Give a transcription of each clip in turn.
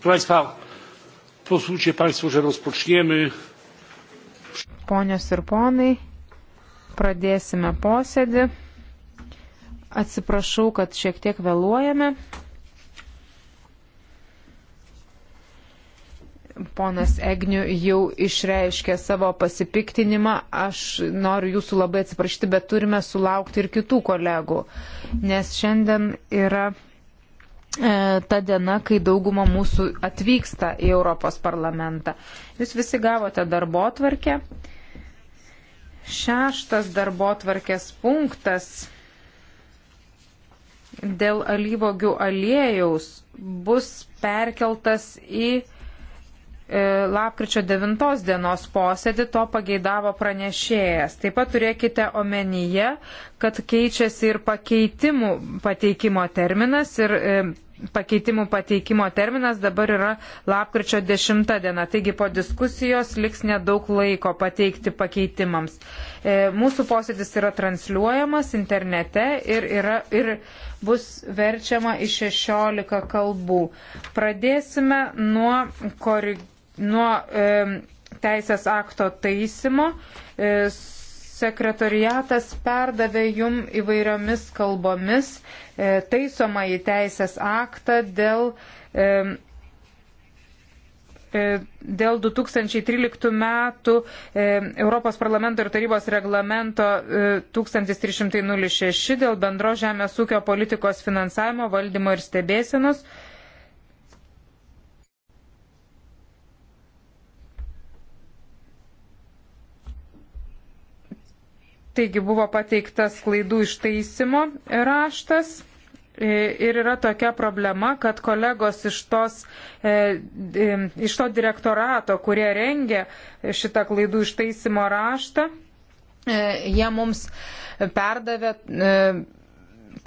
Proszę Państwa, pozwólcie Państwo, że rozpoczniemy. Ponios ir ponai, pradėsime posėdį. Atsiprašau, kad šiek tiek vėluojame. ponas Egniu jau išreiškė savo pasipiktinimą. Aš noriu jūsų labai atsiprašyti, bet turime sulaukti ir kitų kolegų, nes šiandien yra E, ta diena, kai dauguma mūsų atvyksta į Europos parlamentą. Jūs visi gavote darbo tvarkę. Šeštas darbo tvarkės punktas dėl alyvogių aliejaus bus perkeltas į e, lapkričio 9 dienos posėdį, to pageidavo pranešėjas. Taip pat turėkite omenyje, kad keičiasi ir pakeitimų pateikimo terminas ir e, pakeitimų pateikimo terminas dabar yra lapkričio 10 diena, taigi po diskusijos liks nedaug laiko pateikti pakeitimams. E, mūsų posėdis yra transliuojamas internete ir, yra, ir bus verčiama į 16 kalbų. Pradėsime nuo, kori, nuo e, teisės akto taisimo. E, sekretoriatas perdavė jum įvairiomis kalbomis e, taisomą į teisės aktą dėl, e, e, dėl 2013 metų e, Europos parlamento ir tarybos reglamento e, 1306 dėl bendro žemės ūkio politikos finansavimo, valdymo ir stebėsenos. E, Taigi buvo pateiktas klaidų ištaisimo raštas. E, ir yra tokia problema, kad kolegos iš, tos, e, e, iš to direktorato, kurie rengė šitą klaidų ištaisimo raštą, jie mums perdavė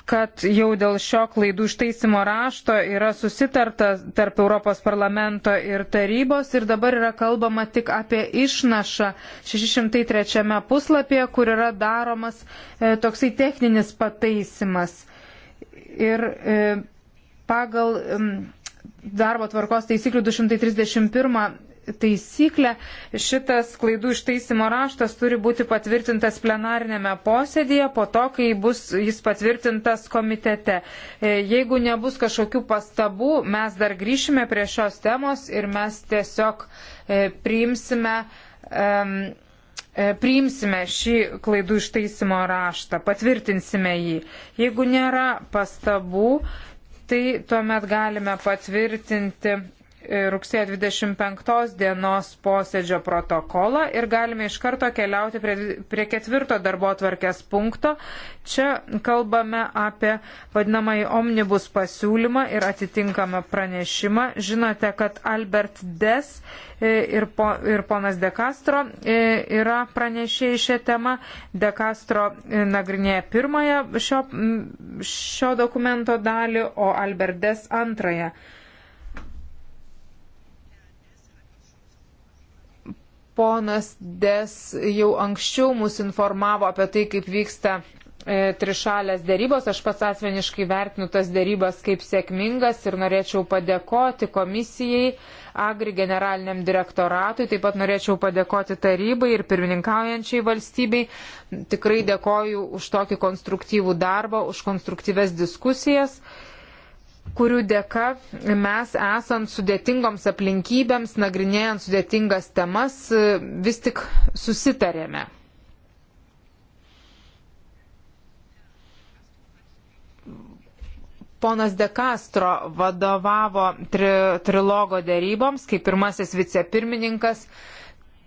kad jau dėl šio klaidų ištaisimo rašto yra susitarta tarp Europos parlamento ir tarybos ir dabar yra kalbama tik apie išnašą 603 puslapyje, kur yra daromas e, toksai techninis pataisimas. Ir e, pagal e, darbo tvarkos taisyklių 231 taisyklę, šitas klaidų ištaisimo raštas turi būti patvirtintas plenarinėme posėdėje, po to, kai bus jis patvirtintas komitete. E, jeigu nebus kažkokių pastabų, mes dar grįšime prie šios temos ir mes tiesiog e, priimsime. Um, priimsime šį klaidų ištaisimo raštą, patvirtinsime jį. Jeigu nėra pastabų, tai tuomet galime patvirtinti rugsėjo 25 dienos posėdžio protokolą ir galime iš karto keliauti prie, prie ketvirto darbo atvarkės punkto. Čia kalbame apie vadinamąjį omnibus pasiūlymą ir atitinkamą pranešimą. Žinote, kad Albert Des e, ir, po, ir ponas De Castro e, yra pranešėjai šią temą. De Castro e, nagrinėja pirmąją šio, šio dokumento dalį, o Albert Des antrąją. Ponas Des jau anksčiau mus informavo apie tai, kaip vyksta e, trišalės dėrybos. Aš pats asmeniškai vertinu tas dėrybas kaip sėkmingas ir norėčiau padėkoti komisijai, Agri generaliniam direktoratui, taip pat norėčiau padėkoti tarybai ir pirmininkaujančiai valstybei. Tikrai dėkoju už tokį konstruktyvų darbą, už konstruktyves diskusijas. E, kurių dėka mes esant sudėtingoms aplinkybėms, nagrinėjant sudėtingas temas, vis tik susitarėme. Ponas De Castro vadovavo tri, trilogo dėryboms kaip pirmasis vicepirmininkas. pirmininkas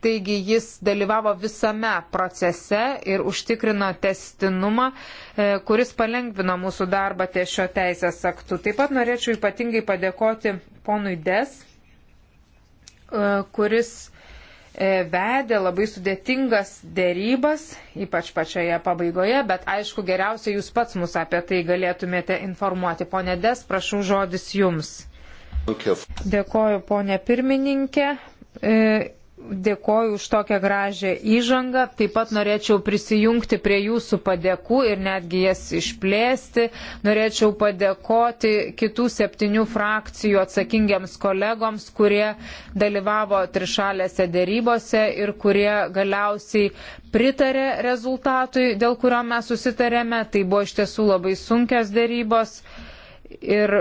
Taigi jis dalyvavo visame procese ir užtikrino testinumą, e, kuris palengvino mūsų darbą ties šio teisės aktu. Taip pat norėčiau ypatingai padėkoti ponui Des, e, kuris e, vedė labai sudėtingas dėrybas, ypač pačioje pabaigoje, bet aišku, geriausia jūs pats mus apie tai galėtumėte informuoti. Pone Des, prašau žodis jums. Dėkoju, ponė pirmininkė. Dėkoju už tokią gražią įžangą. Taip pat norėčiau prisijungti prie jūsų padėkų ir netgi jas išplėsti. Norėčiau padėkoti kitų septynių frakcijų atsakingiams kolegoms, kurie dalyvavo trišalėse dėrybose ir kurie galiausiai pritarė rezultatui, dėl kurio mes susitarėme. Tai buvo iš tiesų labai sunkios dėrybos. Ir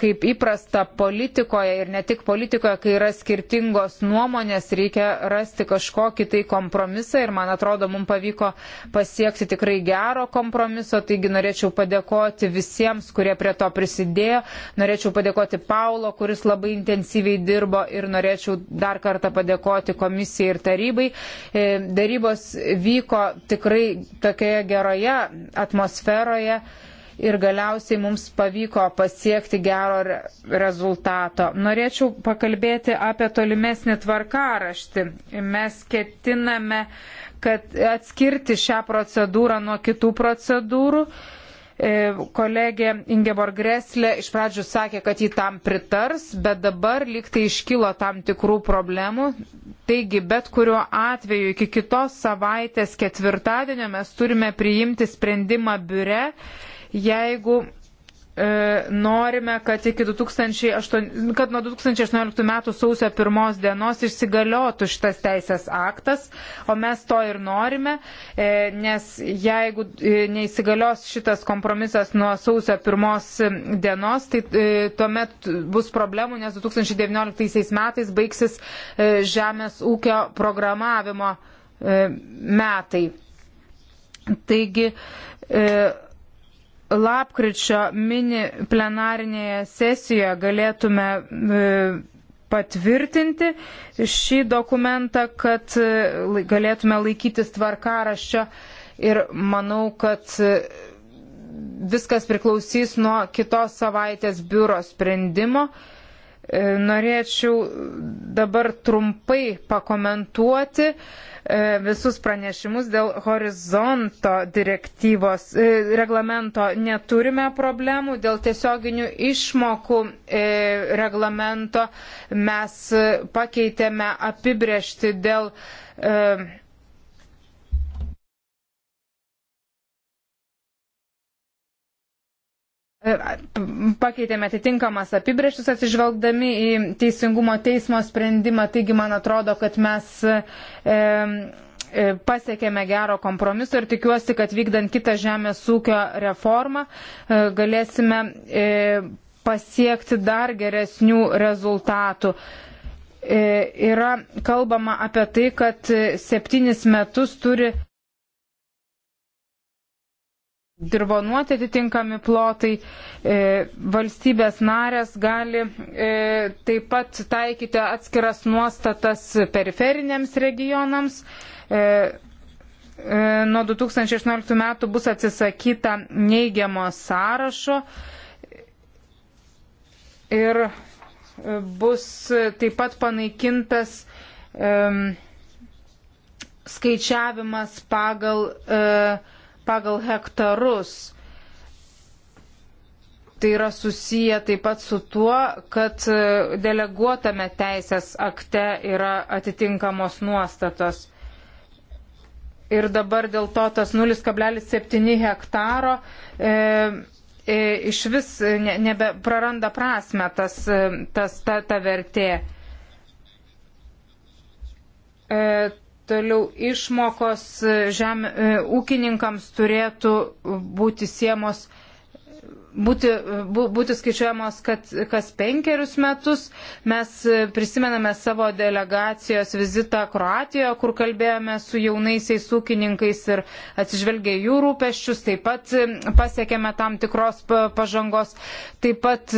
kaip įprasta politikoje ir ne tik politikoje, kai yra skirtingos nuomonės, reikia rasti kažkokį tai kompromisą ir man atrodo, mums pavyko pasiekti tikrai gero kompromiso, taigi norėčiau padėkoti visiems, kurie prie to prisidėjo, norėčiau padėkoti Paulo, kuris labai intensyviai dirbo ir norėčiau dar kartą padėkoti komisijai ir tarybai. E, darybos vyko tikrai tokioje geroje atmosferoje ir galiausiai mums pavyko pasiekti gero re rezultato. Norėčiau pakalbėti apie tolimesnį tvarkaraštį. Mes ketiname kad atskirti šią procedūrą nuo kitų procedūrų. E, kolegė Ingeborg Greslė iš pradžių sakė, kad jį tam pritars, bet dabar liktai iškilo tam tikrų problemų. Taigi, bet kuriuo atveju iki kitos savaitės ketvirtadienio mes turime priimti sprendimą biure jeigu e, norime, kad, 2008, kad nuo 2018 metų sausio pirmos dienos išsigaliotų šitas teisės aktas, o mes to ir norime, e, nes jeigu e, neįsigalios šitas kompromisas nuo sausio pirmos dienos, tai e, tuomet bus problemų, nes 2019 metais baigsis e, žemės ūkio programavimo e, metai. Taigi, e, lapkričio mini plenarinėje sesijoje galėtume e, patvirtinti šį dokumentą, kad e, galėtume laikytis tvarkaraščio ir manau, kad e, viskas priklausys nuo kitos savaitės biuro sprendimo. E, norėčiau dabar trumpai pakomentuoti e, visus pranešimus dėl horizonto direktyvos e, reglamento. Neturime problemų dėl tiesioginių išmokų reglamento. Mes pakeitėme apibriešti dėl E, pakeitėme atitinkamas apibrėžtis atsižvelgdami į teisingumo teismo sprendimą, taigi man atrodo, kad mes e, e, pasiekėme gero kompromiso ir tikiuosi, kad vykdant kitą žemės ūkio reformą e, galėsime e, pasiekti dar geresnių rezultatų. E, yra kalbama apie tai, kad septynis metus turi dirbonuoti atitinkami plotai, e, valstybės narės gali e, taip pat taikyti atskiras nuostatas periferiniams regionams. E, e, nuo 2016 metų bus atsisakyta neigiamo sąrašo ir e, bus taip pat panaikintas e, skaičiavimas pagal e, pagal hektarus. Tai yra susiję taip pat su tuo, kad e, deleguotame teisės akte yra atitinkamos nuostatos. Ir dabar dėl to tas 0,7 hektaro e, e, iš vis e, ne, nebe praranda prasme tas, e, tas, ta, ta vertė. E, Toliau išmokos žem, e, ūkininkams turėtų būti siemos, būti, būti skaičiuojamos, kad kas penkerius metus mes e, prisimename savo delegacijos vizitą Kroatijoje, kur kalbėjome su jaunaisiais ūkininkais ir atsižvelgė jų rūpeščius, taip pat e, pasiekėme tam tikros pažangos, taip pat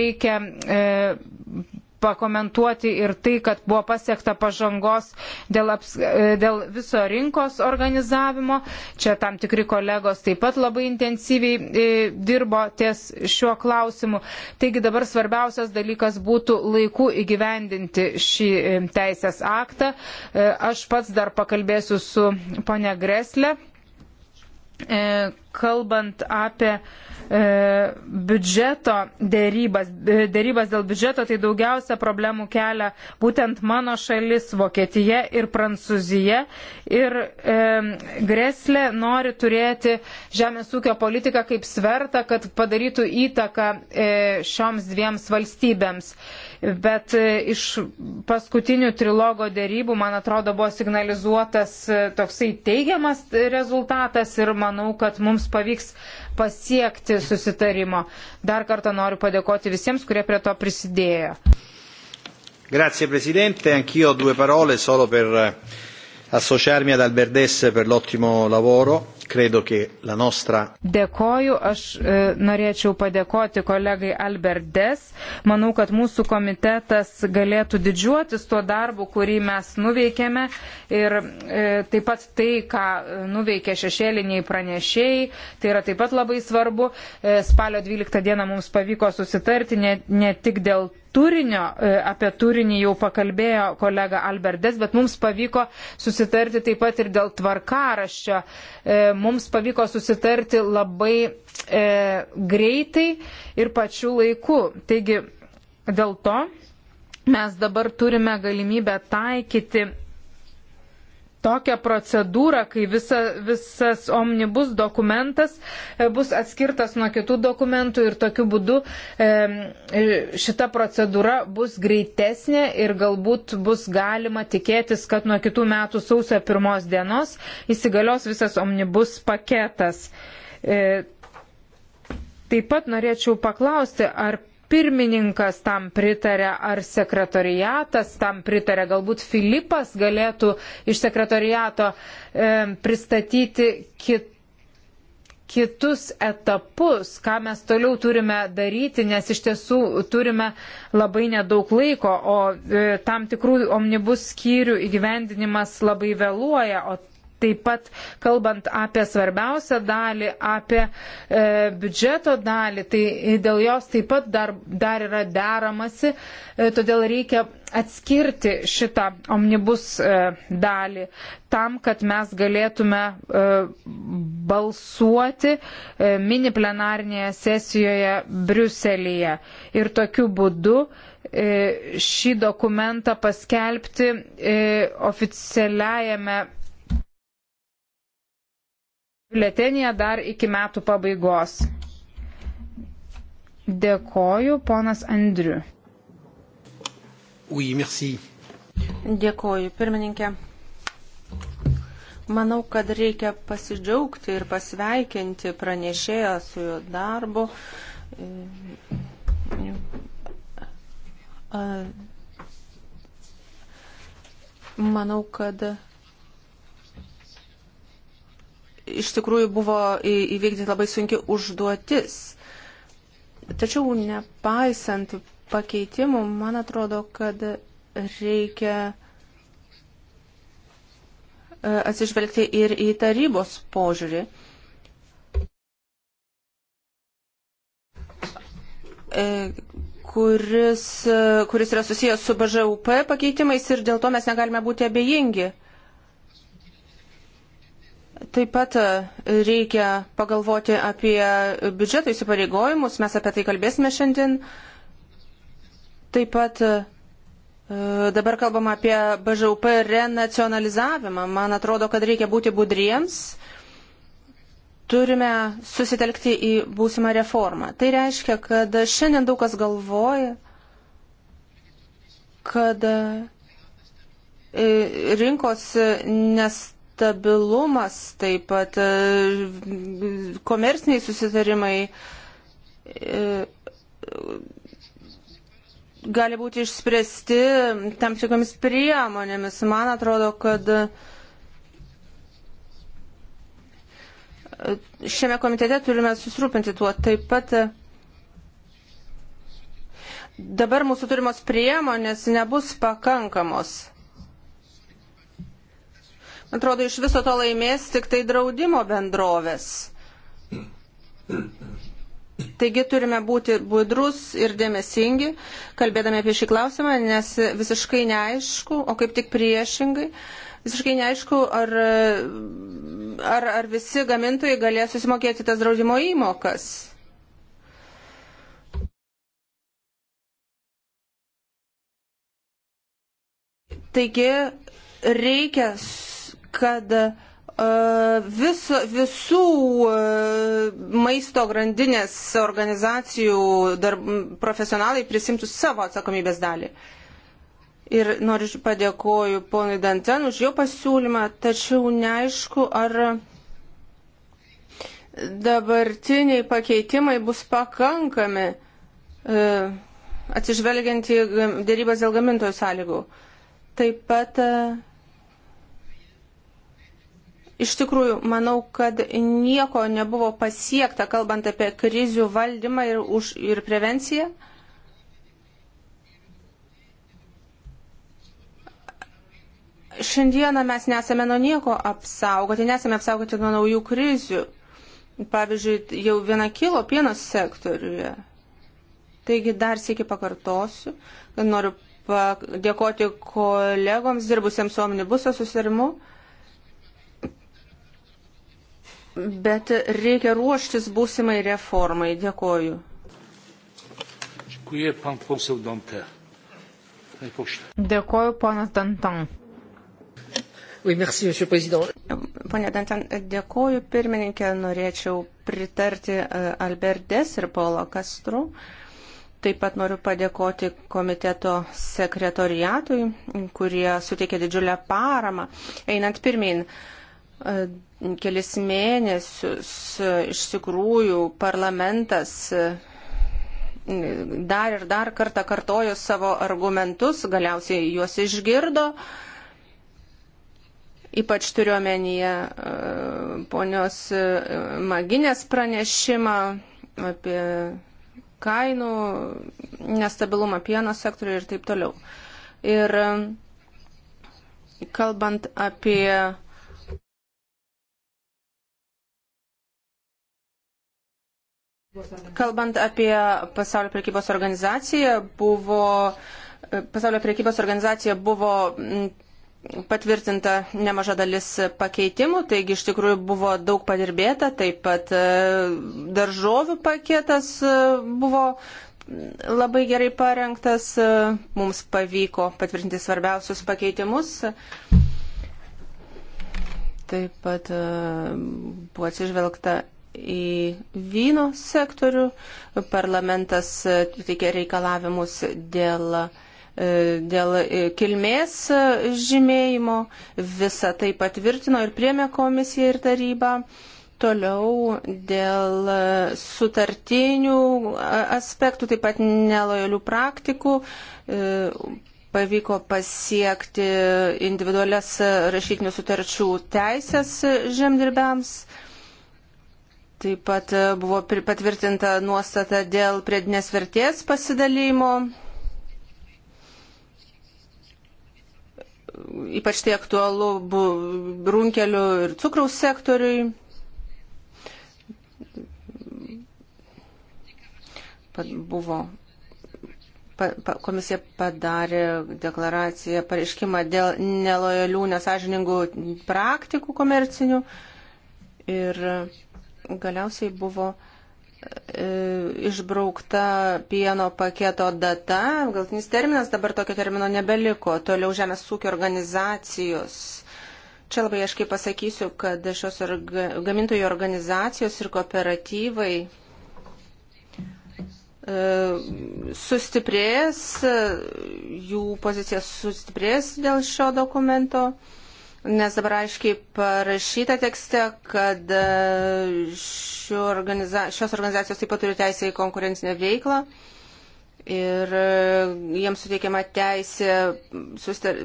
reikia. E, pakomentuoti ir tai, kad buvo pasiekta pažangos dėl, aps, dėl viso rinkos organizavimo. Čia tam tikri kolegos taip pat labai intensyviai e, dirbo ties šiuo klausimu. Taigi dabar svarbiausias dalykas būtų laiku įgyvendinti šį e, teisės aktą. E, aš pats dar pakalbėsiu su ponia Greslė kalbant apie e, biudžeto dėrybas, e, dėrybas dėl biudžeto, tai daugiausia problemų kelia būtent mano šalis Vokietija ir Prancūzija. Ir e, Greslė nori turėti žemės ūkio politiką kaip svertą, kad padarytų įtaką e, šioms dviems valstybėms. Bet e, iš paskutinių trilogo dėrybų, man atrodo, buvo signalizuotas e, toksai teigiamas rezultatas ir manau, kad mums mums pavyks pasiekti susitarimo. Dar kartą noriu padėkoti visiems, kurie prie to prisidėjo. Grazie Presidente, anch'io due parole solo per eh, associarmi ad Alberdes per l'ottimo lavoro credo che la nostra. Dėkoju, aš e, norėčiau padėkoti kolegai Alberdes. Manau, kad mūsų komitetas galėtų didžiuotis tuo darbu, kurį mes nuveikėme ir e, taip pat tai, ką nuveikė šešėliniai pranešėjai, tai yra taip pat labai svarbu. E, spalio 12 dieną mums pavyko susitarti ne, ne tik dėl turinio, e, apie turinį jau pakalbėjo kolega Alberdes, bet mums pavyko susitarti taip pat ir dėl tvarkaraščio. E, mums pavyko susitarti labai e, greitai ir pačiu laiku. Taigi dėl to mes dabar turime galimybę taikyti tokią procedūrą, kai visa, visas omnibus dokumentas e, bus atskirtas nuo kitų dokumentų ir tokiu būdu e, e, šita procedūra bus greitesnė ir galbūt bus galima tikėtis, kad nuo kitų metų sausio pirmos dienos įsigalios visas omnibus paketas. Taip pat norėčiau paklausti, ar pirmininkas tam pritarė, ar sekretariatas tam pritarė. Galbūt Filipas galėtų iš sekretariato e, pristatyti kitą kitus etapus, ką mes toliau turime daryti, nes iš tiesų turime labai nedaug laiko, o e, tam tikrų omnibus skyrių įgyvendinimas labai vėluoja, o Taip pat, kalbant apie svarbiausią dalį, apie e, biudžeto dalį, tai dėl jos taip pat dar, dar yra deramasi, e, todėl reikia atskirti šitą omnibus e, dalį tam, kad mes galėtume e, balsuoti e, mini plenarnėje sesijoje Briuselėje. Ir tokiu būdu e, šį dokumentą paskelbti e, oficialiajame biuletenyje dar iki metų pabaigos. Dėkoju, ponas Andriu. Oui, merci. Dėkoju, pirmininkė. Manau, kad reikia pasidžiaugti ir pasveikinti pranešėją su jo darbu. Manau, kad iš tikrųjų buvo įvykdyti labai sunki užduotis. Tačiau nepaisant pakeitimų, man atrodo, kad reikia e, atsižvelgti ir į tarybos požiūrį. E, kuris, e, kuris yra susijęs su BŽUP pakeitimais ir dėl to mes negalime būti abejingi. Taip pat e, reikia pagalvoti apie biudžeto įsipareigojimus, mes apie tai kalbėsime šiandien. Taip pat e, dabar kalbam apie BŽUP renacionalizavimą. Man atrodo, kad reikia būti budriems turime susitelkti į būsimą reformą. Tai reiškia, kad šiandien daug kas galvoja, kad e, rinkos nes, stabilumas, taip pat e, komerciniai susitarimai e, gali būti išspręsti tam tikromis priemonėmis. Man atrodo, kad e, šiame komitete turime susirūpinti tuo. Taip pat dabar mūsų turimos priemonės nebus pakankamos. Atrodo, iš viso to laimės tik tai draudimo bendrovės. Taigi turime būti budrus ir dėmesingi, kalbėdami apie šį klausimą, nes visiškai neaišku, o kaip tik priešingai, visiškai neaišku, ar, ar, ar visi gamintojai galės susimokėti tas draudimo įmokas. Taigi reikia kad e, vis, visų e, maisto grandinės organizacijų darb, profesionalai prisimtų savo atsakomybės dalį. Ir noriu padėkoju ponui Danten už jo pasiūlymą, tačiau neaišku, ar dabartiniai pakeitimai bus pakankami e, atsižvelgiant į dėrybas dėl gamintojų sąlygų. Taip pat Iš tikrųjų, manau, kad nieko nebuvo pasiekta, kalbant apie krizių valdymą ir, už, ir prevenciją. Šiandieną mes nesame nuo nieko apsaugoti, nesame apsaugoti nuo naujų krizių. Pavyzdžiui, jau viena kilo pienos sektoriuje. Taigi dar sėki pakartosiu, noriu padėkoti kolegoms dirbusiems su omnibuso susirimu bet reikia ruoštis būsimai reformai. Dėkoju. Dėkoju, ponas Dantan. Pane Dantan, dėkoju pirmininkė, norėčiau pritarti e, Alberdes ir Polo Kastru. Taip pat noriu padėkoti komiteto sekretoriatui, kurie suteikė didžiulę paramą einant pirmin. E, kelis mėnesius iš tikrųjų parlamentas e, dar ir dar kartą kartojo savo argumentus, galiausiai juos išgirdo. Ypač turiuomenyje e, ponios e, Maginės pranešimą apie kainų nestabilumą pieno sektoriuje ir taip toliau. Ir kalbant apie Kalbant apie pasaulio prekybos organizaciją, buvo, pasaulio prekybos organizacija buvo patvirtinta nemaža dalis pakeitimų, taigi iš tikrųjų buvo daug padirbėta, taip pat e, daržovių paketas e, buvo labai gerai parengtas, e, mums pavyko patvirtinti svarbiausius pakeitimus. Taip pat buvo atsižvelgta į vyno sektorių. Parlamentas e, teikia reikalavimus dėl, e, dėl e, kilmės žymėjimo. Visą tai patvirtino ir priemė komisija ir taryba. Toliau dėl sutartinių aspektų, taip pat nelojalių praktikų, pavyko pasiekti individualias rašytinių sutarčių teisės žemdirbiams. Taip pat e, buvo patvirtinta nuostata dėl priedinės vertės pasidalymo. Ypač tai aktualu runkelių ir cukraus sektoriui. Buvo komisija padarė deklaraciją, pareiškimą dėl nelojalių, nesažiningų praktikų komercinių. Ir galiausiai buvo e, išbraukta pieno paketo data, galtinis terminas, dabar tokio termino nebeliko, toliau žemės ūkio organizacijos. Čia labai aiškiai pasakysiu, kad šios orga, gamintojų organizacijos ir kooperatyvai e, sustiprės, jų pozicija sustiprės dėl šio dokumento. Nes dabar aiškiai parašyta tekste, kad e, organiza šios organizacijos taip pat turi teisę į konkurencinę veiklą ir e, jiems suteikiama teisė sustar,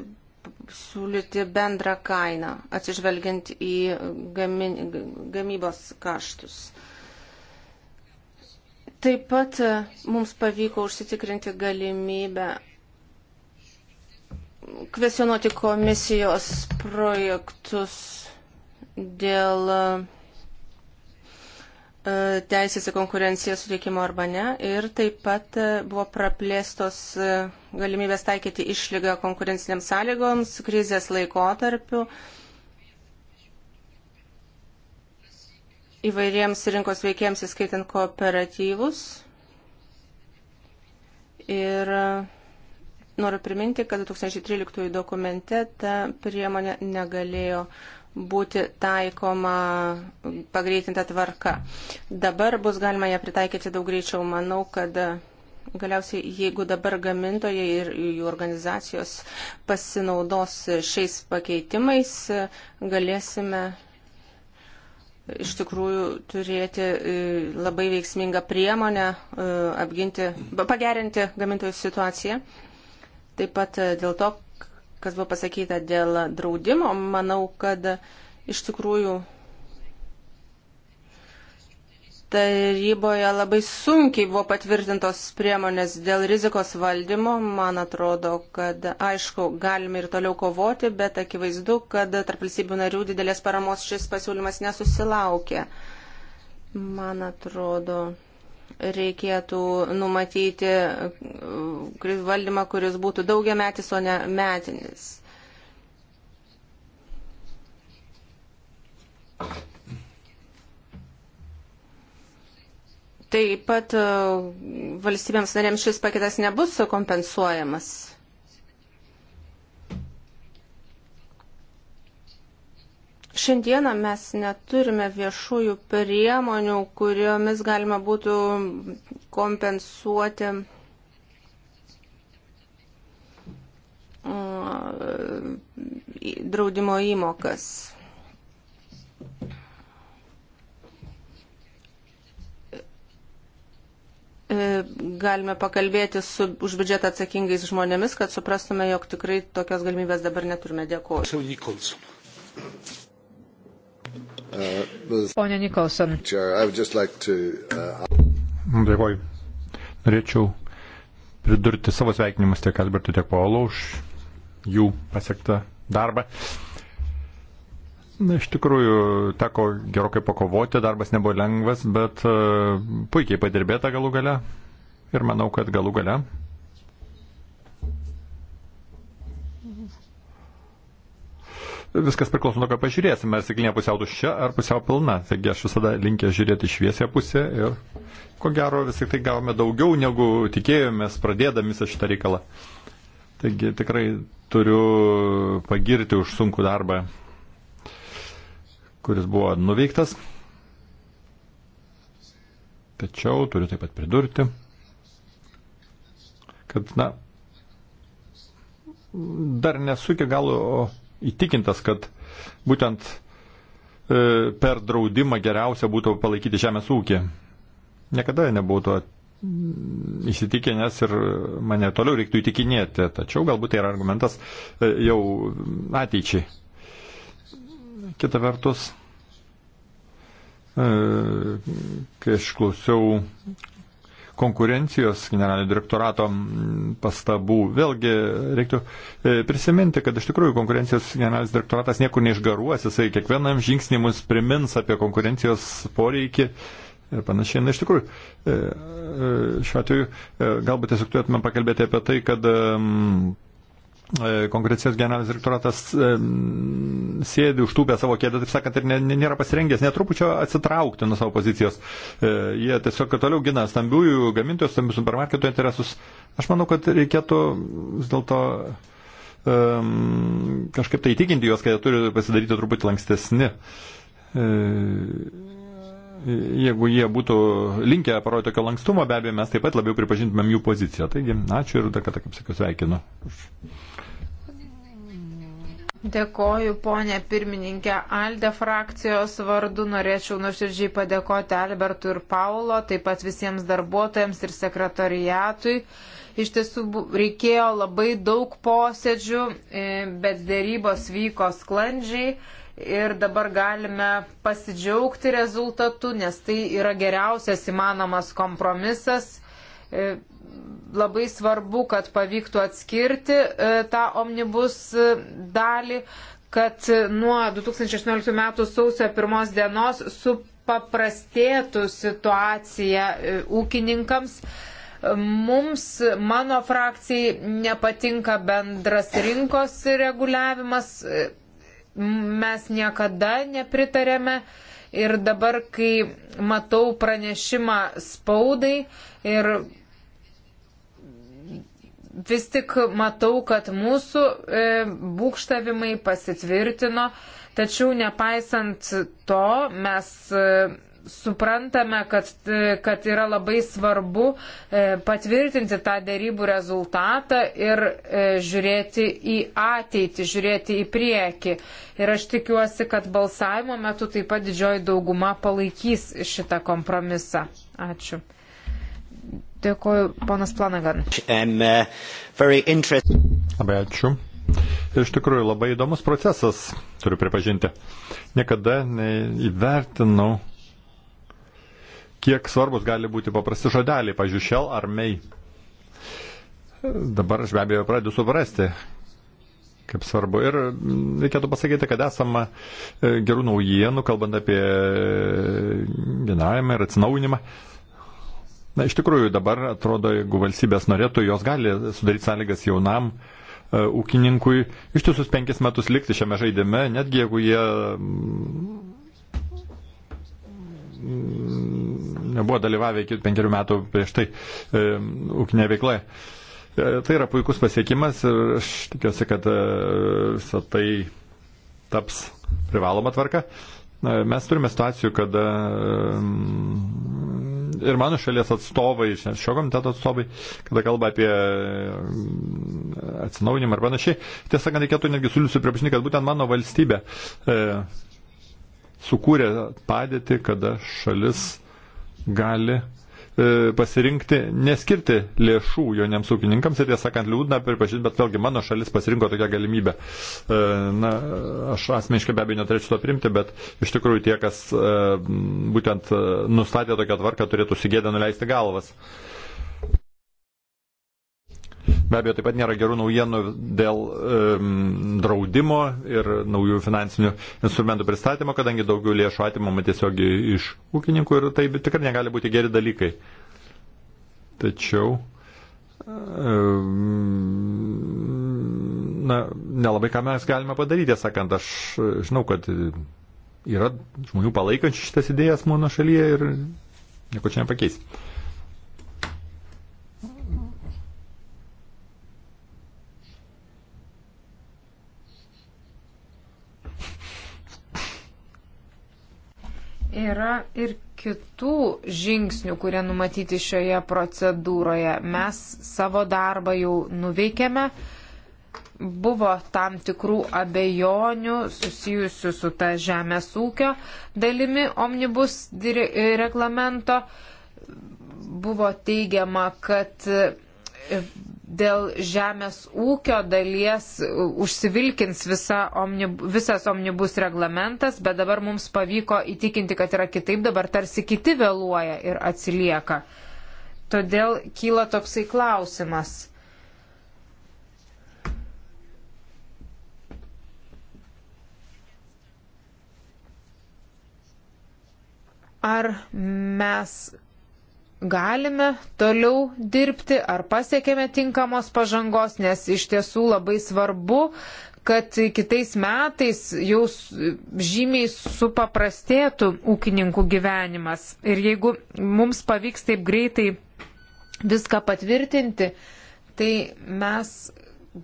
siūlyti bendrą kainą, atsižvelgiant į gamin, gamybos kaštus. Taip pat e, mums pavyko užsitikrinti galimybę kvesionuoti komisijos projektus dėl e, teisės į konkurenciją suteikimo arba ne. Ir taip pat e, buvo praplėstos e, galimybės taikyti išlygą konkurenciniams sąlygoms krizės laikotarpiu įvairiems rinkos veikėjams, įskaitant kooperatyvus. Ir uh, Noriu priminti, kad 2013 dokumente ta priemonė negalėjo būti taikoma pagreitinta tvarka. Dabar bus galima ją pritaikyti daug greičiau. Manau, kad galiausiai, jeigu dabar gamintojai ir jų organizacijos pasinaudos šiais pakeitimais, galėsime iš tikrųjų turėti e, labai veiksmingą priemonę e, apginti, pagerinti gamintojų situaciją. Taip pat e, dėl to, kas buvo pasakyta dėl draudimo, manau, kad iš tikrųjų taryboje labai sunkiai buvo patvirtintos priemonės dėl rizikos valdymo. Man atrodo, kad aišku, galime ir toliau kovoti, bet akivaizdu, kad tarp valstybių narių didelės paramos šis pasiūlymas nesusilaukė. Man atrodo, reikėtų numatyti valdymą, kuris būtų daugiametis, o ne metinis. Taip pat e, valstybėms narėms šis paketas nebus kompensuojamas. Šiandieną mes neturime viešųjų priemonių, kuriomis galima būtų kompensuoti mm, draudimo įmokas. E, galime pakalbėti su už biudžetą atsakingais žmonėmis, kad suprastume, jog tikrai tokios galimybės dabar neturime. Dėkuoju. Pone Nikolson. Uh, Dėkoju. Norėčiau pridurti savo sveikinimus tiek Albertui, tiek Paulo už jų pasiektą darbą. Na, iš tikrųjų, teko gerokai pakovoti, darbas nebuvo lengvas, bet uh, puikiai padirbėta galų gale. Ir manau, kad galų gale Viskas priklauso nuo to, ką pažiūrėsime, ar stiklinė pusiau tuščia, ar pusiau pilna. Taigi aš visada linkęs žiūrėti šviesią pusę ir ko gero vis tik tai gavome daugiau, negu tikėjomės pradėdami visą šitą reikalą. Taigi tikrai turiu pagirti už sunkų darbą, kuris buvo nuveiktas. Tačiau turiu taip pat pridurti, kad, na, dar nesu iki galo įtikintas, kad būtent e, per draudimą geriausia būtų palaikyti žemės ūkį. Niekada nebūtų įsitikinęs ir mane toliau reiktų įtikinėti, tačiau galbūt tai yra argumentas e, jau ateičiai. Kita vertus, e, kai išklausiau konkurencijos generalinio direktorato pastabų. Vėlgi reiktų e, prisiminti, kad iš tikrųjų konkurencijos generalinis direktoratas niekur neišgaruos, jisai kiekvienam žingsnį mus primins apie konkurencijos poreikį ir panašiai. Na, iš tikrųjų, e, e, šiuo atveju galbūt tiesiog turėtume pakalbėti apie tai, kad E, konkurencijos generalinis direktoratas e, sėdi užtūpę savo kėdę, taip sakant, ir nėra pasirengęs netrupučio atsitraukti nuo savo pozicijos. E, jie tiesiog toliau gina stambiųjų gamintojų, stambių supermarketų interesus. Aš manau, kad reikėtų vis dėlto um, kažkaip tai įtikinti juos, kad jie turi pasidaryti truputį lankstesni. Um, jeigu jie būtų linkę parodyti tokio lankstumo, be abejo, mes taip pat labiau pripažintumėm jų poziciją. Taigi, ačiū ir dar kartą, kaip sakiau, sveikinu. Dėkoju, ponė pirmininkė. Alde frakcijos vardu norėčiau nuoširdžiai padėkoti Albertui ir Paulo, taip pat visiems darbuotojams ir sekretariatui. Iš tiesų reikėjo labai daug posėdžių, e, bet dėrybos vyko sklandžiai ir dabar galime pasidžiaugti rezultatu, nes tai yra geriausias įmanomas kompromisas. E, labai svarbu, kad pavyktų atskirti e, tą omnibus e, dalį, kad nuo 2018 metų sausio pirmos dienos supaprastėtų situacija ūkininkams mums, mano frakcijai, nepatinka bendras rinkos reguliavimas, mes niekada nepritarėme. Ir dabar, kai matau pranešimą spaudai ir vis tik matau, kad mūsų e, būkštavimai pasitvirtino, tačiau nepaisant to mes. E, suprantame, kad, kad yra labai svarbu e, patvirtinti tą dėrybų rezultatą ir e, žiūrėti į ateitį, žiūrėti į priekį. Ir aš tikiuosi, kad balsavimo metu taip pat didžioji dauguma palaikys šitą kompromisą. Ačiū. Dėkuoju, ponas Planagan. E, labai ačiū. Iš tikrųjų labai įdomus procesas, turiu pripažinti. Niekada įvertinau kiek svarbus gali būti paprasti žodeliai, pažiūrėjau, shell ar may. Dabar aš be abejo pradedu suprasti, kaip svarbu. Ir reikėtų pasakyti, kad esama e, gerų naujienų, kalbant apie e, generavimą ir atsinaujinimą. Na, iš tikrųjų, dabar atrodo, jeigu valstybės norėtų, jos gali sudaryti sąlygas jaunam e, ūkininkui ištisus penkis metus likti šiame žaidime, netgi jeigu jie mm, nebuvo dalyvavę iki penkerių metų prieš tai e, ūkinė veikla. E, tai yra puikus pasiekimas ir aš tikiuosi, kad e, visą tai taps privaloma tvarka. E, mes turime situacijų, kada e, ir mano šalies atstovai, šio komiteto atstovai, kada kalba apie mm, atsinaujinimą ir panašiai, tiesą sakant, reikėtų netgi siūlysiu pripažinti, kad būtent mano valstybė e, sukūrė padėtį, kada šalis gali e, pasirinkti neskirti lėšų jauniems ūkininkams ir tiesą sakant liūdna pripažinti, bet vėlgi mano šalis pasirinko tokią galimybę. E, na, aš asmeniškai be abejo neturėčiau to primti, bet iš tikrųjų tie, kas e, būtent nustatė tokią tvarką, turėtų sigėdę nuleisti galvas. Be abejo, taip pat nėra gerų naujienų dėl um, draudimo ir naujų finansinių instrumentų pristatymo, kadangi daugiau lėšų atimama tiesiog iš ūkininkų ir tai tikrai negali būti geri dalykai. Tačiau. Um, na, nelabai ką mes galime padaryti, sakant, aš žinau, kad yra žmonių palaikančių šitas idėjas mano šalyje ir nieko čia nepakeis. Yra ir kitų žingsnių, kurie numatyti šioje procedūroje. Mes savo darbą jau nuveikėme. Buvo tam tikrų abejonių susijusių su ta žemės ūkio dalimi omnibus reglamento. Buvo teigiama, kad dėl žemės ūkio dalies užsivilkins visa omnib, visas omnibus reglamentas, bet dabar mums pavyko įtikinti, kad yra kitaip, dabar tarsi kiti vėluoja ir atsilieka. Todėl kyla toksai klausimas. Ar mes galime toliau dirbti, ar pasiekėme tinkamos pažangos, nes iš tiesų labai svarbu, kad kitais metais jau žymiai supaprastėtų ūkininkų gyvenimas. Ir jeigu mums pavyks taip greitai viską patvirtinti, tai mes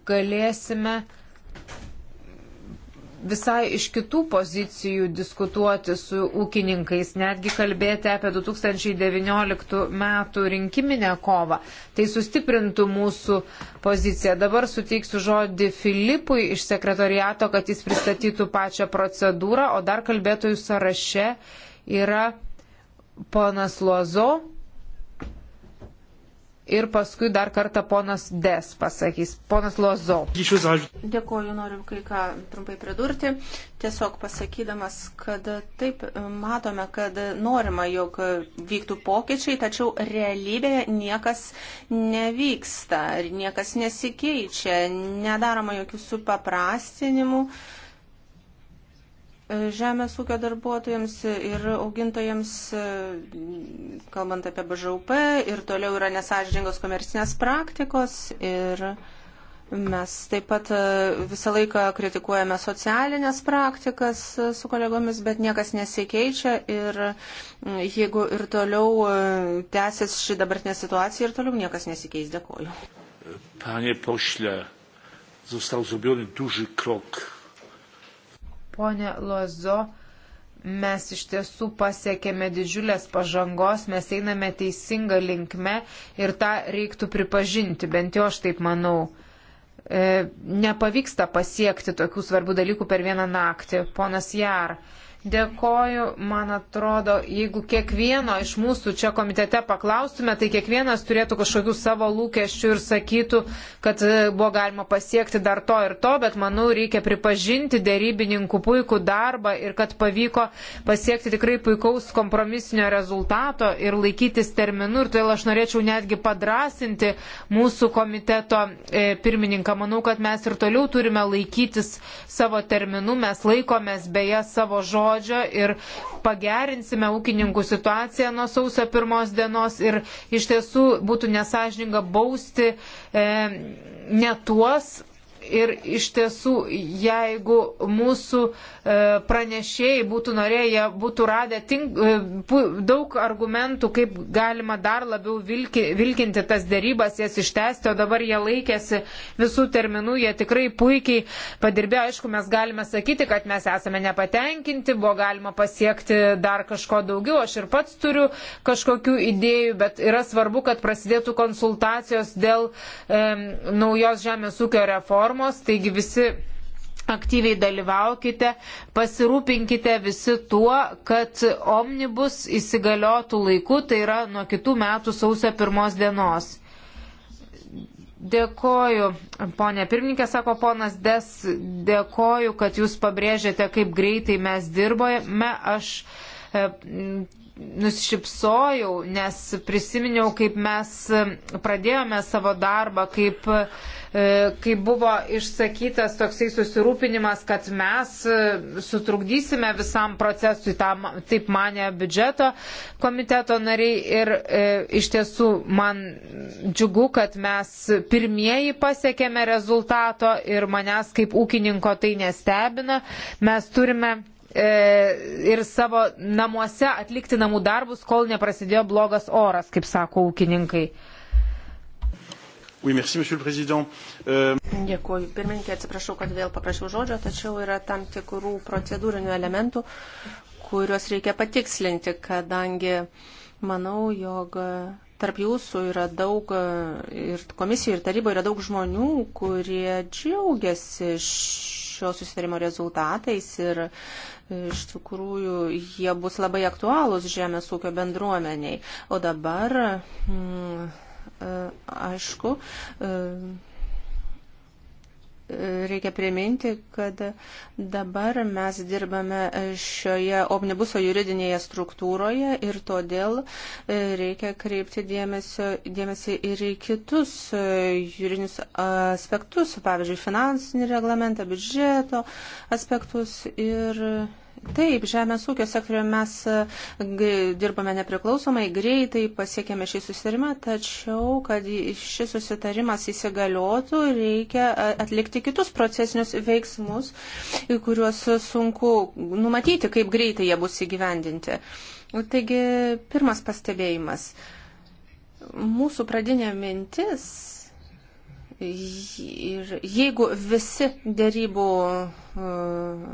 galėsime visai iš kitų pozicijų diskutuoti su ūkininkais, netgi kalbėti apie 2019 metų rinkiminę kovą. Tai sustiprintų mūsų poziciją. Dabar suteiksiu žodį Filipui iš sekretoriato, kad jis pristatytų pačią procedūrą, o dar kalbėtojų sąraše yra ponas Luozo, ir paskui dar kartą ponas Des pasakys. Ponas Lozo. Dėkuoju, noriu kai ką trumpai pridurti. Tiesiog pasakydamas, kad taip matome, kad norima, jog vyktų pokyčiai, tačiau realybėje niekas nevyksta ir niekas nesikeičia, nedaroma jokių supaprastinimų. Uh, žemės ūkio darbuotojams ir augintojams, kalbant apie BŽUP, ir toliau yra nesažiningos komercinės praktikos. Ir mes taip pat e, visą laiką kritikuojame socialinės praktikas e, su kolegomis, bet niekas nesikeičia. Ir jeigu ir toliau e, tęsis ši dabartinė situacija, ir toliau niekas nesikeis. Dėkoju. Panie pošle, został zrobiony duży krok Pone Lozo, mes iš tiesų pasiekėme didžiulės pažangos, mes einame teisinga linkme ir tą reiktų pripažinti, bent jau aš taip manau. E, nepavyksta pasiekti tokių svarbių dalykų per vieną naktį. Ponas Jar. E, Dėkoju, man atrodo, jeigu kiekvieno iš mūsų čia komitete paklaustume, tai kiekvienas turėtų kažkokių savo lūkesčių ir sakytų, kad e, buvo galima pasiekti dar to ir to, bet manau, reikia pripažinti dėrybininkų puikų darbą ir kad pavyko pasiekti tikrai puikaus kompromisinio rezultato ir laikytis terminų. Ir todėl aš norėčiau netgi padrasinti mūsų komiteto e, pirmininką. Manau, kad mes ir toliau turime laikytis savo terminų, mes laikomės beje savo žodžių gruodžio ir pagerinsime ūkininkų situaciją nuo sausio pirmos dienos ir iš tiesų būtų nesažininga bausti e, ne tuos Ir iš tiesų, jeigu mūsų e, pranešėjai būtų norėję, būtų radę tink, e, daug argumentų, kaip galima dar labiau vilki, vilkinti tas dėrybas, jas ištesti, o dabar jie laikėsi visų terminų, jie tikrai puikiai padirbėjo. Aišku, mes galime sakyti, kad mes esame nepatenkinti, buvo galima pasiekti dar kažko daugiau, aš ir pats turiu kažkokių idėjų, bet yra svarbu, kad prasidėtų konsultacijos dėl e, naujos žemės ūkio reformos programos, taigi visi aktyviai dalyvaukite, pasirūpinkite visi tuo, kad omnibus įsigaliotų laiku, tai yra nuo kitų metų sausio pirmos dienos. Dėkoju, ponė pirmininkė, sako ponas Des, dėkoju, kad jūs pabrėžėte, kaip greitai mes dirbojame. Aš e, nusišypsojau, nes prisiminiau, kaip mes e, pradėjome savo darbą, kaip, e, kaip buvo išsakytas toksai susirūpinimas, kad mes e, sutrukdysime visam procesui, tam, taip mane biudžeto komiteto nariai ir e, iš tiesų man džiugu, kad mes pirmieji pasiekėme rezultato ir manęs kaip ūkininko tai nestebina. Mes turime E, ir savo namuose atlikti namų darbus, kol neprasidėjo blogas oras, kaip sako ūkininkai. Oui, merci, euh... Dėkuoju. Pirmininkė, atsiprašau, kad vėl paprašiau žodžio, tačiau yra tam tikrų procedūrinių elementų, kuriuos reikia patikslinti, kadangi manau, jog tarp jūsų yra daug e, ir komisijoje, ir taryboje yra daug žmonių, kurie džiaugiasi šio susitarimo rezultatais ir e, iš tikrųjų jie bus labai aktualūs žemės ūkio bendruomeniai. O dabar, mm, e, aišku, reikia priminti, kad dabar mes dirbame šioje omnibuso juridinėje struktūroje ir todėl e, reikia kreipti dėmesio, dėmesį ir į kitus e, juridinius aspektus, pavyzdžiui, finansinį reglamentą, biudžeto aspektus ir Taip, žemės ūkio sektoriuje mes e, dirbame nepriklausomai, greitai pasiekėme šį susitarimą, tačiau, kad šis susitarimas įsigaliotų, reikia e, atlikti kitus procesinius veiksmus, kuriuos sunku numatyti, kaip greitai jie bus įgyvendinti. Taigi, pirmas pastebėjimas. Mūsų pradinė mintis Ir jeigu visi dėrybų e,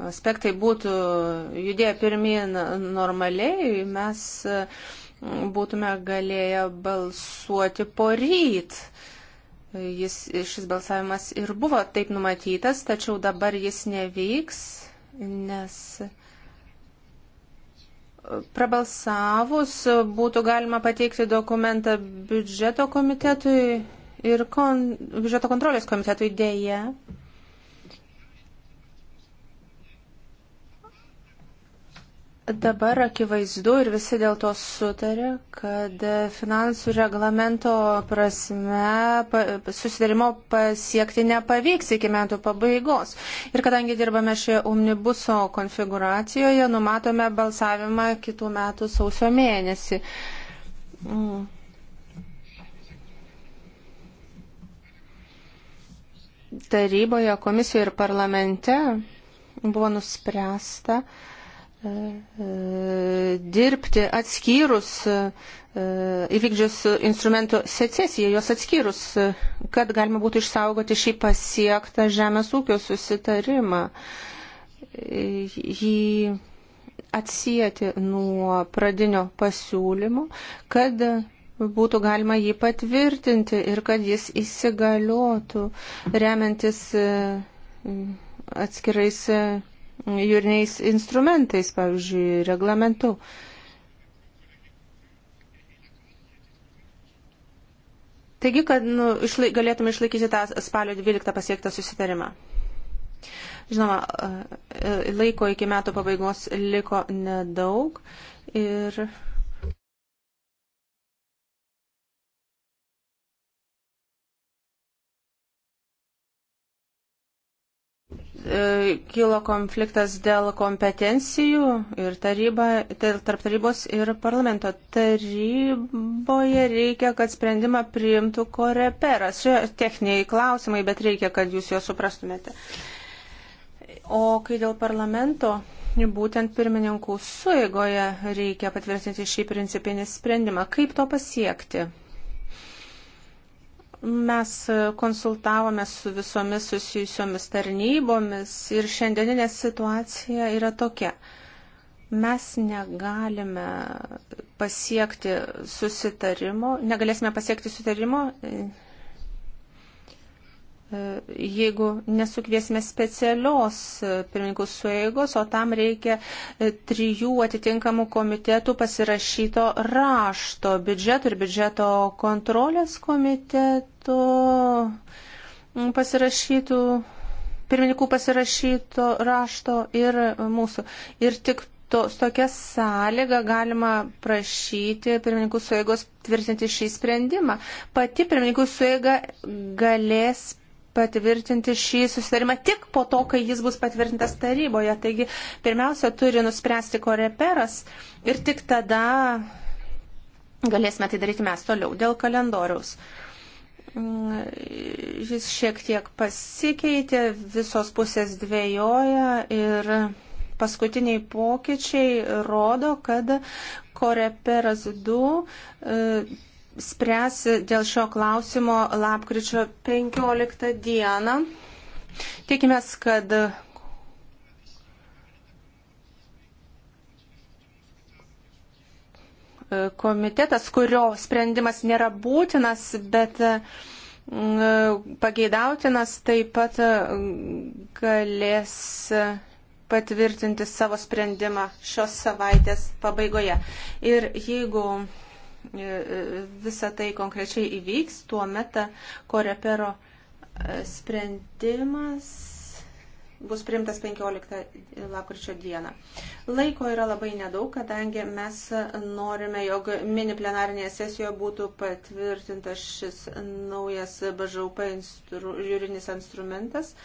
aspektai būtų judėję pirmin normaliai, mes e, būtume galėję balsuoti po ryt. Jis, šis balsavimas ir buvo taip numatytas, tačiau dabar jis nevyks, nes prabalsavus būtų galima pateikti dokumentą biudžeto komitetui ir kon, biudžeto kontrolės komiteto idėja Dabar akivaizdu ir visi dėl to sutarė, kad finansų reglamento prasme pa, susidarimo pasiekti nepavyks iki metų pabaigos. Ir kadangi dirbame šioje omnibuso konfiguracijoje, numatome balsavimą kitų metų sausio mėnesį. Mm. taryboje, komisijoje ir parlamente buvo nuspręsta e, e, dirbti atskyrus, e, įvykdžius instrumentų secesiją, juos atskyrus, kad galima būtų išsaugoti šį pasiektą žemės ūkio susitarimą, jį atsijėti nuo pradinio pasiūlymo, kad būtų galima jį patvirtinti ir kad jis įsigaliotų, remiantis e, atskirais e, jūriniais instrumentais, pavyzdžiui, reglamentu. Taigi, kad nu, išlaik, galėtume išlaikyti tą spalio 12 pasiektą susitarimą. Žinoma, e, laiko iki metų pabaigos liko nedaug ir E, kilo konfliktas dėl kompetencijų ir taryba, tai tarp tarybos ir parlamento. Taryboje reikia, kad sprendimą priimtų koreperas. Čia techniniai klausimai, bet reikia, kad jūs juos suprastumėte. O kai dėl parlamento, būtent pirmininkų suigoje reikia patvirtinti šį principinį sprendimą. Kaip to pasiekti? Mes konsultavome su visomis susijusiomis tarnybomis ir šiandieninė situacija yra tokia. Mes negalime pasiekti susitarimo, negalėsime pasiekti susitarimo, E, jeigu nesukviesime specialios e, pirmininkų sueigos, o tam reikia e, trijų atitinkamų komitetų pasirašyto rašto biudžeto ir biudžeto kontrolės komitetų pasirašytų pirmininkų pasirašyto rašto ir mūsų. Ir tik to, tokią sąlygą galima prašyti pirmininkų suėgos tvirtinti šį sprendimą. Pati pirmininkų suėga galės patvirtinti šį susitarimą tik po to, kai jis bus patvirtintas taryboje. Taigi, pirmiausia, turi nuspręsti koreperas ir tik tada galėsime tai daryti mes toliau dėl kalendoriaus. Mm, jis šiek tiek pasikeitė, visos pusės dvėjoja ir paskutiniai pokyčiai rodo, kad koreperas 2 spręs dėl šio klausimo lapkričio 15 dieną. Tikimės, kad komitetas, kurio sprendimas nėra būtinas, bet mm, pageidautinas taip pat mm, galės patvirtinti savo sprendimą šios savaitės pabaigoje. Ir jeigu visa tai konkrečiai įvyks, tuo metą korepero e, sprendimas bus priimtas 15 lapkričio dieną. Laiko yra labai nedaug, kadangi mes norime, jog mini plenarinėje sesijoje būtų patvirtintas šis naujas BŽUP instru, jūrinis instrumentas. Uh,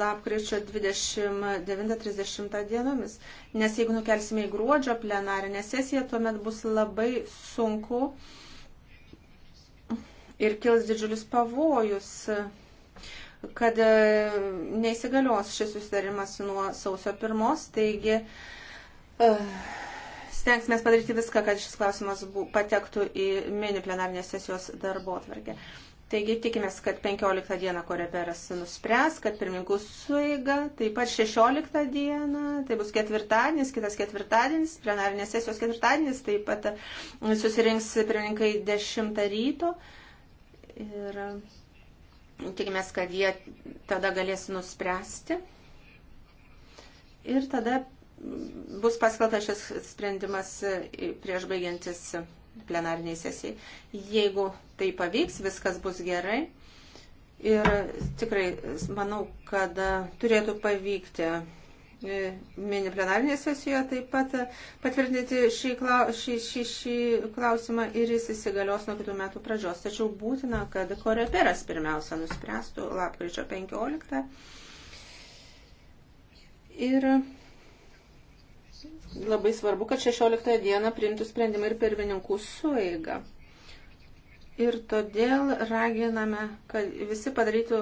lapkričio 29-30 dienomis. Nes jeigu nukelsime į gruodžio plenarinę sesiją, tuomet bus labai sunku ir kils didžiulis pavojus, kad e, neįsigalios šis susitarimas nuo sausio pirmos. Taigi e, stengsime padaryti viską, kad šis klausimas patektų į mini plenarinės sesijos darbo atvarkę. Taigi tikimės, kad 15 dieną koreperas nuspręs, kad pirmininkų suiga, taip pat 16 dieną, tai bus ketvirtadienis, kitas ketvirtadienis, plenarinės sesijos ketvirtadienis, taip pat susirinks pirmininkai 10 ryto. Ir tikimės, kad jie tada galės nuspręsti. Ir tada bus paskelbtas šis sprendimas prieš baigiantis plenariniai sesijai. Jeigu tai pavyks, viskas bus gerai. Ir tikrai manau, kad turėtų pavykti e, mini plenarinėje sesijoje taip pat patvirtinti šį, šį, šį, šį klausimą ir jis įsigalios nuo kitų metų pradžios. Tačiau būtina, kad koreperas pirmiausia nuspręstų lapkričio 15. Ir labai svarbu, kad 16 dieną priimtų sprendimą ir pirmininkų sueiga. Ir todėl raginame, kad visi padarytų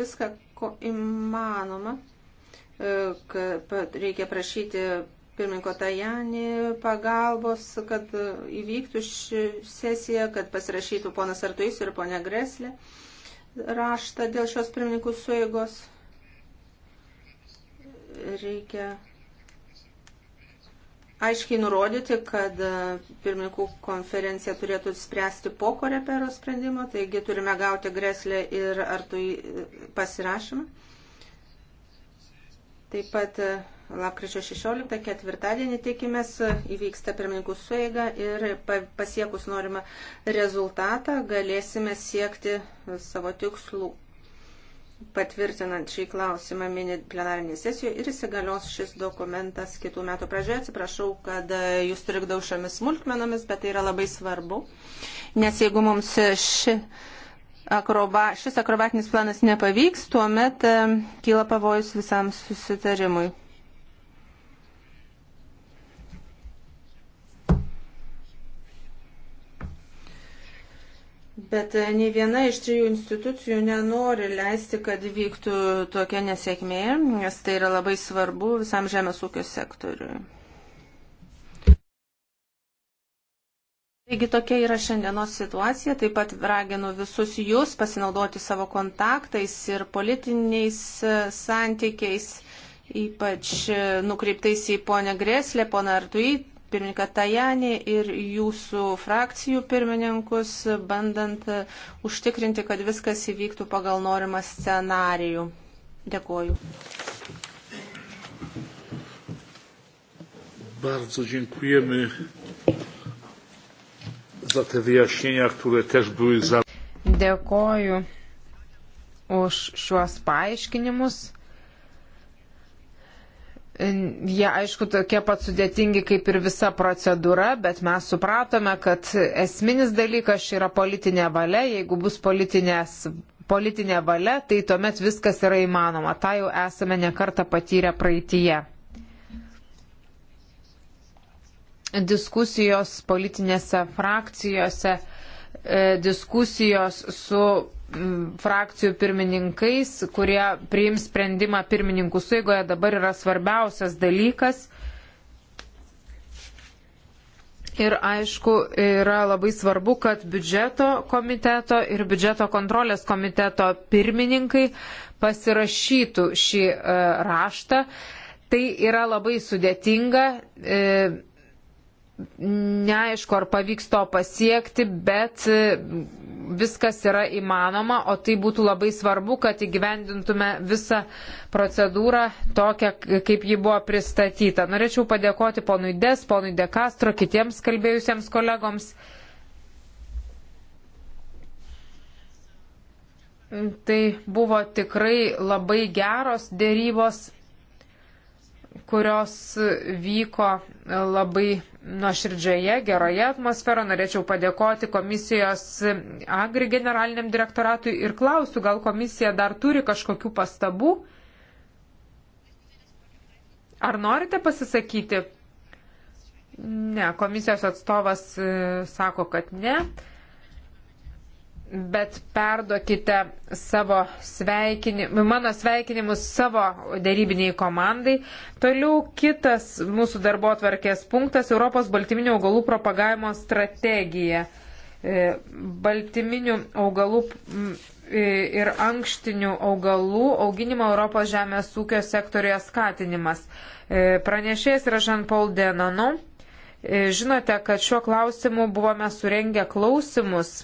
viską, ko įmanoma. E, kad reikia prašyti pirmininko Tajani pagalbos, kad įvyktų ši sesija, kad pasirašytų ponas Artuis ir ponia Greslė raštą dėl šios pirmininkų suėgos. Reikia aiškiai nurodyti, kad e, pirmininkų konferencija turėtų spręsti po korepero sprendimo, taigi turime gauti greslę ir ar tu e, pasirašymą. Taip pat e, lapkričio 16 ketvirtadienį tikimės įvyksta pirmininkų sueiga ir pasiekus norimą rezultatą galėsime siekti savo tikslų patvirtinant šį klausimą mini plenarinį sesiją ir įsigalios šis dokumentas kitų metų pradžioje. Atsiprašau, kad e, jūs trikdau šiomis smulkmenomis, bet tai yra labai svarbu, nes jeigu mums ši akroba, šis akrobatinis planas nepavyks, tuomet e, kyla pavojus visam susitarimui. Bet e, nei viena iš trijų institucijų nenori leisti, kad vyktų tokia nesėkmė, nes tai yra labai svarbu visam žemės ūkio sektoriui. Taigi tokia yra šiandienos situacija, taip pat raginu visus jūs pasinaudoti savo kontaktais ir politiniais e, santykiais, ypač e, nukreiptais į ponę Greslę, poną Artuit pirmininką Tajanį ir jūsų frakcijų pirmininkus, bandant e, užtikrinti, kad viskas įvyktų pagal norimą scenarijų. Dėkuoju. Bardzo dziękujemy za te wyjaśnienia, które też były za. Dėkoju už šiuos paaiškinimus. Jie aišku tokie pat sudėtingi kaip ir visa procedūra, bet mes supratome, kad esminis dalykas yra politinė valia. Jeigu bus politinė valia, tai tuomet viskas yra įmanoma. Ta jau esame nekarta patyrę praeitįje. Diskusijos politinėse frakcijose, e, diskusijos su Mm, frakcijų pirmininkais, kurie priims sprendimą pirmininkų suigoje, dabar yra svarbiausias dalykas. Ir aišku, yra labai svarbu, kad biudžeto komiteto ir biudžeto kontrolės komiteto pirmininkai pasirašytų šį e, raštą. Tai yra labai sudėtinga. E, neaišku, ar pavyks to pasiekti, bet e, viskas yra įmanoma, o tai būtų labai svarbu, kad įgyvendintume visą procedūrą tokią, kaip ji buvo pristatyta. Norėčiau padėkoti ponui Des, ponui De Castro, kitiems kalbėjusiems kolegoms. Tai buvo tikrai labai geros dėrybos, kurios vyko labai nuoširdžioje, geroje atmosferoje. Norėčiau padėkoti komisijos Agri generaliniam direktoratui ir klausiu, gal komisija dar turi kažkokių pastabų? Ar norite pasisakyti? Ne, komisijos atstovas e, sako, kad ne bet perduokite savo sveikinimus, mano sveikinimus savo dėrybiniai komandai. Toliau kitas mūsų darbo atvarkės punktas - Europos baltyminių augalų propagavimo strategija. E, baltyminių augalų e, ir ankštinių augalų auginimo Europos žemės ūkio sektorioje skatinimas. E, pranešėjas yra Jean-Paul Denano. Žinote, kad šiuo klausimu buvome surengę klausimus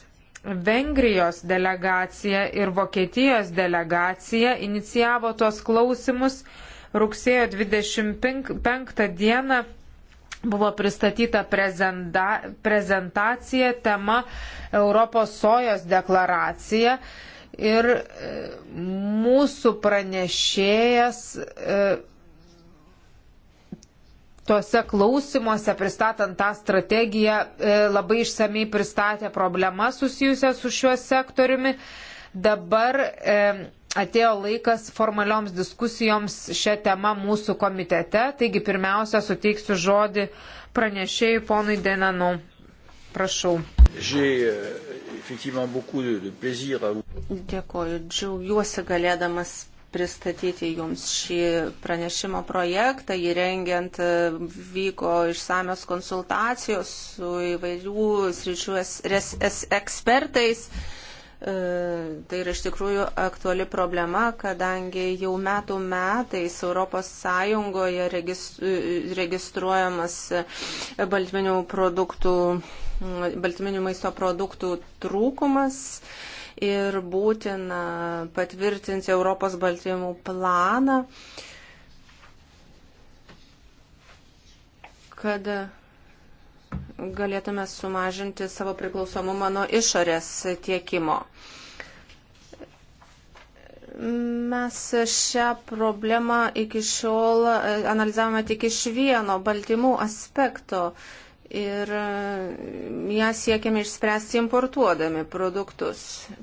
Vengrijos delegacija ir Vokietijos delegacija inicijavo tuos klausimus. Rugsėjo 25 dieną buvo pristatyta prezenta, prezentacija tema Europos sojos deklaracija ir e, mūsų pranešėjas e, tuose klausimuose, pristatant tą strategiją, e, labai išsamei pristatė problemą susijusią su šiuo sektoriumi. Dabar e, atėjo laikas formalioms diskusijoms šią temą mūsų komitete. Taigi pirmiausia, suteiksiu žodį pranešėjui ponui Denanu. Prašau. E, Dėkoju, džiaugiuosi galėdamas pristatyti Jums šį pranešimo projektą. Jį rengiant e, vyko išsamios konsultacijos su įvairių sričių ekspertais. E, tai yra iš tikrųjų aktuali problema, kadangi jau metų metais ES e, registruojamas baltyminių, produktų, baltyminių maisto produktų trūkumas ir būtina patvirtinti Europos baltymų planą, kad galėtume sumažinti savo priklausomumą nuo išorės tiekimo. Mes šią problemą iki šiol e, analizavome tik iš vieno baltymų aspekto ir e, ją siekiame išspręsti importuodami produktus.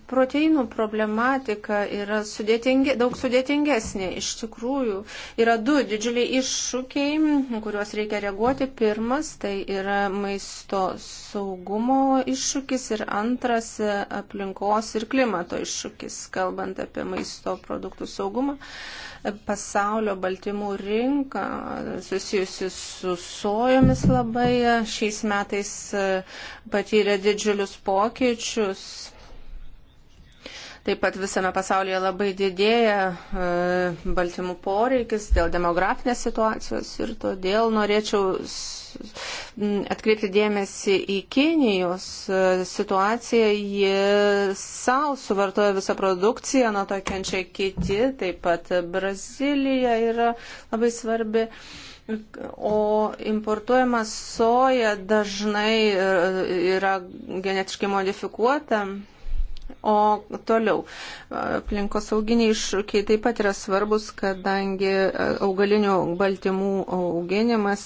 Proteinų problematika yra sudėtingi, daug sudėtingesnė. Iš tikrųjų, yra du didžiuliai iššūkiai, kuriuos reikia reaguoti. Pirmas tai yra maisto saugumo iššūkis ir antras e, aplinkos ir klimato iššūkis, kalbant apie maisto produktų saugumą e, pasaulio baltymų rinka susijusi su sojomis labai šiais metais e, patyrė didžiulius pokyčius. Taip pat visame pasaulyje labai didėja e, baltymų poreikis dėl demografinės situacijos ir todėl norėčiau atkreipti dėmesį į Kinijos e, situaciją. Ji savo suvartoja visą produkciją, nuo to kenčia kiti, taip pat Brazilija yra labai svarbi. Uh, O importuojama soja dažnai e, yra genetiškai modifikuota. O toliau, aplinkosauginiai iššūkiai taip pat yra svarbus, kadangi e, augalinių baltymų auginimas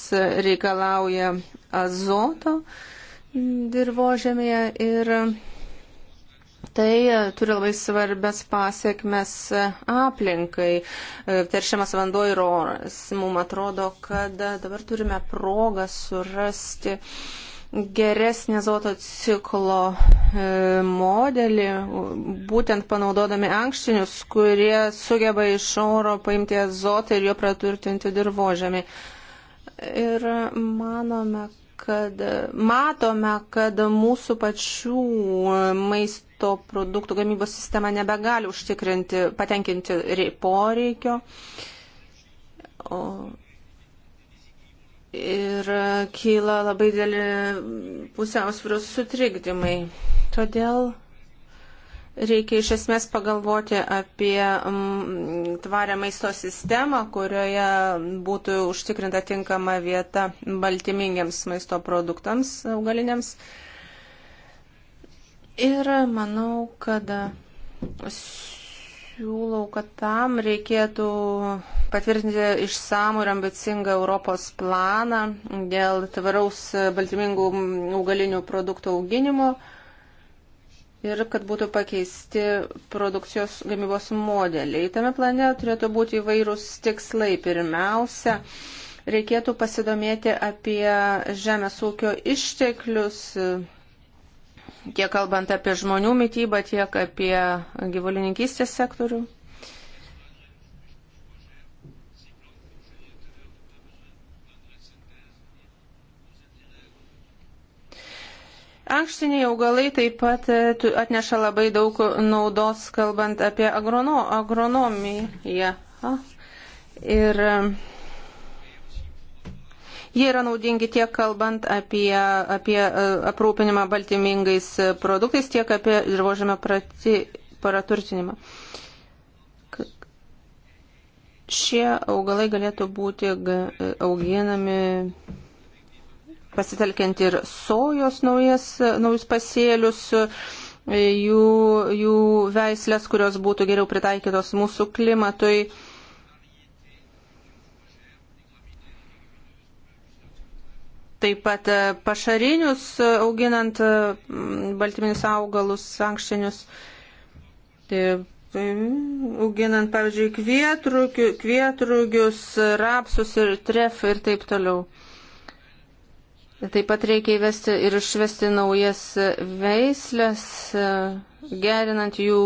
reikalauja azoto dirbožėmėje ir Tai e, turi labai svarbės pasiekmes e, aplinkai, e, teršiamas vanduo ir oras. Mums atrodo, kad dabar turime progą surasti geresnį azoto ciklo modelį, būtent panaudodami ankštinius, kurie sugeba iš oro paimti azotą ir jo praturtinti dirbožėmį. Ir manome, kad matome, kad mūsų pačių maist maisto produktų gamybos sistema nebegali užtikrinti, patenkinti poreikio. O, ir kyla labai dėlį pusiausvyros sutrikdymai. Todėl reikia iš esmės pagalvoti apie tvarią maisto sistemą, kurioje būtų užtikrinta tinkama vieta baltymingiams maisto produktams augaliniams. Ir manau, kad siūlau, kad tam reikėtų patvirtinti išsamų ir ambicingą Europos planą dėl tvaraus baltymingų augalinių produktų auginimo ir kad būtų pakeisti produkcijos gamybos modeliai. Tame plane turėtų būti įvairūs tikslai. Pirmiausia, reikėtų pasidomėti apie žemės ūkio išteklius tiek kalbant apie žmonių mytybą, tiek apie gyvulininkystės sektorių. Ankštiniai augalai taip pat e, atneša labai daug naudos, kalbant apie agrono, agronomiją. Ir e, Jie yra naudingi tiek kalbant apie, apie e, aprūpinimą baltymingais e, produktais, tiek apie dirbožėmio praturtinimą. Šie augalai galėtų būti e, auginami pasitelkiant ir sojos naujas, naujus pasėlius, jų, jų veislės, kurios būtų geriau pritaikytos mūsų klimatui. Taip pat e, pašarinius e, auginant e, baltyminius augalus, ankštinius, tai, auginant, pavyzdžiui, kvietrugių, kvietrugius, rapsus ir tref ir taip toliau. Taip pat reikia įvesti ir išvesti naujas veislės, gerinant jų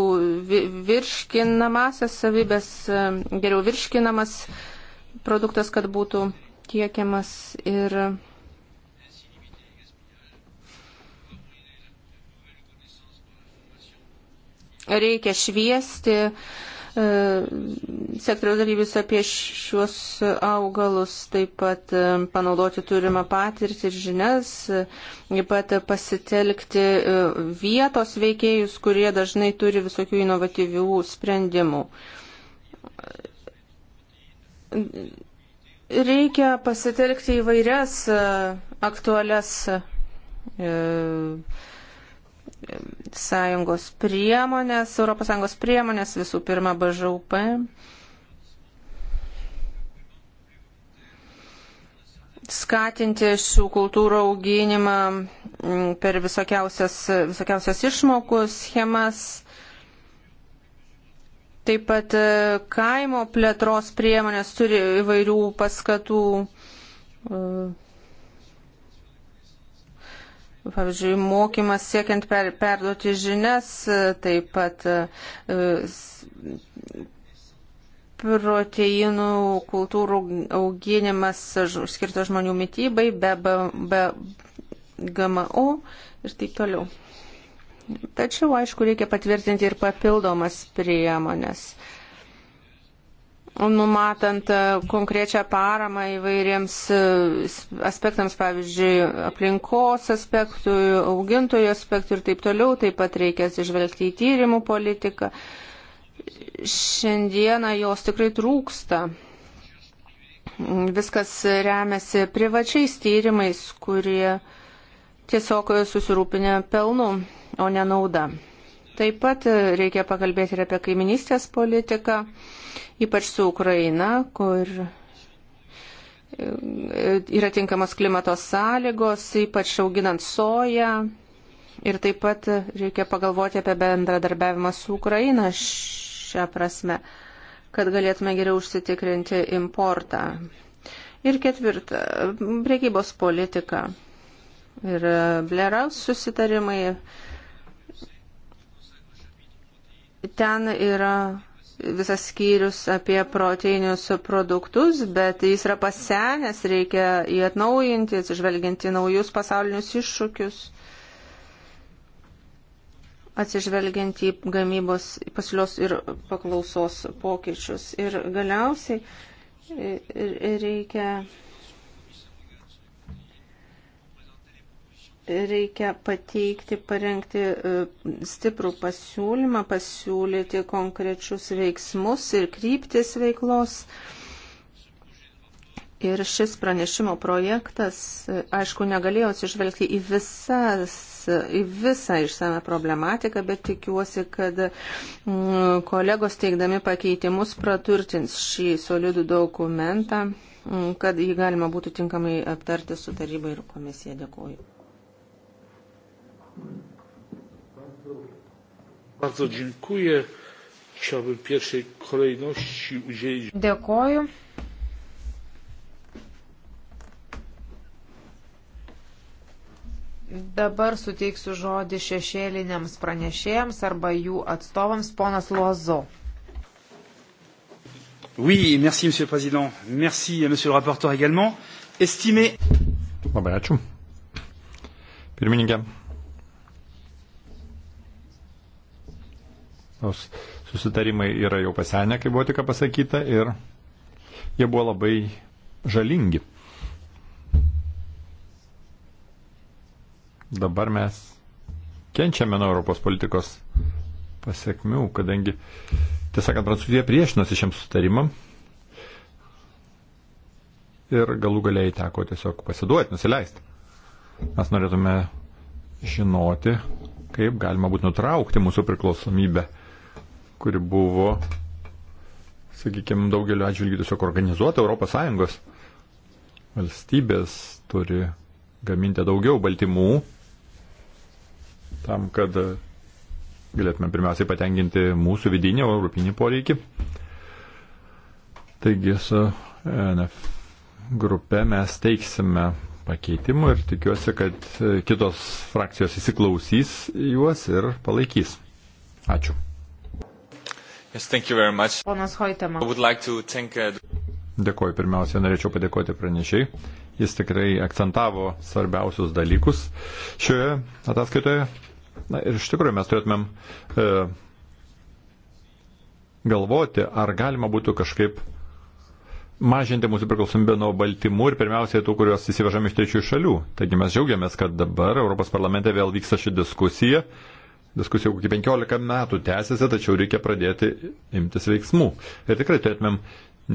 virškinamasias savybės, geriau virškinamas produktas, kad būtų tiekiamas ir reikia šviesti e, sektoriaus dalyvius apie šiuos augalus, taip pat e, panaudoti turimą patirtį ir žinias, taip pat pasitelkti e, vietos veikėjus, kurie dažnai turi visokių inovatyvių sprendimų. Reikia pasitelkti įvairias aktualias sąjungos priemonės, Europos Sąjungos priemonės, visų pirma BŽUP. Skatinti šių kultūrų auginimą mm, per visokiausias, visokiausias išmokų schemas. Taip pat e, kaimo plėtros priemonės turi įvairių paskatų e, Pavyzdžiui, mokymas siekiant per, perduoti žinias, e, taip pat e, proteinų kultūrų auginimas skirtas žmonių mytybai, be, be, be GMO ir taip toliau. Tačiau, aišku, reikia patvirtinti ir papildomas priemonės numatant e, konkrečią paramą įvairiems e, aspektams, pavyzdžiui, aplinkos aspektų, augintojų aspektų ir taip toliau, taip pat reikia atsižvelgti į tyrimų politiką. Šiandieną jos tikrai trūksta. Viskas remiasi privačiais tyrimais, kurie tiesiog susirūpinę pelnu, o ne nauda. Taip pat reikia pakalbėti ir apie kaiminystės politiką ypač su Ukraina, kur e, yra tinkamos klimato sąlygos, ypač auginant soją. Ir taip pat reikia pagalvoti apie bendradarbiavimą su Ukraina šią prasme, kad galėtume geriau užsitikrinti importą. Ir ketvirta, priekybos politika. Ir Bleraus susitarimai. Ten yra visas skyrius apie proteinius produktus, bet jis yra pasenęs, reikia jį atnaujinti, atsižvelgiant į naujus pasaulinius iššūkius, atsižvelgiant į gamybos pasiūlios ir paklausos pokyčius. Ir galiausiai e, e, reikia reikia pateikti, parengti e, stiprų pasiūlymą, pasiūlyti konkrečius veiksmus ir kryptis veiklos. Ir šis pranešimo projektas, e, aišku, negalėjo atsižvelgti į, visas, į visą išsame problematiką, bet tikiuosi, kad mm, kolegos teikdami pakeitimus praturtins šį solidų dokumentą, mm, kad jį galima būtų tinkamai aptarti su taryba ir komisija. Dėkuoju. Bardzo dziękuję. Chciałbym pierwszej kolejności udzielić. Dėkoju. Dabar suteiksiu žodį šešėliniams pranešėjams arba jų atstovams, ponas Luozo. Oui, merci, monsieur le président. Merci, monsieur le rapporteur également. Estimé. Labai ačiū. Pirmininkė, nors susitarimai yra jau pasenę, kaip buvo tik pasakyta, ir jie buvo labai žalingi. Dabar mes kenčiame nuo Europos politikos pasiekmių, kadangi, tiesąkant, Prancūzija priešinosi šiam sutarimam ir galų galiai teko tiesiog pasiduoti, nusileisti. Mes norėtume žinoti, kaip galima būtų nutraukti mūsų priklausomybę kuri buvo, sakykime, daugeliu atžvilgių tiesiog organizuota ES. Valstybės turi gaminti daugiau baltymų tam, kad galėtume pirmiausiai patenkinti mūsų vidinį europinį poreikį. Taigi su e, NF grupe mes teiksime pakeitimų ir tikiuosi, kad e, kitos frakcijos įsiklausys juos ir palaikys. Ačiū. Yes, Ponas Hoitema. Like thank... Uh, Dėkuoju. Pirmiausia, norėčiau padėkoti pranešiai. Jis tikrai akcentavo svarbiausius dalykus šioje ataskaitoje. Na ir iš tikrųjų mes turėtumėm e, galvoti, ar galima būtų kažkaip mažinti mūsų priklausomybę nuo baltymų ir pirmiausiai tų, kuriuos įsivežame iš trečiųjų šalių. Taigi mes džiaugiamės, kad dabar Europos parlamente vėl vyksta ši diskusija diskusija jau kokį 15 metų tęsiasi, tačiau reikia pradėti imtis veiksmų. Ir tikrai turėtumėm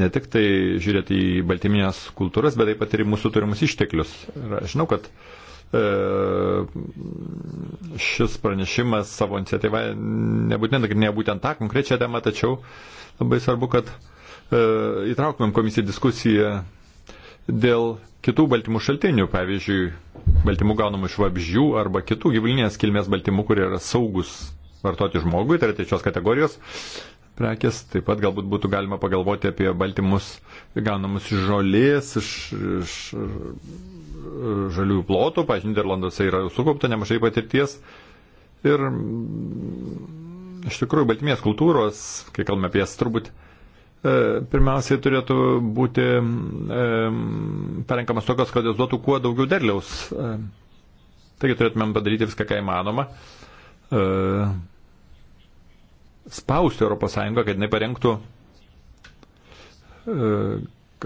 ne tik tai žiūrėti į baltyminės kultūras, bet taip pat ir į mūsų turimus išteklius. Ir aš žinau, kad e, šis pranešimas savo iniciatyva nebūtinai nagrinėja būtent tą konkrečią temą, tačiau labai svarbu, kad e, įtrauktumėm komisiją diskusiją dėl kitų baltymų šaltinių, pavyzdžiui, baltymų gaunamų iš vabzdžių arba kitų gyvulinės kilmės baltymų, kurie yra saugus vartoti žmogui, tai yra trečios kategorijos prekės. Taip pat galbūt būtų galima pagalvoti apie baltymus gaunamus iš žolės, iš, iš žaliųjų plotų. Pavyzdžiui, Niderlanduose yra sukaupta nemažai patirties. Ir mm, iš tikrųjų, baltymės kultūros, kai kalbame apie jas, turbūt E, pirmiausiai turėtų būti e, parenkamas tokios, kad jos duotų kuo daugiau derliaus. E, taigi turėtumėm padaryti viską, ką įmanoma. Spausti ES, kad neparengtų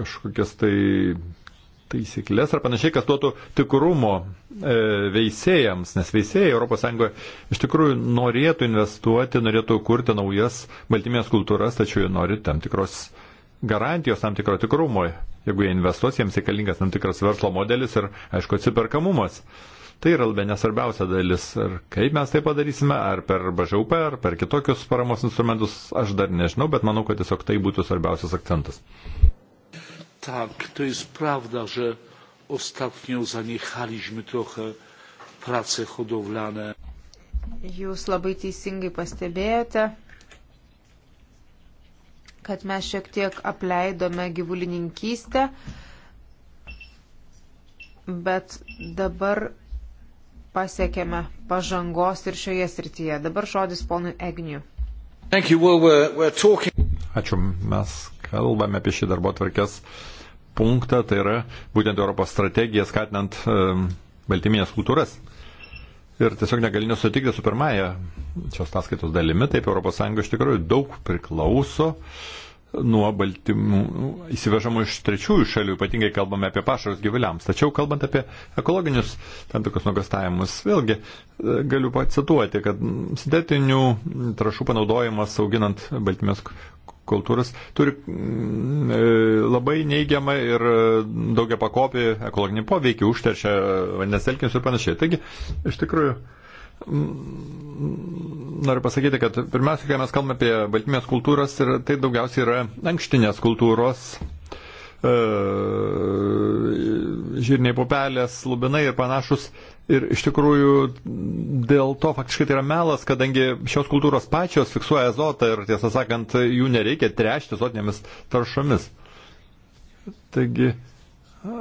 kažkokias tai taisyklės ar panašiai, kas duotų tikrumo e, veisėjams, nes veisėjai ES iš tikrųjų norėtų investuoti, norėtų kurti naujas baltymės kultūras, tačiau jie nori tam tikros garantijos, tam tikro tikrumo. Jeigu jie investuos, jiems reikalingas tam tikras verslo modelis ir, aišku, atsiperkamumas. Tai yra labai nesvarbiausia dalis. Ir kaip mes tai padarysime, ar per BŽUP, ar per kitokius paramos instrumentus, aš dar nežinau, bet manau, kad tiesiog tai būtų svarbiausias akcentas. Tak, to jest prawda, że ostatnio zaniechaliśmy trochę prace hodowlane. Jūs labai teisingai pastebėjote, kad mes šiek tiek apleidome gyvulininkystę, bet dabar pasiekėme pažangos ir šioje srityje. Dabar žodis ponui Egniu. Ačiū, mes kalbame apie šį darbo tvarkės punktą, tai yra būtent Europos strategija skatinant baltyminės kultūras. Ir tiesiog negali nesutikti su pirmąją šios taskaitos dalimi, taip ES iš tikrųjų daug priklauso nuo baltymų įsivežamų iš trečiųjų šalių, ypatingai kalbame apie pašarus gyvuliams. Tačiau kalbant apie ekologinius tam tikrus nuogastavimus, vėlgi e, galiu pacituoti, kad sintetinių trašų panaudojimas auginant baltymės kultūras turi mm, e, labai neigiamą ir e, daugia pakopį ekologinį poveikį, užteršia vandens telkinius ir panašiai. Taigi, iš tikrųjų, mm, mm, noriu pasakyti, kad pirmiausia, kai mes kalbame apie baltymės kultūras, ir tai daugiausiai yra ankštinės kultūros, e, žirniai pupelės, lubinai ir panašus Ir iš tikrųjų dėl to faktiškai tai yra melas, kadangi šios kultūros pačios fiksuoja azotą ir tiesą sakant, jų nereikia trešti azotinėmis taršomis. Taigi, e,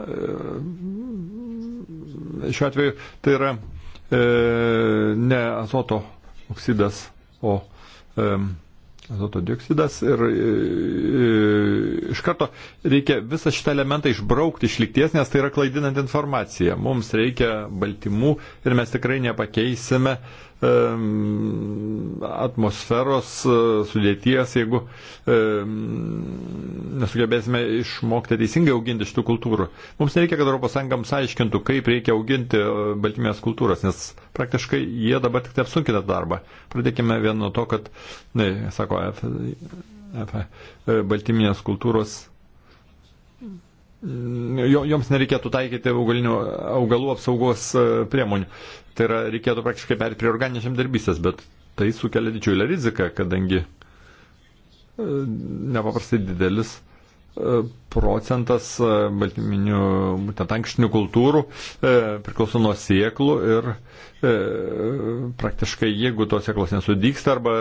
šiuo atveju tai yra e, ne azoto oksidas, o e, azoto dioksidas ir e, e, iš karto reikia visą šitą elementą išbraukti iš likties, nes tai yra klaidinanti informacija. Mums reikia baltymų ir mes tikrai nepakeisime uh, atmosferos e, sudėties, jeigu nesugebėsime išmokti teisingai auginti šitų kultūrų. Mums nereikia, kad Europos Sąjungams aiškintų, kaip reikia auginti e, baltymės kultūras, nes praktiškai jie dabar tik tai apsunkina darbą. Pradėkime vien nuo to, kad, ne, sako, F, F, e, baltyminės kultūros joms nereikėtų taikyti augalinių, augalų apsaugos priemonių. Tai yra, reikėtų praktiškai perėti prie organinės žemdirbystės, bet tai sukelia didžiulę riziką, kadangi e, nepaprastai didelis e, procentas e, baltyminių, būtent ankštinių kultūrų priklauso nuo sieklų ir praktiškai jeigu tos sieklos nesudyksta arba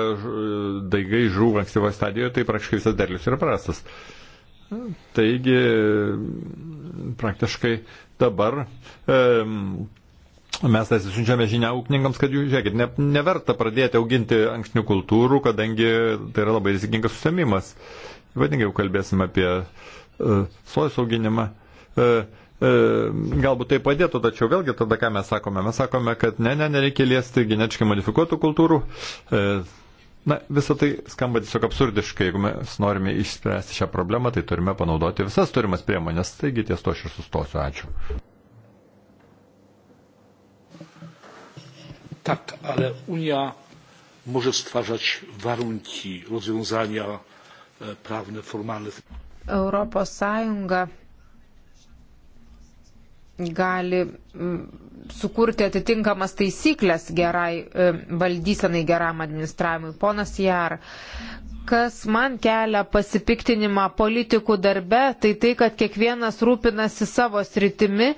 daigai žūva ankstyvoje stadijoje, tai praktiškai visas derlius yra prastas. Taigi praktiškai dabar Mes tas siunčiame žinią ūkininkams, kad jų, žiūrėkit, ne, neverta pradėti auginti ankšnių kultūrų, kadangi tai yra labai rizikingas susimimas. Vadingai jau kalbėsim apie uh, e, sojus auginimą. Uh, uh, galbūt tai padėtų, tačiau vėlgi tada ką mes sakome? Mes sakome, kad ne, ne, nereikia liesti genetiškai modifikuotų kultūrų. Uh, na, visą tai skamba tiesiog absurdiškai. Jeigu mes norime išspręsti šią problemą, tai turime panaudoti visas turimas priemonės. Taigi ties to aš ir sustosiu. Ačiū. tak, ale Unia może stwarzać warunki, rozwiązania e, prawne, formalne. Europos Sąjunga gali mm, sukurti atitinkamas taisyklės gerai e, valdysenai, geram administravimui. Ponas Jar, kas man kelia pasipiktinimą politikų darbe, tai tai, kad kiekvienas rūpinasi savo sritimi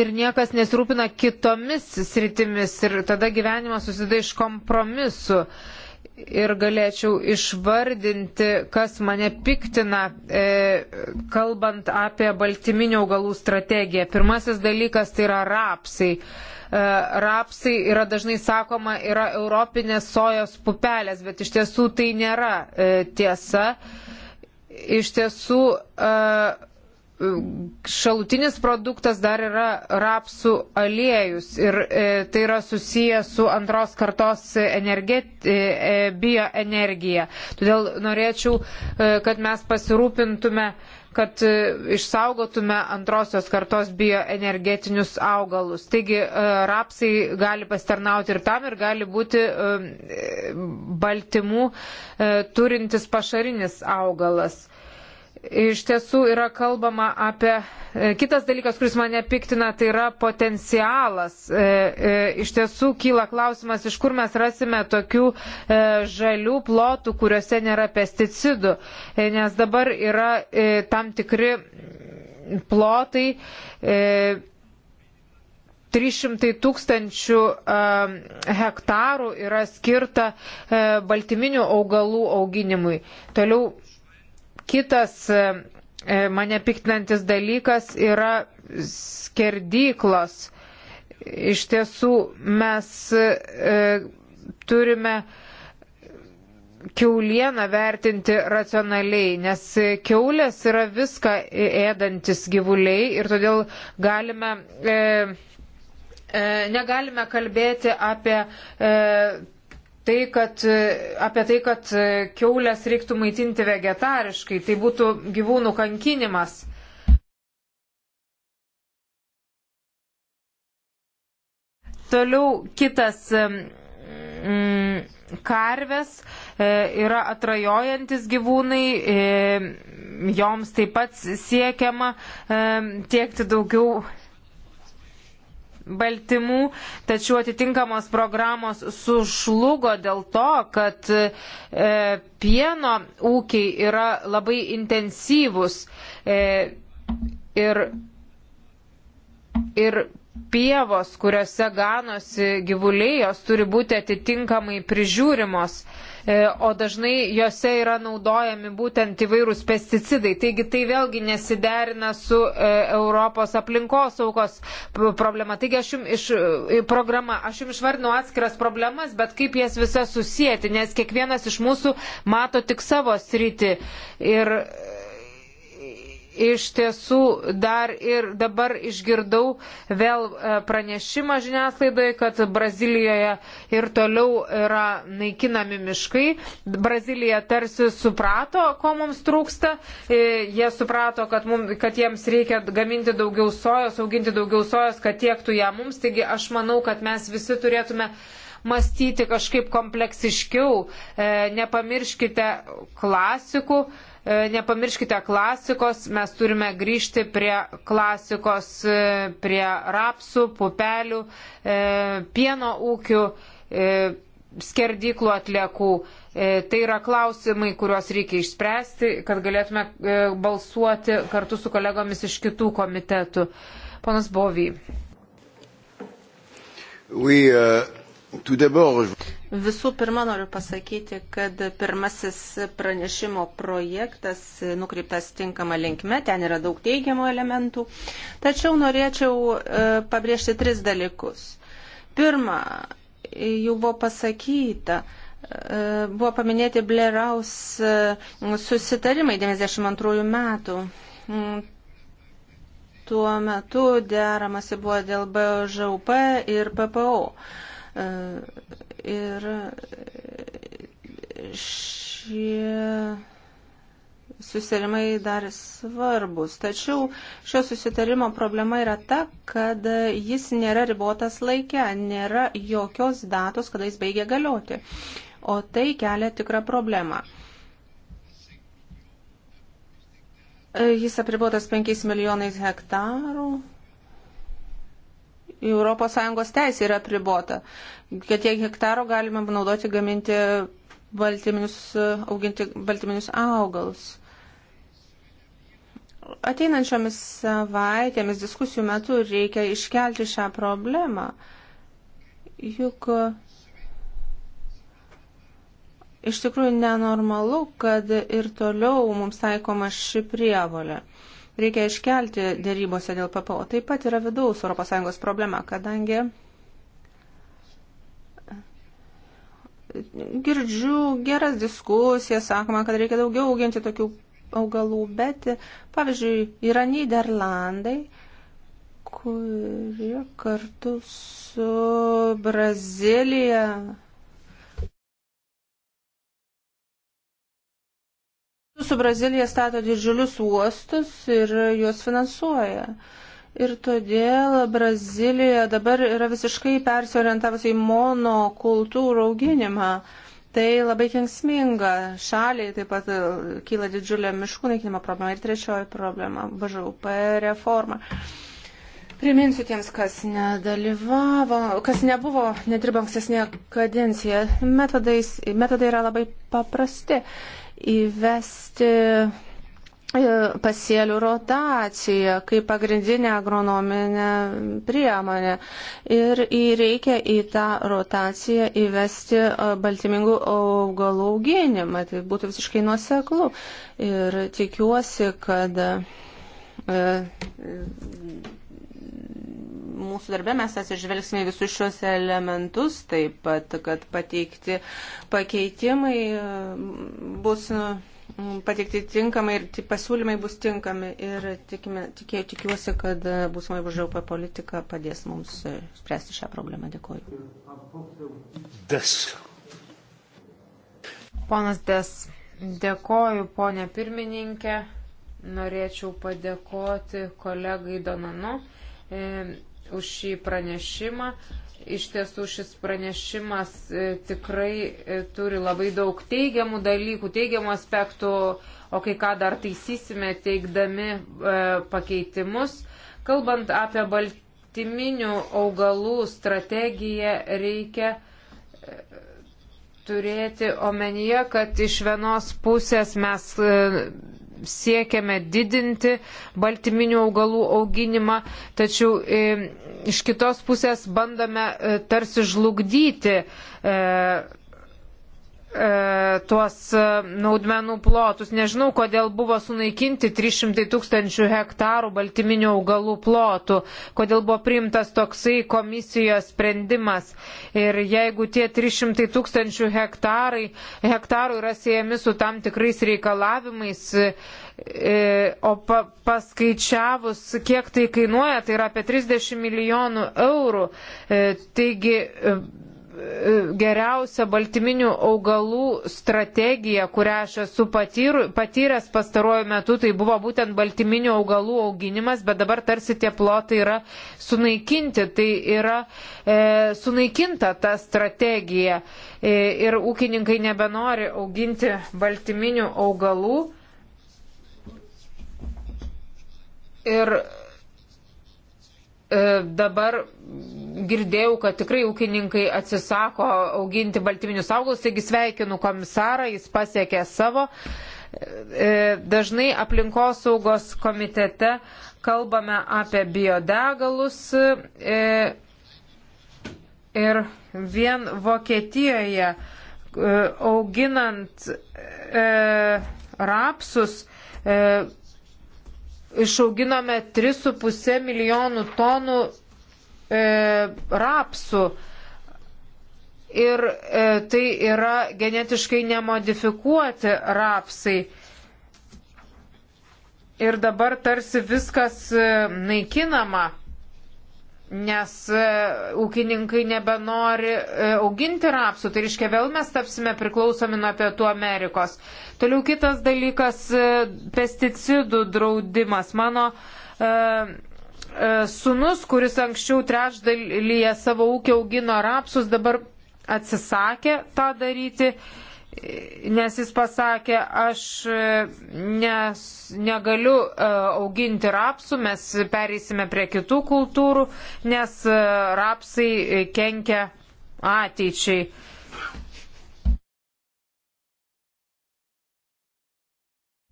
ir niekas nesirūpina kitomis sritimis ir tada gyvenimas susideda iš kompromisu. Uh, ir galėčiau išvardinti, kas mane piktina, e, kalbant apie baltyminių augalų strategiją. Pirmasis dalykas tai yra rapsai. E, rapsai yra dažnai sakoma, yra europinės sojos pupelės, bet iš tiesų tai nėra e, tiesa. Iš tiesų. E, šalutinis produktas dar yra rapsų aliejus ir e, tai yra susiję su antros kartos energet, e, e, bioenergija. Todėl norėčiau, e, kad mes pasirūpintume, kad e, išsaugotume antrosios kartos bioenergetinius augalus. Taigi e, rapsai gali pasitarnauti ir tam ir gali būti e, baltymų e, turintis pašarinis augalas iš tiesų yra kalbama apie. E, kitas dalykas, kuris mane piktina, tai yra potencialas. E, e, iš tiesų kyla klausimas, iš kur mes rasime tokių žalių plotų, kuriuose nėra pesticidų. Nes dabar yra tam tikri plotai. 300 tūkstančių hektarų yra skirta baltyminių augalų auginimui. Toliau Kitas e, e, mane piktinantis dalykas yra skerdyklos. Iš tiesų mes e, turime keulieną vertinti racionaliai, nes keulės yra viską ėdantis gyvuliai ir todėl galime. E, Negalime kalbėti apie e, tai, kad, e, apie tai, kad e, keulės reiktų maitinti vegetariškai, tai būtų gyvūnų kankinimas. Toliau kitas mm, e, karves e, yra atrajojantis gyvūnai, e, joms taip pat siekiama e, tiekti daugiau baltymų, tačiau atitinkamos programos sužlugo dėl to, kad e, pieno ūkiai yra labai intensyvus e, ir, ir pievos, kuriuose ganosi gyvuliai, jos turi būti atitinkamai prižiūrimos. E, E, o dažnai jose yra naudojami būtent įvairūs pesticidai. Taigi tai vėlgi nesiderina su e, Europos aplinkos saugos problema. Taigi aš jums iš, e, programa, aš jums išvardinau atskiras problemas, bet kaip jas visas susijęti, nes kiekvienas iš mūsų mato tik savo sritį. Ir iš tiesų dar ir dabar išgirdau vėl e, pranešimą žiniasklaidoje, kad Brazilijoje ir toliau yra naikinami miškai. Brazilija tarsi suprato, ko mums trūksta. E, jie suprato, kad, mums, kad jiems reikia gaminti daugiau sojos, auginti daugiau sojos, kad tiektų ją mums. Taigi aš manau, kad mes visi turėtume mąstyti kažkaip kompleksiškiau. E, nepamirškite klasikų E, nepamirškite klasikos, mes turime grįžti prie klasikos, e, prie rapsų, pupelių, e, pieno ūkių, skerdyklų atliekų. Tai yra klausimai, kuriuos reikia išspręsti, kad galėtume balsuoti kartu su kolegomis iš kitų komitetų. Ponas Bovy. Oui, uh, Visų pirma, noriu pasakyti, kad pirmasis pranešimo projektas nukreiptas tinkama linkme, ten yra daug teigiamų elementų. Tačiau norėčiau e, pabrėžti tris dalykus. Pirma, jau buvo pasakyta, e, buvo paminėti Bleraus e, susitarimai 92 metų. Mm, tuo metu deramasi buvo dėl BŽUP ir PPO. Ir šie susitarimai dar svarbus. Tačiau šio susitarimo problema yra ta, kad jis nėra ribotas laikė, nėra jokios datos, kada jis baigia galioti. O tai kelia tikrą problemą. Jis apribotas 5 milijonais hektarų ES teisė yra pribota, kad tiek hektaro galime naudoti gaminti baltyminius, auginti baltyminius augalus. Ateinančiomis savaitėmis diskusijų metu reikia iškelti šią problemą. Juk iš tikrųjų nenormalu, kad ir toliau mums taikoma ši prievolė reikia iškelti dėrybose dėl PPO. Taip pat yra vidaus ES problema, kadangi girdžiu geras diskusijas, sakoma, kad reikia daugiau auginti tokių augalų, bet, pavyzdžiui, yra Niderlandai, kurie kartu su Brazilija Su Brazilija stato didžiulius uostus ir juos finansuoja. Ir todėl Brazilija dabar yra visiškai persiorientavusi į monokultūrų auginimą. Tai labai kengsminga. Šaliai taip pat kyla didžiulė miškų naikinimo problema. Ir trečioji problema - BŽUP reforma. Priminsiu tiems, kas nedalyvavo, kas nebuvo, nedirbo ankstesnėje kadencijoje. Metodai yra labai paprasti įvesti e, pasėlių rotaciją kaip pagrindinę agronominę priemonę. Ir reikia į tą rotaciją įvesti e, baltymingų augalų auginimą. Tai būtų visiškai nuoseklu. Ir tikiuosi, kad e, mūsų darbę mes atsižvelgsime visus šios elementus, taip pat, kad pateikti pakeitimai mm, bus mm, pateikti tinkamai ir pasiūlymai bus tinkami ir tikime, tikė, tikiuosi, kad būsimai BŽP politika padės mums spręsti šią problemą. Dėkoju. Des. Ponas Des, dėkoju, ponė pirmininkė. Norėčiau padėkoti kolegai Donanu. E, už šį pranešimą. Iš tiesų šis pranešimas e, tikrai e, turi labai daug teigiamų dalykų, teigiamų aspektų, o kai ką dar taisysime teikdami e, pakeitimus. Kalbant apie baltyminių augalų strategiją, reikia e, turėti omenyje, kad iš vienos pusės mes siekiame didinti baltyminių augalų auginimą, tačiau e, iš kitos pusės bandome e, tarsi žlugdyti e, E, tuos e, naudmenų plotus. Nežinau, kodėl buvo sunaikinti 300 tūkstančių hektarų baltyminių augalų plotų, kodėl buvo priimtas toksai komisijos sprendimas. Ir jeigu tie 300 tūkstančių hektarai, hektarų yra siejami su tam tikrais reikalavimais, e, o pa, paskaičiavus, kiek tai kainuoja, tai yra apie 30 milijonų eurų. Taigi, geriausia baltyminių augalų strategija, kurią aš esu patyru, patyręs pastaruoju metu, tai buvo būtent baltyminių augalų auginimas, bet dabar tarsi tie plotai yra sunaikinti, tai yra e, sunaikinta ta strategija e, ir ūkininkai nebenori auginti baltyminių augalų. Ir E, dabar girdėjau, kad tikrai ūkininkai atsisako auginti baltyminius augalus, taigi sveikinu komisarą, jis pasiekė savo. E, dažnai aplinkosaugos komitete kalbame apie biodegalus e, ir vien Vokietijoje auginant rapsus išauginome 3,5 milijonų tonų e, rapsų. Ir e, tai yra genetiškai nemodifikuoti rapsai. Ir dabar tarsi viskas e, naikinama nes e, ūkininkai nebenori e, auginti rapsų, tai reiškia vėl mes tapsime priklausomi nuo Pietų Amerikos. Toliau kitas dalykas e, - pesticidų draudimas. Mano uh, sunus, kuris anksčiau trečdalyje savo ūkio augino rapsus, dabar atsisakė tą daryti. Uh, nes jis pasakė, aš e, nes, negaliu e, auginti rapsų, mes pereisime prie kitų kultūrų, nes e, rapsai kenkia ateičiai.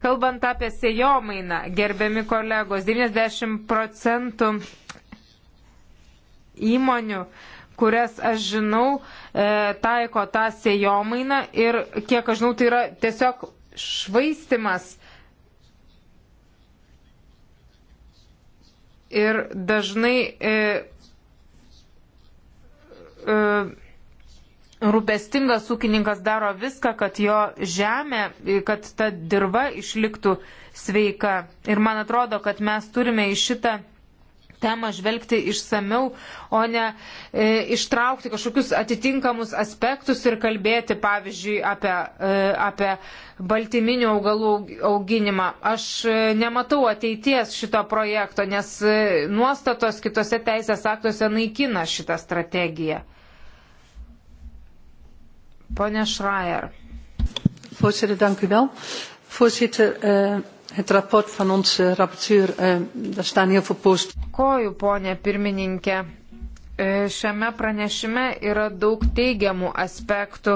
Kalbant apie sėjomainą, gerbiami kolegos, 90 procentų įmonių uh, kurias aš žinau, e, taiko tą sėjomainą ir, kiek aš žinau, tai yra tiesiog švaistimas. Ir dažnai e, e, rūpestingas ūkininkas daro viską, kad jo žemė, e, kad ta dirba išliktų sveika. Ir man atrodo, kad mes turime į šitą temą žvelgti išsameu, o ne e, ištraukti kažkokius atitinkamus aspektus ir kalbėti, pavyzdžiui, apie, e, apie baltyminių augalų auginimą. Aš e, nematau ateities šito projekto, nes e, nuostatos kitose teisės aktuose naikina šitą strategiją. Pone Šrajer. Voorzitter, dank u wel. Voorzitter, uh, Het rapport van onze rapporteur, eh, daar staan heel veel positieve. Koju, ponė pirmininkė. E, šiame pranešime yra daug teigiamų aspektų.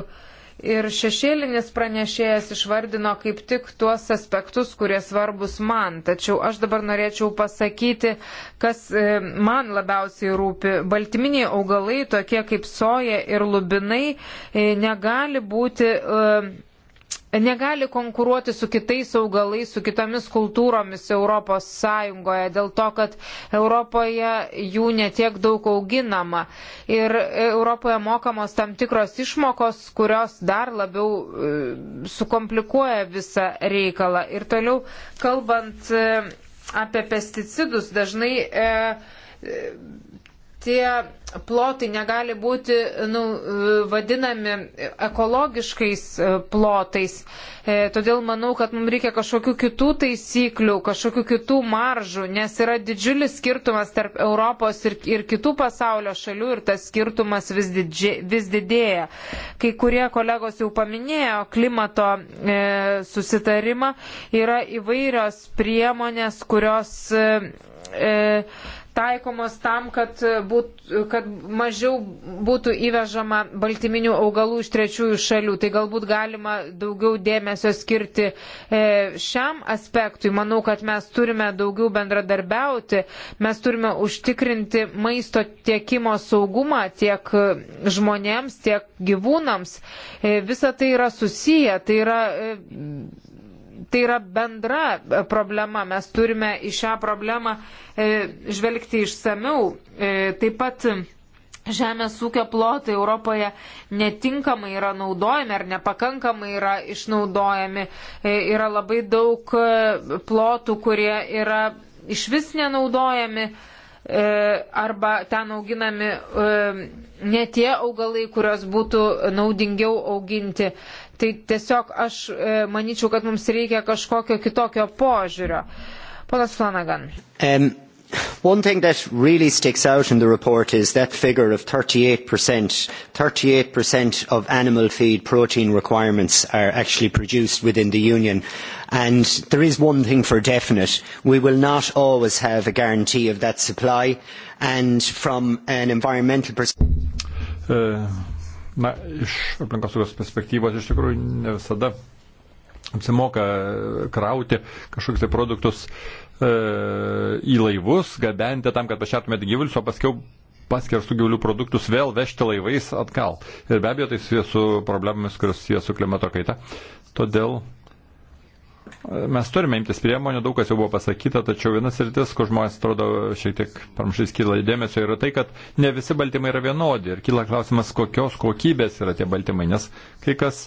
Ir šešėlinis pranešėjas išvardino kaip tik tuos aspektus, kurie svarbus man. Tačiau aš dabar norėčiau pasakyti, kas e, man labiausiai rūpi. Baltyminiai augalai, tokie kaip soja ir lubinai, e, negali būti negali konkuruoti su kitais augalais, su kitomis kultūromis Europos Sąjungoje, dėl to, kad Europoje jų netiek daug auginama. Ir Europoje mokamos tam tikros išmokos, kurios dar labiau e, sukomplikuoja visą reikalą. Ir toliau, kalbant e, apie pesticidus, dažnai e, tie plotai negali būti nu, vadinami ekologiškais e, plotais. E, todėl manau, kad mums reikia kažkokių kitų taisyklių, kažkokių kitų maržų, nes yra didžiulis skirtumas tarp Europos ir, ir kitų pasaulio šalių ir tas skirtumas vis, didži, vis didėja. Kai kurie kolegos jau paminėjo klimato e, susitarimą, yra įvairios priemonės, kurios. E, e, taikomos tam, kad, būt, kad mažiau būtų įvežama baltyminių augalų iš trečiųjų šalių. Tai galbūt galima daugiau dėmesio skirti e, šiam aspektui. Manau, kad mes turime daugiau bendradarbiauti, mes turime užtikrinti maisto tiekimo saugumą tiek žmonėms, tiek gyvūnams. E, visa tai yra susiję, tai yra e, tai yra bendra e, problema, mes turime į šią problemą e, žvelgti išsamiau. E, taip pat žemės ūkio plotai Europoje netinkamai yra naudojami ar nepakankamai yra išnaudojami. Yra labai daug plotų, kurie yra iš vis nenaudojami arba ten auginami ne tie augalai, kurios būtų naudingiau auginti. Tai tiesiog aš e, manyčiau, kad mums reikia kažkokio kitokio požiūrio. Ponas Flanagan. Um. One thing that really sticks out in the report is that figure of 38%. 38% of animal feed protein requirements are actually produced within the Union. And there is one thing for definite. We will not always have a guarantee of that supply. And from an environmental perspective. Uh Na, iš aplinkosaugos perspektyvos iš tikrųjų ne visada apsimoka e, krauti kažkokius tai produktus e, į laivus, gabenti tam, kad pašertumėte gyvulius, o paskui paskerstų gyvulių produktus vėl vežti laivais atgal. Ir be abejo, tai susijęs su problemomis, kurios susijęs su klimato kaita. Todėl Mes turime imtis priemonių, daug kas jau buvo pasakyta, tačiau vienas rytis, kur žmonės atrodo šiek tiek pramšys kyla dėmesio, yra tai, kad ne visi baltymai yra vienodi ir kyla klausimas, kokios kokybės yra tie baltymai, nes kai kas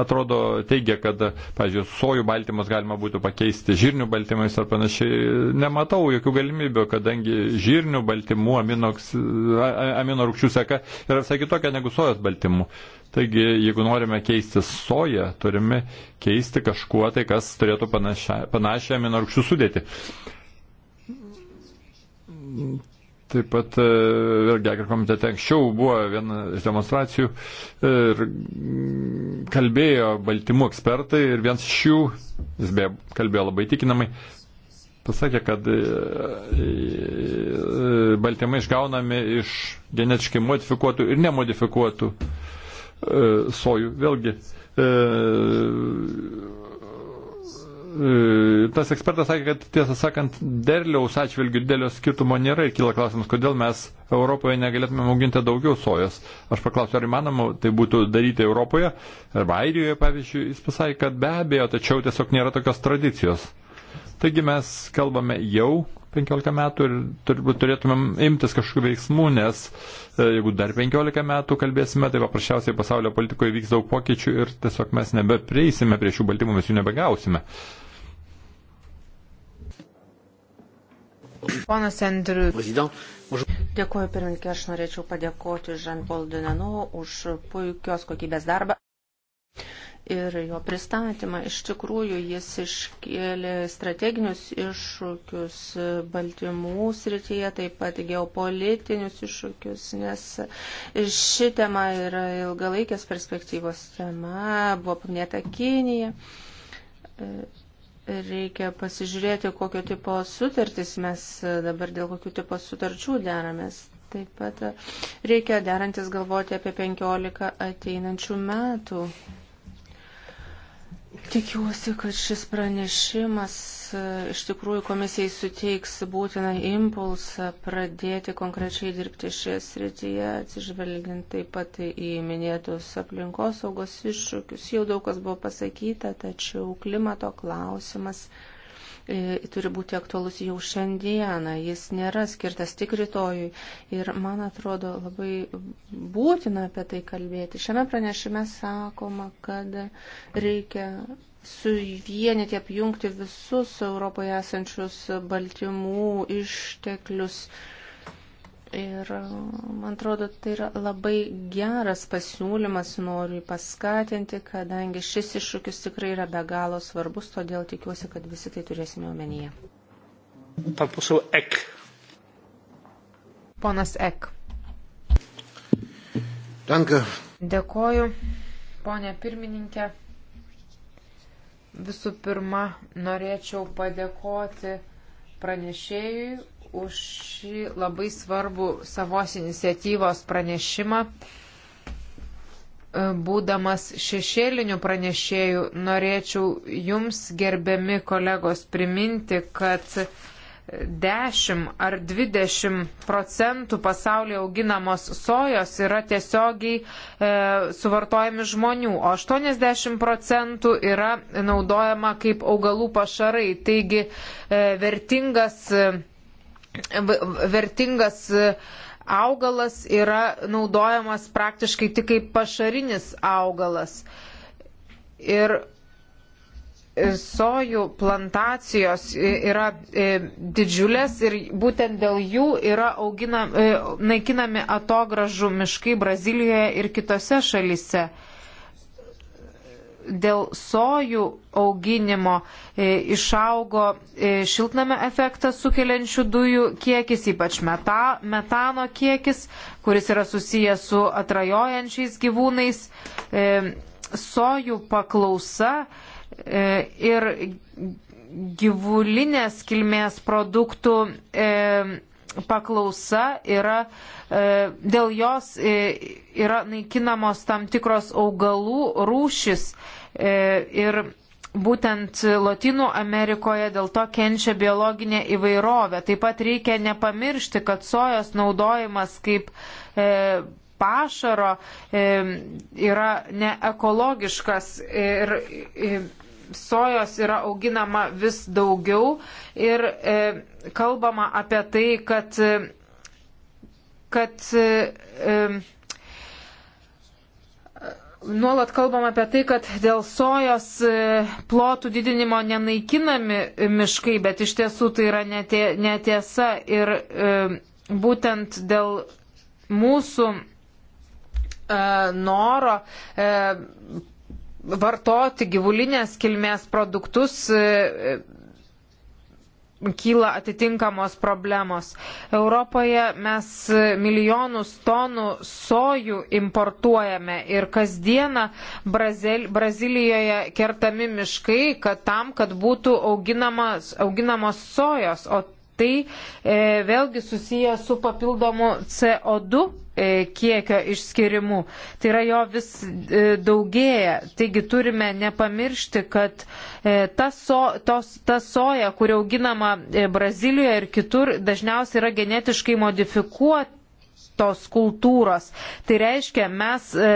atrodo teigia, kad, pavyzdžiui, sojų baltymus galima būtų pakeisti žirnių baltymais ar panašiai, nematau jokių galimybių, kadangi žirnių baltymų amino, amino rūkščių seka yra visai kitokia negu sojos baltymų. Taigi, jeigu norime keisti soją, turime keisti kažkuo tai, kas turėtų panašią aminorūkščių sudėti. Taip pat e, vėlgi agrokomitete anksčiau buvo viena iš demonstracijų ir kalbėjo baltymų ekspertai ir vienas iš jų, jis beje kalbėjo labai tikinamai, pasakė, kad e, e, baltymai išgaunami iš genetiškai modifikuotų ir nemodifikuotų E, sojų. Vėlgi, e, e, tas ekspertas sakė, kad tiesą sakant, derliaus atžvilgių didelio skirtumo nėra ir kyla klausimas, kodėl mes Europoje negalėtume auginti daugiau sojos. Aš paklausiu, ar įmanoma tai būtų daryti Europoje, arba Airijoje pavyzdžiui, jis pasakė, kad be abejo, tačiau tiesiog nėra tokios tradicijos. Taigi mes kalbame jau 15 metų ir turbūt turėtumėm imtis kažkokių veiksmų, nes e, jeigu dar 15 metų kalbėsime, tai paprasčiausiai pasaulio politikoje vyks daug pokyčių ir tiesiog mes nebeprieisime prie šių baltymų, mes jų nebegausime. Ponas Andriu. Dėkuoju pirmininkė, aš norėčiau padėkoti Žan Paul Dinenu už puikios kokybės darbą ir jo pristatymą. Iš tikrųjų, jis iškėlė strateginius iššūkius baltymų srityje, taip pat geopolitinius iššūkius, nes ši tema yra ilgalaikės perspektyvos tema, buvo paminėta Kinija. Reikia pasižiūrėti, kokio tipo sutartys mes dabar dėl kokių tipo sutarčių deramės. Taip pat reikia derantis galvoti apie 15 ateinančių metų Tikiuosi, kad šis pranešimas e, iš tikrųjų komisijai suteiks būtiną impulsą pradėti konkrečiai dirbti šioje srityje, atsižvelgiant taip pat į minėtus aplinkosaugos iššūkius. Jau daug kas buvo pasakyta, tačiau klimato klausimas E, turi būti aktualus jau šiandieną, jis nėra skirtas tik rytojui. Ir man atrodo labai būtina apie tai kalbėti. Šiame pranešime sakoma, kad reikia suvienyti, apjungti visus Europoje esančius baltymų išteklius Ir um, man atrodo, tai yra labai geras pasiūlymas, noriu jį paskatinti, kadangi šis iššūkis tikrai yra be galo svarbus, todėl tikiuosi, kad visi tai turėsime omenyje. Papusiau Ek. Ponas Ek. Danka. Dėkoju, ponė pirmininkė. Visų pirma, norėčiau padėkoti pranešėjui už šį labai svarbų savos iniciatyvos pranešimą. E, būdamas šešėlinių pranešėjų, norėčiau Jums, gerbiami kolegos, priminti, kad 10 ar 20 procentų pasaulyje auginamos sojos yra tiesiogiai e, suvartojami žmonių, o 80 procentų yra naudojama kaip augalų pašarai. Taigi e, vertingas. E, vertingas e, augalas yra naudojamas praktiškai tik kaip pašarinis augalas. Ir e, sojų plantacijos e, yra didžiulės ir būtent dėl jų yra auginam, naikinami atogražų miškai Brazilijoje ir kitose šalise dėl sojų auginimo e, išaugo e, šiltname efektą sukeliančių dujų kiekis, ypač meta, metano kiekis, kuris yra susijęs su atrajojančiais gyvūnais. E, sojų paklausa ir gyvulinės kilmės produktų paklausa yra, e, dėl jos e, yra naikinamos tam tikros augalų rūšis e, ir būtent Latinų Amerikoje dėl to kenčia biologinė įvairovė. Taip pat reikia nepamiršti, kad sojos naudojimas kaip pašaro yra neekologiškas ir sojos yra auginama vis daugiau ir e, kalbama apie tai, kad, e, kad e, e Nuolat kalbam apie tai, kad dėl sojos e, plotų didinimo nenaikinami miškai, bet iš tiesų tai yra netiesa. Ir e, būtent dėl mūsų noro vartoti gyvulinės kilmės produktus e, e, kyla atitinkamos problemos. Europoje mes milijonus tonų sojų importuojame ir kasdieną Brazil, Brazilijoje kertami miškai, kad tam, kad būtų auginamos, auginamos sojos, o tai e, vėlgi susiję su papildomu CO2 e, kiekio išskirimu. Tai yra jo vis e, daugėja. Taigi turime nepamiršti, kad e, ta, so, tos, ta soja, kuri auginama Brazilijoje ir kitur, dažniausiai yra genetiškai modifikuota tos kultūros. Tai reiškia, mes e,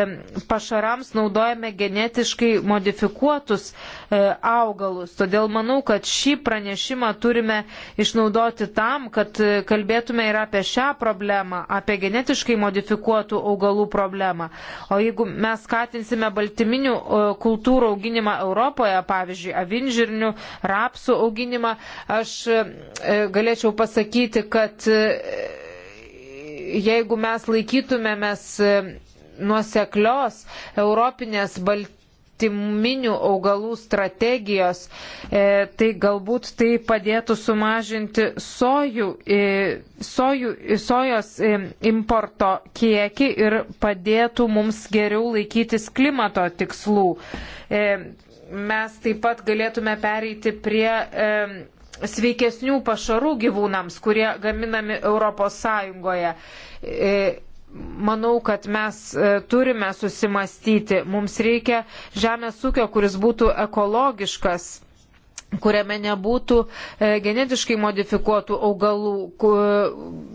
pašarams naudojame genetiškai modifikuotus e, augalus. Todėl manau, kad šį pranešimą turime išnaudoti tam, kad e, kalbėtume ir apie šią problemą, apie genetiškai modifikuotų augalų problemą. O jeigu mes skatinsime baltyminių kultūrų auginimą Europoje, pavyzdžiui, avinžirnių, rapsų auginimą, aš galėčiau pasakyti, kad jeigu mes laikytumėmės e, nuoseklios Europinės baltyminių augalų strategijos, e, tai galbūt tai padėtų sumažinti sojų, e, sojų, sojos importo kiekį ir padėtų mums geriau laikytis klimato tikslų. Mes taip pat galėtume pereiti prie sveikesnių pašarų gyvūnams, kurie gaminami Europos Sąjungoje. E, manau, kad mes e, turime susimastyti. Mums reikia žemės ūkio, kuris būtų ekologiškas kuriame nebūtų e, genetiškai modifikuotų augalų,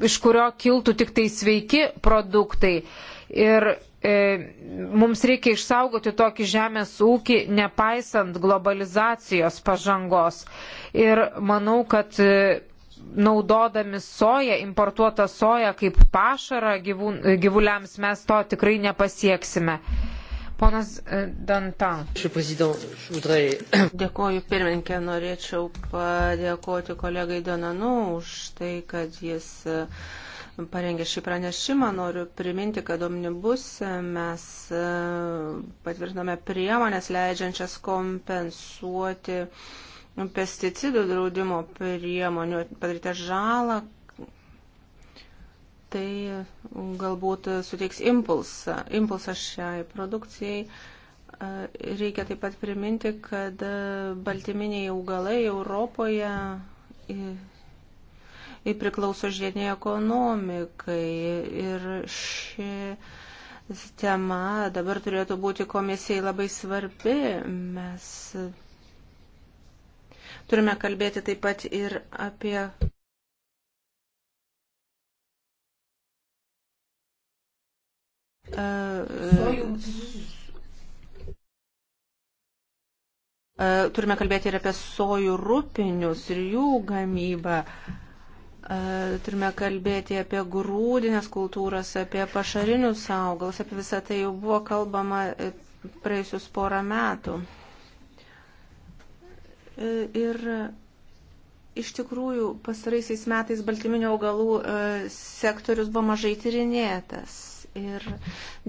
iš kurio kiltų tik tai sveiki produktai. Ir E, mums reikia išsaugoti tokį žemės ūkį, nepaisant globalizacijos pažangos. Ir manau, kad e, naudodami soją, importuotą soją kaip pašarą gyvūn, gyvuliams mes to tikrai nepasieksime. Ponas e, Dantan. Dėkoju pirmininkė, norėčiau padėkoti kolegai Donanu už tai, kad jis uh, parengė šį pranešimą. Noriu priminti, kad omnibus mes e, patvirtinome priemonės leidžiančias kompensuoti pesticidų draudimo priemonių padarytą žalą. Tai galbūt suteiks impulsą, impulsą šiai produkcijai. E, reikia taip pat priminti, kad baltyminiai augalai Europoje priklauso žiediniai ekonomikai. Ir ši tema dabar turėtų būti komisijai labai svarbi. Mes turime kalbėti taip pat ir apie. E, e, turime kalbėti ir apie sojų rūpinius ir jų gamybą. Uh, E, turime kalbėti apie grūdinės kultūras, apie pašarinius augalus, apie visą tai jau buvo kalbama e, praėjusius porą metų. E, ir iš tikrųjų pastaraisiais metais baltyminio augalų sektorius buvo mažai tyrinėtas ir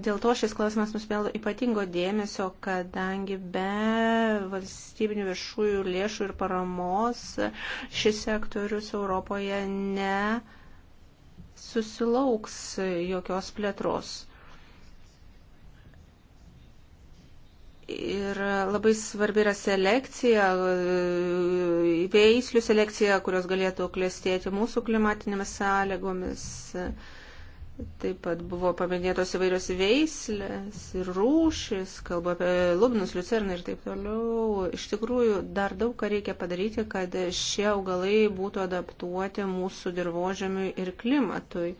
dėl to šis klausimas nusipelno ypatingo dėmesio, kadangi be valstybinių viršųjų lėšų ir paramos šis sektorius Europoje ne susilauks jokios plėtros. Ir labai svarbi yra selekcija, veislių selekcija, kurios galėtų klestėti mūsų klimatinėmis sąlygomis. Taip pat buvo paminėtos įvairios veislės ir rūšis, kalba apie lubnus, lucerną ir taip toliau. Iš tikrųjų, dar daug ką reikia padaryti, kad šie augalai būtų adaptuoti mūsų dirbožėmiui ir klimatui.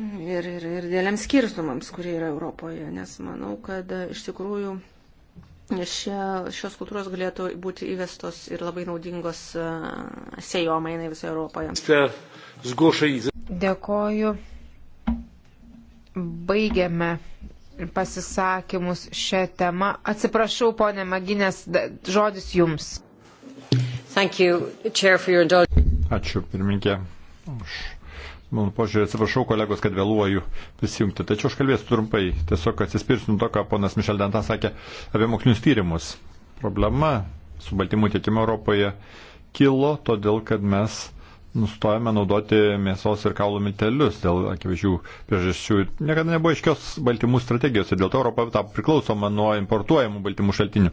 Ir, ir, ir dėliams skirtumams, kurie yra Europoje, nes manau, kad iš tikrųjų šie, šios kultūros galėtų būti įvestos ir labai naudingos sėjomainai visoje Europoje. Sper zgłoszeń. Dėkoju. Baigiame pasisakymus šią temą. Atsiprašau, ponė Maginės, žodis jums. You, chair, Ačiū, pirmininkė, už mano požiūrį. Atsiprašau, kolegos, kad vėluoju prisijungti. Tačiau aš kalbėsiu trumpai, tiesiog atsispirsiu nuo to, ką ponas Mišel Dantas sakė apie mokinius tyrimus. Problema su baltymų tiekimu Europoje kilo todėl, kad mes uh, nustojame naudoti mėsos ir kaulų miltelius dėl akivaizdžių priežasčių. Niekada nebuvo aiškios baltymų strategijos ir dėl to Europa tapo priklausoma nuo importuojamų baltymų šaltinių.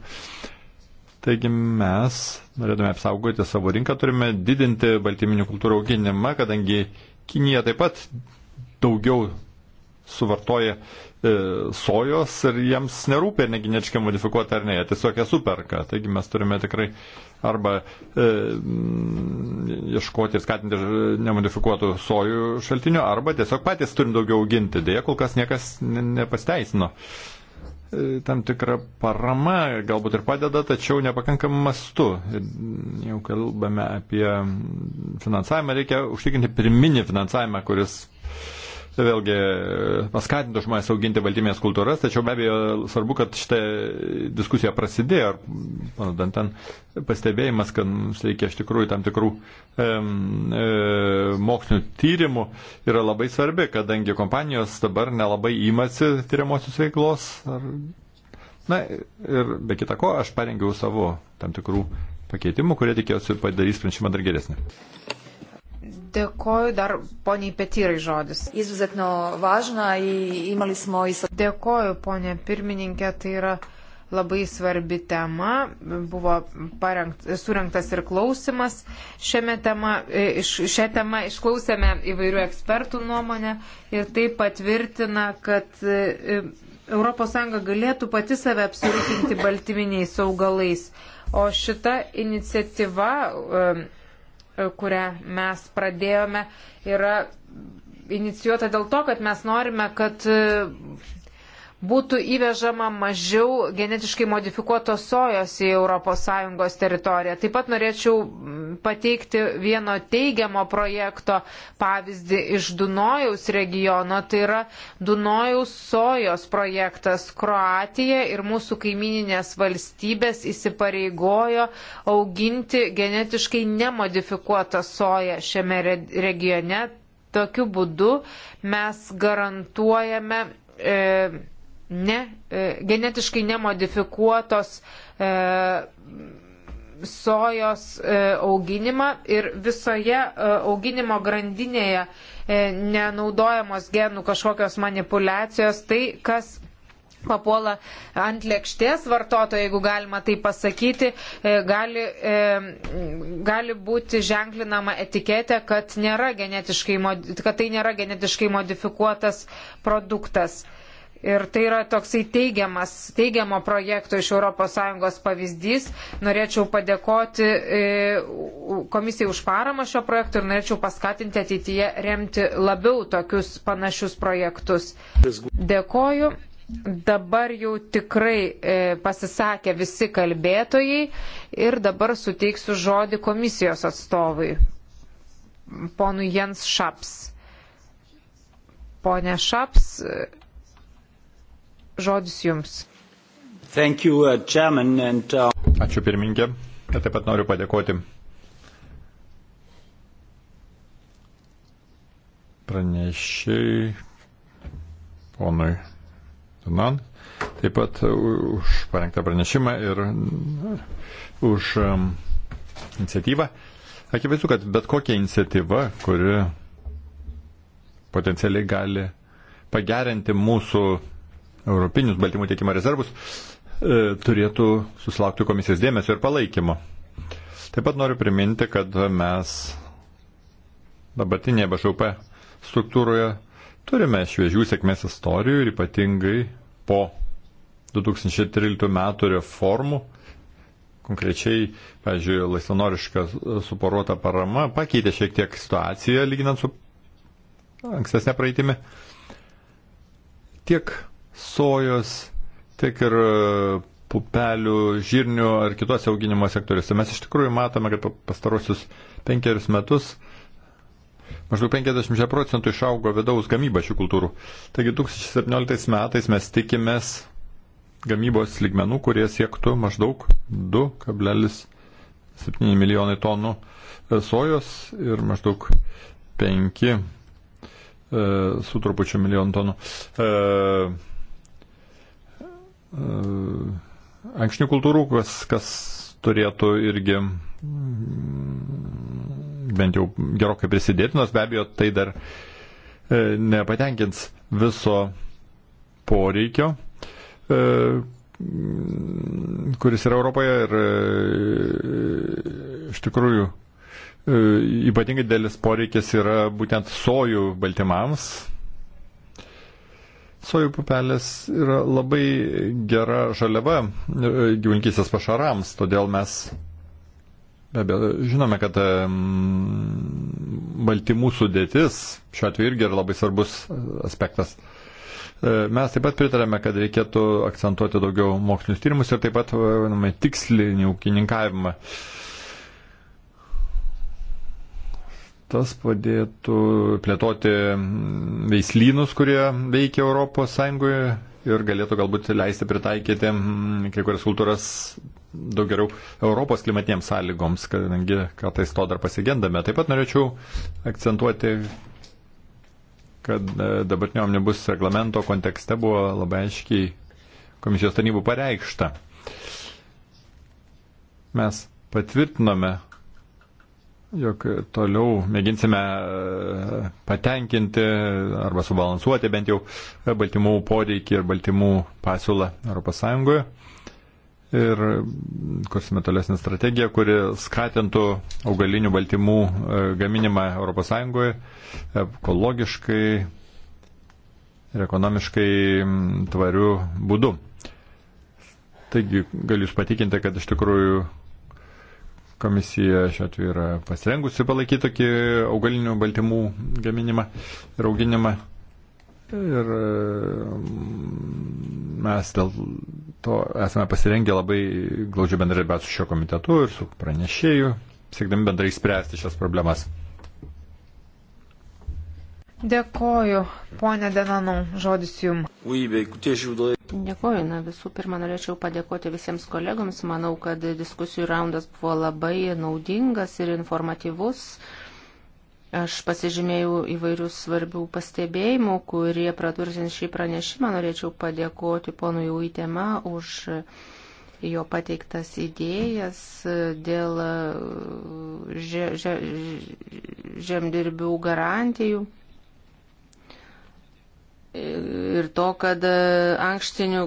Taigi mes, norėdami apsaugoti savo rinką, turime didinti baltyminių kultūrų auginimą, kadangi Kinija taip pat daugiau suvartoja e, sojos ir jiems nerūpia negeniškai modifikuota ar ne, jie tiesiog ją superka. Taigi mes turime tikrai arba e, mm, ieškoti ir skatinti nemodifikuotų sojų šaltinių, arba tiesiog patys turim daugiau auginti. Deja, kol kas niekas nepasteisino. E, tam tikra parama galbūt ir padeda, tačiau nepakankam mastu. Ir jau kalbame apie finansavimą, reikia užtikrinti pirminį finansavimą, kuris tai vėlgi e, paskatintų žmonės auginti valdymės kultūras, tačiau be abejo svarbu, kad šitą diskusiją prasidėjo, ar, panodant, ten pastebėjimas, kad mums reikia iš tikrųjų tam tikrų e, e, mokslinių tyrimų yra labai svarbi, kadangi kompanijos dabar nelabai įmasi tyriamosios veiklos. Ar, na ir be kita ko, aš parengiau savo tam tikrų pakeitimų, kurie tikėjosi padarys sprendimą dar geresnį. Dėkoju dar poniai Petyrai žodis. Izuzetno važna, įmali smo į... Dėkoju ponė pirmininkė, tai yra labai svarbi tema. Buvo parengt, surinktas ir klausimas. Šiame tema, e, iš, šią temą išklausėme įvairių ekspertų nuomonę ir tai patvirtina, kad ES e, galėtų pati save apsirūpinti baltyminiais augalais. O šita iniciatyva e, E, kurią mes pradėjome, yra inicijuota dėl to, kad mes norime, kad e, būtų įvežama mažiau genetiškai modifikuotos sojos į ES teritoriją. Taip pat norėčiau pateikti vieno teigiamo projekto pavyzdį iš Dunojaus regiono. Tai yra Dunojaus sojos projektas. Kroatija ir mūsų kaimininės valstybės įsipareigojo auginti genetiškai nemodifikuotą soją šiame regione. Tokiu būdu mes garantuojame e, ne, e, genetiškai nemodifikuotos e, sojos e, auginimą ir visoje auginimo grandinėje nenaudojamos genų kažkokios manipulacijos, tai kas papuola ant lėkštės vartotojo, jeigu galima tai pasakyti, gali, gali būti ženklinama etiketė, kad, nėra genetiškai, kad tai nėra genetiškai modifikuotas produktas. Ir tai yra toksai teigiamas, teigiamo projekto iš ES pavyzdys. Norėčiau padėkoti e, komisijai už paramą šio projektu ir norėčiau paskatinti ateityje remti labiau tokius panašius projektus. Dėkoju. Dabar jau tikrai e, pasisakė visi kalbėtojai ir dabar suteiksiu žodį komisijos atstovui, ponui Jens Šaps. Pone Šaps. E, žodis jums. Thank you, uh, German, and, uh... Ačiū pirmininkė, bet taip pat noriu padėkoti pranešiai ponui Dunan, taip pat už parengtą pranešimą ir už um, iniciatyvą. Akivaizdu, kad bet kokia iniciatyva, kuri potencialiai gali pagerinti mūsų europinius baltymų tiekimo rezervus, e, turėtų susilaukti komisijos dėmesio ir palaikymo. Taip pat noriu priminti, kad mes dabartinėje BŽP struktūroje turime šviežių sėkmės istorijų ir ypatingai po 2013 metų reformų konkrečiai, pavyzdžiui, laisvanoriška suporuota parama pakeitė šiek tiek situaciją lyginant su ankstesnė praeitimi. Tiek sojos, tiek ir e, pupelių, žirnių ar kitose auginimo sektoriuose. Mes iš tikrųjų matome, kad pastarosius penkerius metus maždaug 50 procentų išaugo vidaus gamyba šių kultūrų. Taigi 2017 metais mes tikimės gamybos lygmenų, kurie siektų maždaug 2,7 milijonai tonų e, sojos ir maždaug 5 e, su trupučiu milijonų tonų. E, ankšnių kultūrų, kas, kas turėtų irgi mm, bent jau gerokai prisidėti, nors be abejo tai dar e, nepatenkins viso poreikio, e, mm, kuris yra Europoje ir e, iš tikrųjų ypatingai dėlis poreikis yra būtent sojų baltymams, Sojų pupelės yra labai gera žaliava e, gyvulkysės pašarams, todėl mes be abejo žinome, kad baltymų sudėtis šiuo atveju irgi yra labai svarbus aspektas. E, mes taip pat pritarėme, kad reikėtų akcentuoti daugiau mokslinius tyrimus ir taip pat e, vadiname, tikslinį ūkininkavimą. Uh, Tas padėtų plėtoti veislynus, kurie veikia ES ir galėtų galbūt leisti pritaikyti mm, kai kurias kultūras daug geriau Europos klimatinėms sąlygoms, kadangi kartais to dar pasigendame. Taip pat norėčiau akcentuoti, kad e, dabartinio omnibus reglamento kontekste buvo labai aiškiai komisijos tarnybų pareikšta. Mes patvirtinome jog toliau mėginsime e, patenkinti arba subalansuoti bent jau e, baltymų poreikį ir baltymų pasiūlą ES. Ir kursime tolesnę strategiją, kuri skatintų augalinių baltymų e, gaminimą ES ekologiškai ir ekonomiškai tvariu būdu. Taigi galiu jūs patikinti, kad iš tikrųjų Komisija šiuo atveju yra pasirengusi palaikyti tokį augalinių baltymų gaminimą ir auginimą. Ir mm, mes dėl to esame pasirengę labai glaudžiai bendradarbiauti su šio komitetu ir su pranešėju, siekdami bendrai spręsti šias problemas. Dėkoju, ponė Denanau, žodis jums. Dėkoju, na visų pirma norėčiau padėkoti visiems kolegoms. Manau, kad diskusijų raundas buvo labai naudingas ir informatyvus. Aš pasižymėjau įvairių svarbių pastebėjimų, kurie praturtins šį pranešimą. Norėčiau padėkoti ponui Uitema už jo pateiktas idėjas dėl e, žemdirbių garantijų ir to, kad e, ankštinių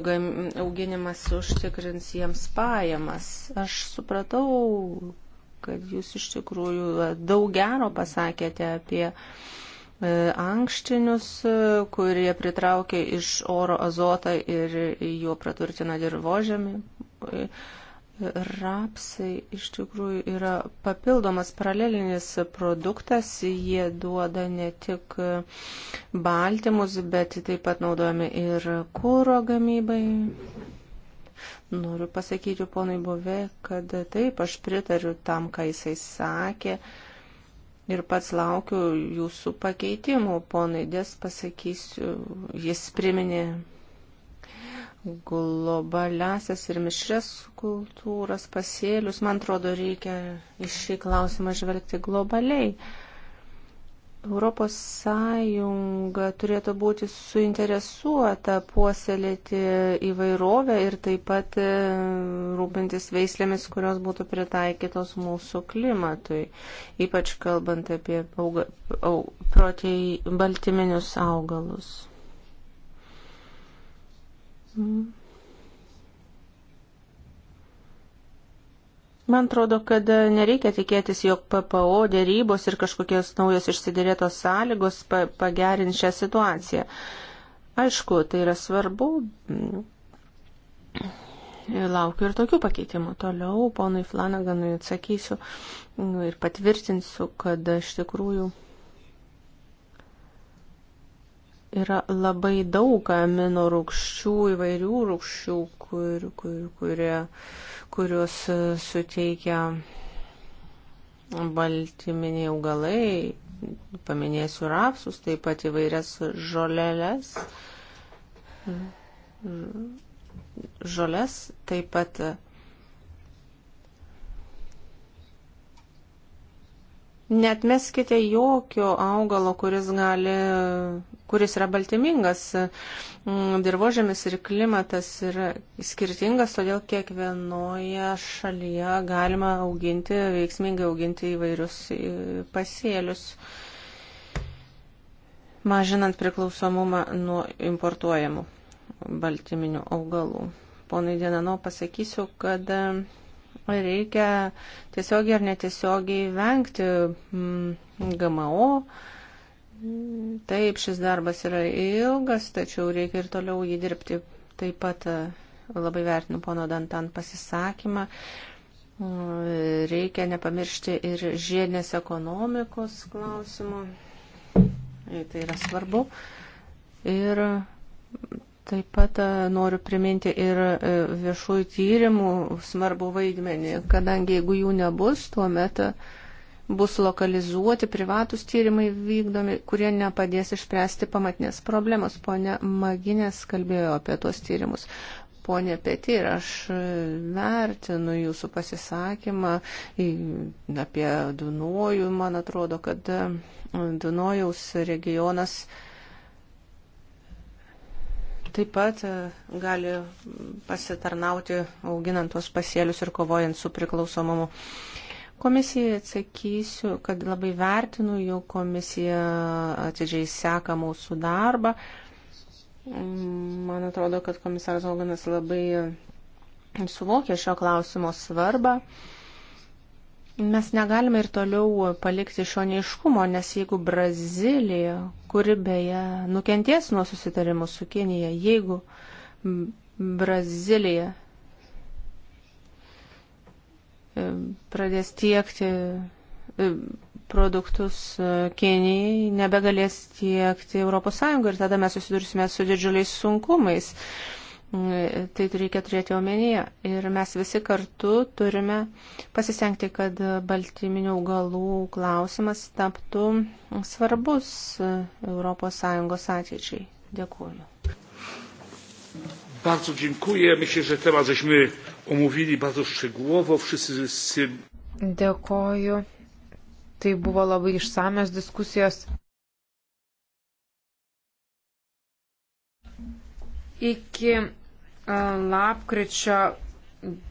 auginimas užtikrins jiems pajamas. Aš supratau, kad jūs iš tikrųjų e, daug gero pasakėte apie e, ankštinius, kurie pritraukia iš oro azotą ir juo praturtina dirbožemį. Rapsai iš tikrųjų yra papildomas paralelinis produktas, jie duoda ne tik baltymus, bet taip pat naudojami ir kūro gamybai. Noriu pasakyti ponai Bove, kad taip, aš pritariu tam, ką jisai sakė. Ir pats laukiu jūsų pakeitimų, ponai Des, pasakysiu, jis priminė globaliasias ir mišres kultūras, pasėlius, man atrodo, reikia iš šį klausimą žvelgti globaliai. Europos Sąjunga turėtų būti suinteresuota puoselėti įvairovę ir taip pat e, rūpintis veislėmis, kurios būtų pritaikytos mūsų klimatui, ypač kalbant apie auga, au, protei baltyminius augalus. Man atrodo, kad nereikia tikėtis, jog PPO dėrybos ir kažkokios naujos išsiderėtos sąlygos pagerins šią situaciją. Aišku, tai yra svarbu. Laukiu ir tokių pakeitimų. Toliau ponui Flanaganui atsakysiu ir patvirtinsiu, kad iš tikrųjų yra labai daug amino rūkščių, įvairių rūkščių, kur, kur, kurie, kurios e, suteikia baltyminiai augalai, paminėsiu rapsus, taip pat įvairias žolelės, žolės, taip pat netmeskite jokio augalo, kuris, gali, kuris yra baltymingas. Mm, dirbožėmis ir klimatas yra skirtingas, todėl kiekvienoje šalyje galima auginti, veiksmingai auginti įvairius e, pasėlius mažinant priklausomumą nuo importuojamų baltyminių augalų. Ponui Dienano pasakysiu, kad reikia tiesiogiai ar netiesiogiai vengti mm, GMO. Taip, šis darbas yra ilgas, tačiau reikia ir toliau jį dirbti. Taip pat e, labai vertinu pono Dantan pasisakymą. E, reikia nepamiršti ir žiedinės ekonomikos klausimų. E, tai yra svarbu. Ir Taip pat e, noriu priminti ir e, viešųjų tyrimų svarbu vaidmenį, kadangi jeigu jų nebus, tuomet e, bus lokalizuoti privatus tyrimai vykdomi, kurie nepadės išspręsti pamatinės problemos. Pone Maginės kalbėjo apie tuos tyrimus. Pone Petir, aš vertinu jūsų pasisakymą apie Dunojų. Man atrodo, kad Dunojaus regionas taip pat e, gali pasitarnauti auginant tuos pasėlius ir kovojant su priklausomumu. Komisijai atsakysiu, kad labai vertinu, jau komisija atidžiai seka mūsų darbą. Man atrodo, kad komisaras Auganas labai suvokia šio klausimo svarbą. Mes negalime ir toliau palikti šio neiškumo, nes jeigu Brazilija, kuri beje nukenties nuo susitarimų su Kinija, jeigu Brazilija e, pradės tiekti e, produktus e, Kinijai, nebegalės tiekti ES ir tada mes susidursime su didžiuliais sunkumais. Tai reikia turėti omenyje. Ir mes visi kartu turime pasistengti, kad baltyminių augalų klausimas taptų svarbus ES ateičiai. Dėkuoju. Bardzo dziękuję. Myślę, że temat żeśmy omówili bardzo szczegółowo. Wszyscy z Dėkoju. Tai buvo labai išsamios diskusijos. Iki lapkričio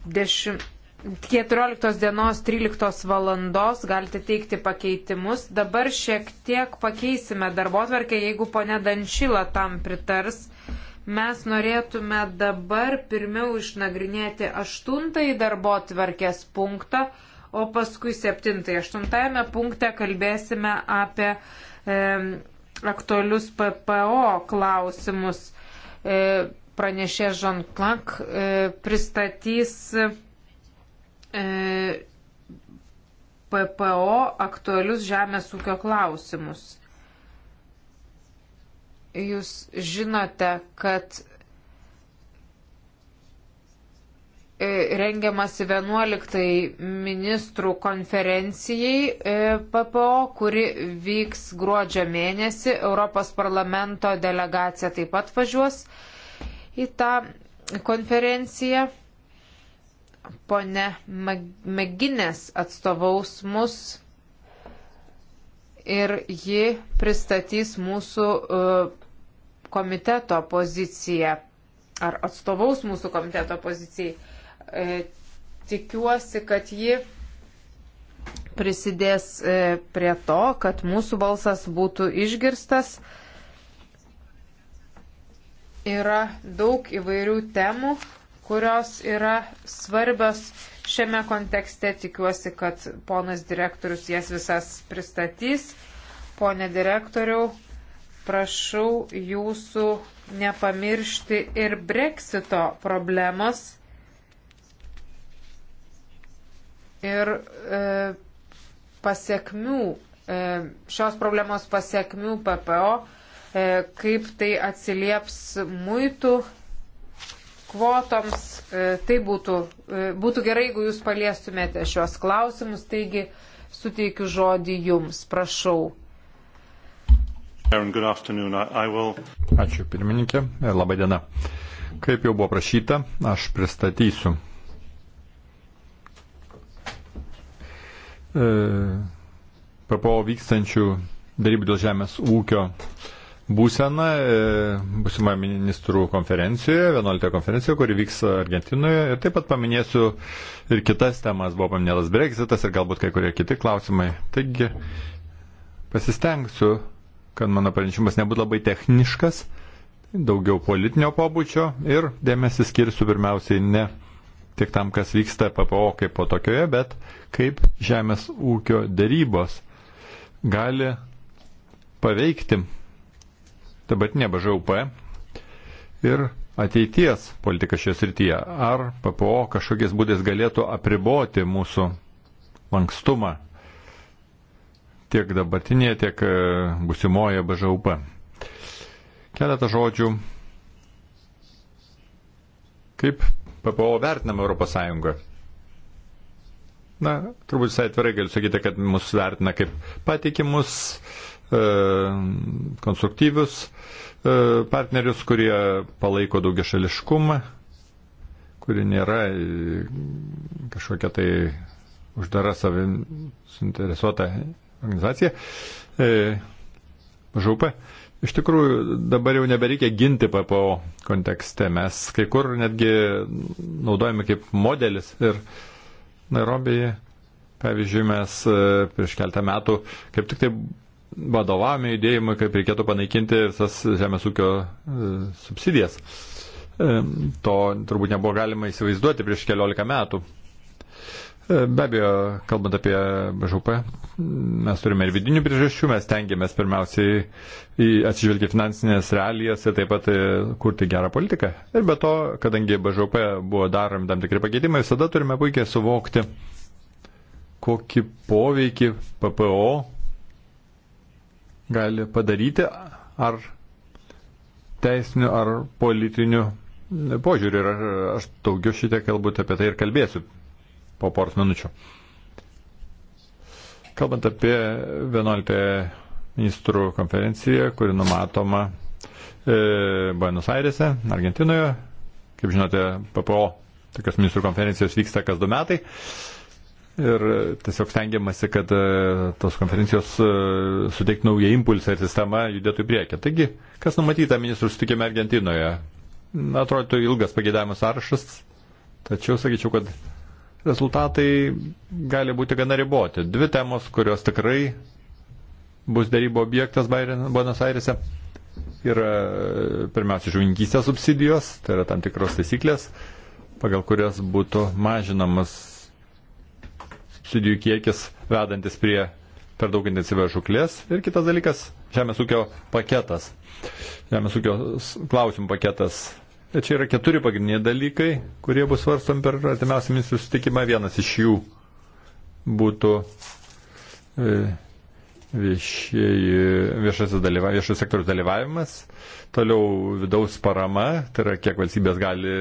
10. 14 dienos 13 valandos galite teikti pakeitimus. Dabar šiek tiek pakeisime darbo tvarkę, jeigu ponė Dančila tam pritars. Mes norėtume dabar pirmiau išnagrinėti aštuntąjį darbo tvarkės punktą, o paskui septintąjį. Aštuntame punkte kalbėsime apie e, aktualius PPO klausimus. E, pranešė Jean Planck e, pristatys e, PPO aktualius žemės ūkio klausimus. Jūs žinote, kad e, rengiamasi 11 ministrų konferencijai PPO, kuri vyks gruodžio mėnesį. Europos parlamento delegacija taip pat važiuos į tą konferenciją. Pone Meginės atstovaus mus ir ji pristatys mūsų e, komiteto poziciją ar atstovaus mūsų komiteto pozicijai. E, tikiuosi, kad ji prisidės e, prie to, kad mūsų balsas būtų išgirstas. E, yra daug įvairių temų, kurios yra svarbios šiame kontekste. Tikiuosi, kad ponas direktorius jas visas pristatys. Pone direktoriau, prašau jūsų nepamiršti ir breksito problemas. Ir e, pasiekmių, e, šios problemos pasiekmių PPO E, kaip tai atsilieps muitų kvotoms. E, tai būtų, e, būtų gerai, jeigu jūs paliestumėte šios klausimus, taigi suteikiu žodį jums, prašau. Ačiū pirmininkė, labai diena. Kaip jau buvo prašyta, aš pristatysiu. E, Papo vykstančių darybų dėl žemės ūkio būseną e, būsimą ministrų konferencijoje, 11 konferencijoje, kuri vyks Argentinoje. Ir taip pat paminėsiu ir kitas temas, buvo paminėtas Brexitas ir galbūt kai kurie kiti klausimai. Taigi pasistengsiu, kad mano pranešimas nebūtų labai techniškas, daugiau politinio pobūdžio ir dėmesį skirsiu pirmiausiai ne tik tam, kas vyksta PPO kaip po tokioje, bet kaip žemės ūkio darybos gali paveikti dabartinė BŽUP ir ateities politika šioje srityje. Ar PPO kažkokiais būdais galėtų apriboti mūsų lankstumą tiek dabartinėje, tiek e, busimoje BŽUP. Keletą žodžių. Kaip PPO vertinama Europos Sąjunga? Na, turbūt visai atvirai galiu sakyti, kad mus vertina kaip patikimus, uh, E, konstruktyvius e, partnerius, kurie palaiko daugiašališkumą, kuri nėra e, kažkokia tai uždara savim suinteresuota organizacija. Žaupė. Iš tikrųjų, dabar jau nebereikia ginti PPO kontekste. Mes kai kur netgi naudojame kaip modelis ir Nairobėje, pavyzdžiui, mes prieš keltą metų kaip tik tai vadovavome judėjimui, kaip reikėtų panaikinti visas žemės ūkio e, subsidijas. E, to turbūt nebuvo galima įsivaizduoti prieš keliolika metų. E, be abejo, kalbant apie BŽP, mes turime ir vidinių priežasčių, mes tengiamės pirmiausiai atsižvelgti finansinės realijas ir taip pat kurti gerą politiką. Ir be to, kadangi BŽP buvo daromi tam tikri pakeitimai, visada turime puikiai suvokti, kokį poveikį PPO gali padaryti, ar teisiniu, ar politiniu požiūriu. Ir aš daugiau šitiek galbūt apie tai ir kalbėsiu po poros minučių. Kalbant apie 11 ministrų konferenciją, kuri numatoma e, Buenos Airese, Argentinoje, kaip žinote, PPO tokios ministrų konferencijos vyksta kas du metai. E, Ir tiesiog stengiamasi, kad e, tos konferencijos e, suteiktų naują impulsą ir sistema judėtų į priekį. Taigi, kas numatyta ministrų sutikime Argentinoje? Na, atrodytų ilgas pagėdavimo sąrašas, tačiau sakyčiau, kad rezultatai gali būti gana riboti. Dvi temos, kurios tikrai bus darybo objektas Buenos Airese, yra e, pirmiausia žuvininkystės subsidijos, tai yra tam tikros taisyklės, pagal kurias būtų mažinamas subsidijų kiekis vedantis prie per daug intensyvios žuklės. Ir kitas dalykas - žemės ūkio paketas. Žemės ūkio klausimų paketas. Ir čia yra keturi pagrindiniai dalykai, kurie bus svarstam per artimiausią ministrų susitikimą. Vienas iš jų būtų e, viešieji, viešasis, dalyva, viešasis sektorius dalyvavimas, toliau vidaus parama, tai yra kiek valstybės gali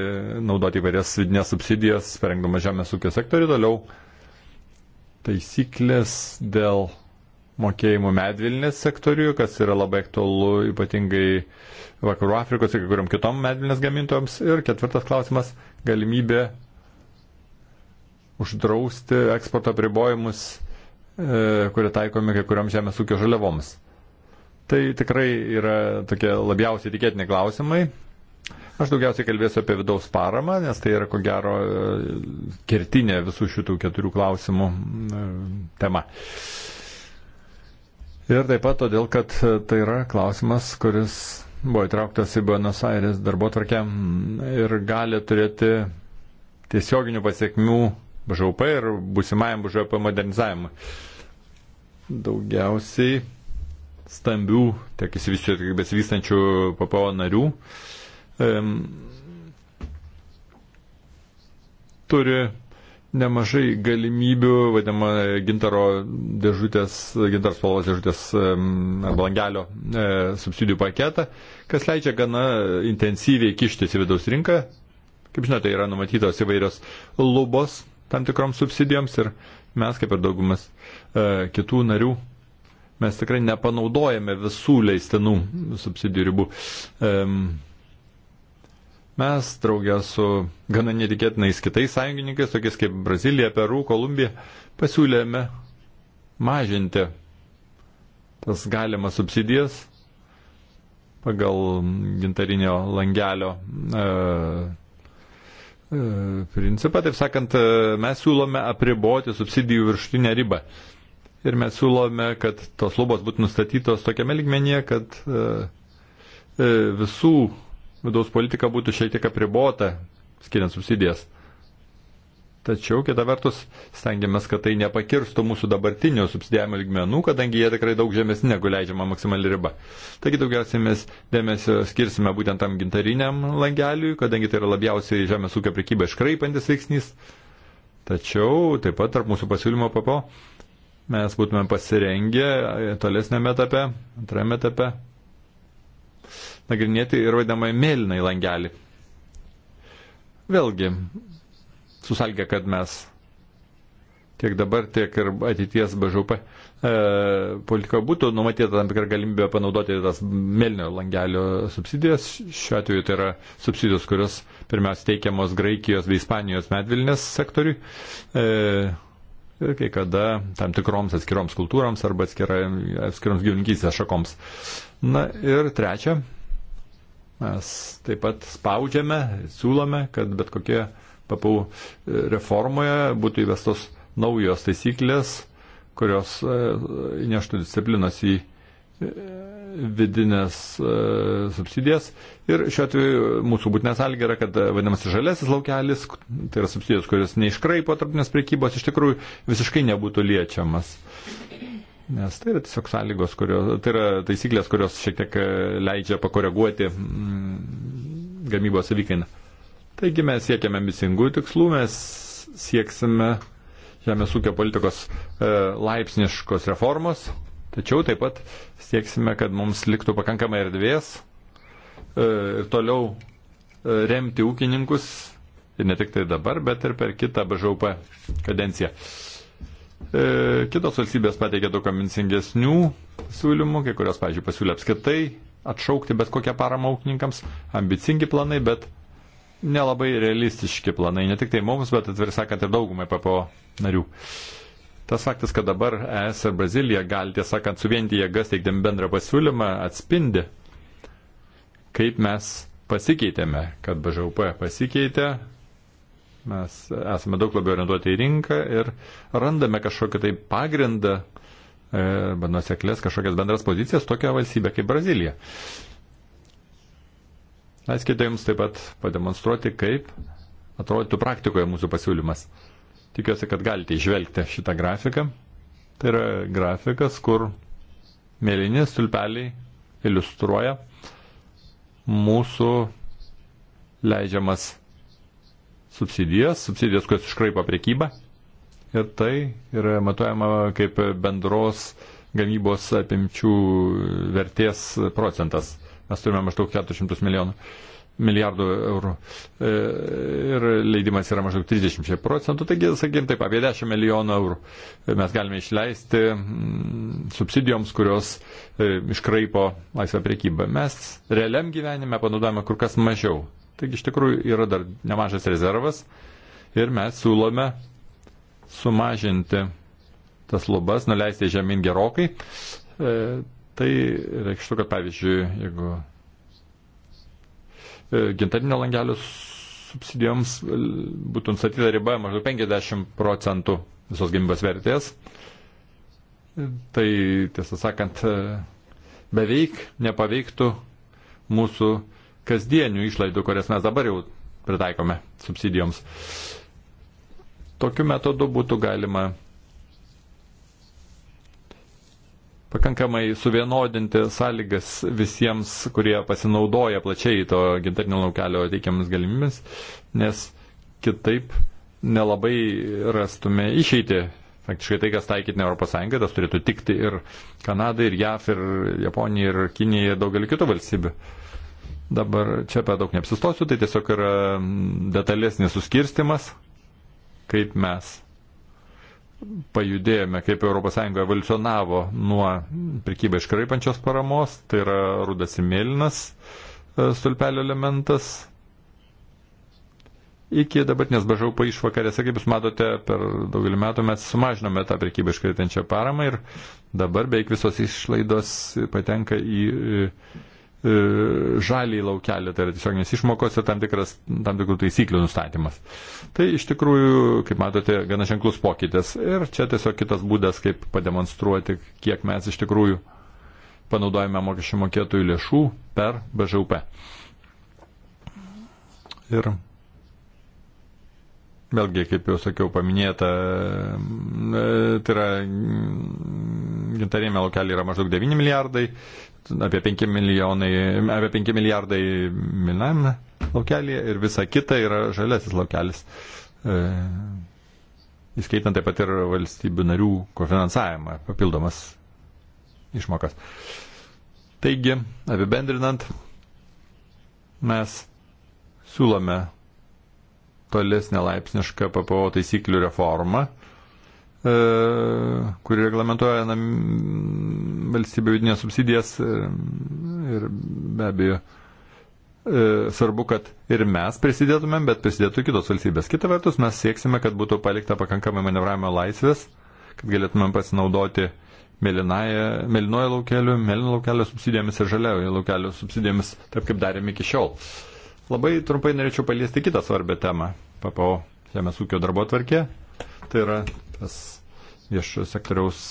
naudoti įvairias vidinės subsidijas, perengdama žemės ūkio sektorių, toliau taisyklės dėl mokėjimų medvilnės sektoriuje, kas yra labai aktualu ypatingai Vakarų Afrikos ir kai kuriam kitom medvilnės gamintojams. Ir ketvirtas klausimas - galimybė uždrausti eksporto pribojimus, e, kurie taikomi kai kuriam žemės ūkio žaliavoms. Tai tikrai yra tokie labiausiai tikėtini klausimai Aš daugiausiai kalbėsiu apie vidaus paramą, nes tai yra ko gero e, kertinė visų šitų keturių klausimų e, tema. Ir taip pat todėl, kad e, tai yra klausimas, kuris buvo įtrauktas į Buenos Aires darbo tvarkę ir gali turėti tiesioginių pasiekmių BŽP ir būsimajam BŽP modernizavimui. Daugiausiai stambių, tiek įsivyščių, tiek besivystančių PPO narių uh, turi nemažai galimybių, vadinama, gintaro dėžutės, gintaro spalvos dėžutės arba langelio e, subsidijų paketą, kas leidžia gana intensyviai kištis į vidaus rinką. Kaip žinote, yra numatytos įvairios lubos tam tikroms subsidijoms ir mes, kaip ir daugumas e, kitų narių, mes tikrai nepanaudojame visų leistinų subsidijų ribų. E, Mes, draugė su gana netikėtinais kitais sąjungininkais, tokiais kaip Brazilija, Peru, Kolumbija, pasiūlėme mažinti tas galimas subsidijas pagal gintarinio langelio e, e, principą. Taip sakant, e, mes siūlome apriboti subsidijų viršutinę ribą. Ir mes siūlome, kad tos lubos būtų nustatytos tokiame ligmenyje, kad e, e visų vidaus politika būtų šiek tiek apribota, skiriant subsidijas. Tačiau, kita vertus, stengiamės, kad tai nepakirstų mūsų dabartinio subsidijavimo lygmenų, kadangi jie tikrai daug žemesni negu leidžiama maksimali riba. Taigi daugiausiai mes dėmesio skirsime būtent tam gintariniam langeliui, kadangi tai yra labiausiai žemės ūkio prekybą iškraipantis veiksnys. Tačiau taip pat tarp mūsų pasiūlymo papo mes būtume pasirengę tolesnėme etape, antrame etape nagrinėti ir vadinamą mėlynai langelį. Vėlgi, susalgia, kad mes tiek dabar, tiek ir ateities BŽP e, politikoje būtų numatyta tam tikrą galimybę panaudoti tas mėlynio langelio subsidijas. Šiuo atveju tai yra subsidijos, kurios pirmiausia teikiamos Graikijos bei Ispanijos medvilnės sektoriui. E, ir kai kada tam tikroms atskiroms kultūroms arba atskirai, atskiroms gyvulinkysės šakoms. Na ir trečia, Mes taip pat spaudžiame, siūlome, kad bet kokie papau reformoje būtų įvestos naujos taisyklės, kurios e, neštų disciplinos į e, vidinės e, subsidijas. Ir šiuo atveju mūsų būtinė sąlyga yra, kad vadinamasis žalesis laukelis, tai yra subsidijos, kurios neiškraipo tarpinės priekybos, iš tikrųjų visiškai nebūtų liečiamas. Nes tai yra tiesiog sąlygos, kurios, tai yra taisyklės, kurios šiek tiek e, leidžia pakoreguoti mm, gamybos įvykainą. Taigi mes siekiame ambicingų tikslų, mes sieksime žemės ūkio politikos e, laipsniškos reformos, tačiau taip pat sieksime, kad mums liktų pakankamai erdvės e, ir toliau e, remti ūkininkus, ir ne tik tai dabar, bet ir per kitą BŽUP kadenciją. E, kitos valstybės pateikė daug konvincingesnių siūlymų, kai kurios, pavyzdžiui, pasiūlė apskritai atšaukti bet kokią paramą ūkininkams, ambicingi planai, bet nelabai realistiški planai, ne tik tai mums, bet atvirai sakant ir daugumai PPO narių. Tas faktas, kad dabar ES ir Brazilija gali, tiesą sakant, suvienyti jėgas, teikdami bendrą pasiūlymą, atspindi, kaip mes pasikeitėme, kad BŽUP pasikeitė, Mes esame daug labiau orientuoti į rinką ir randame kažkokį tai pagrindą, e, arba nuseklės kažkokias bendras pozicijas tokia valstybė kaip Brazilija. Leiskite jums taip pat pademonstruoti, kaip atrodytų praktikoje mūsų pasiūlymas. Tikiuosi, kad galite išvelgti šitą grafiką. Tai yra grafikas, kur mėlyni stulpeliai iliustruoja mūsų leidžiamas subsidijas, subsidijas, kurios iškraipo priekybą. Ir tai yra matuojama kaip bendros gamybos apimčių vertės procentas. Mes turime maždaug 400 milijonų milijardų eurų. E, ir leidimas yra maždaug 30 procentų, taigi, sakykime taip, apie 10 milijonų eurų mes galime išleisti mm, subsidijoms, kurios e, iškraipo laisvą priekybą. Mes realiam gyvenime panaudojame kur kas mažiau Taigi iš tikrųjų yra dar nemažas rezervas ir mes siūlome sumažinti tas lubas, nuleisti žemyn gerokai. E, tai reikštų, kad pavyzdžiui, jeigu e, gintarinio langelio subsidijoms e, būtų nustatyta riba maždaug 50 procentų visos gamybos vertės, e, tai tiesą sakant e, beveik nepaveiktų mūsų kasdienių išlaidų, kurias mes dabar jau pritaikome subsidijoms. Tokiu metodu būtų galima pakankamai suvienodinti sąlygas visiems, kurie pasinaudoja plačiai to gintarinio laukelio teikiamas galimybės, nes kitaip nelabai rastume išeitį. Faktiškai tai, kas taikyti ne Europos Sąjungai, tas turėtų tikti ir Kanadai, ir JAF, ir Japonijai, ir Kinijai, ir daugelį kitų valstybių. Uh, Dabar čia per daug neapsistosiu, tai tiesiog yra detalesnis suskirstimas, kaip mes pajudėjome, kaip ES evoliucionavo nuo prikybą iškraipančios paramos, tai yra rudas ir mėlynas e, stulpelio elementas. Iki dabartinės bažaupo išvakarėse, kaip jūs matote, per daugelį metų mes sumažinome tą prekybą iškraitančią paramą ir dabar beveik visos išlaidos patenka į, į E, žalį laukelį, tai yra tiesioginės išmokos ir tam, tikras, tam tikrų taisyklių nustatymas. Tai iš tikrųjų, kaip matote, gana ženklus pokytis. Ir čia tiesiog kitas būdas, kaip pademonstruoti, kiek mes iš tikrųjų panaudojame mokesčių mokėtojų lėšų per BŽUP. Ir vėlgi, kaip jau sakiau, paminėta, e, tai yra gintarėme lokelį yra maždaug 9 milijardai, apie 5, milijonai, apie 5 milijardai minam laukelėje ir visa kita yra žaliasis laukelis. E, įskaitant taip pat ir valstybių narių kofinansavimą, papildomas išmokas. Taigi, apibendrinant, mes siūlome tolesnę laipsnišką PPO taisyklių reformą E, kuri reglamentoja valstybių vidinės subsidijas e, ir be abejo e, svarbu, kad ir mes prisidėtumėm, bet prisidėtų kitos valstybės. Kita vertus, mes sieksime, kad būtų palikta pakankamai manevravimo laisvės, kad galėtumėm pasinaudoti mėlynojo laukeliu, mėlyno laukelio subsidijomis ir žaliojo laukelio subsidijomis, taip kaip darėme iki šiol. Labai trumpai norėčiau paliesti kitą svarbę temą, papau, žemės ūkio darbo tvarkė. Tai yra tas viešojo sektoriaus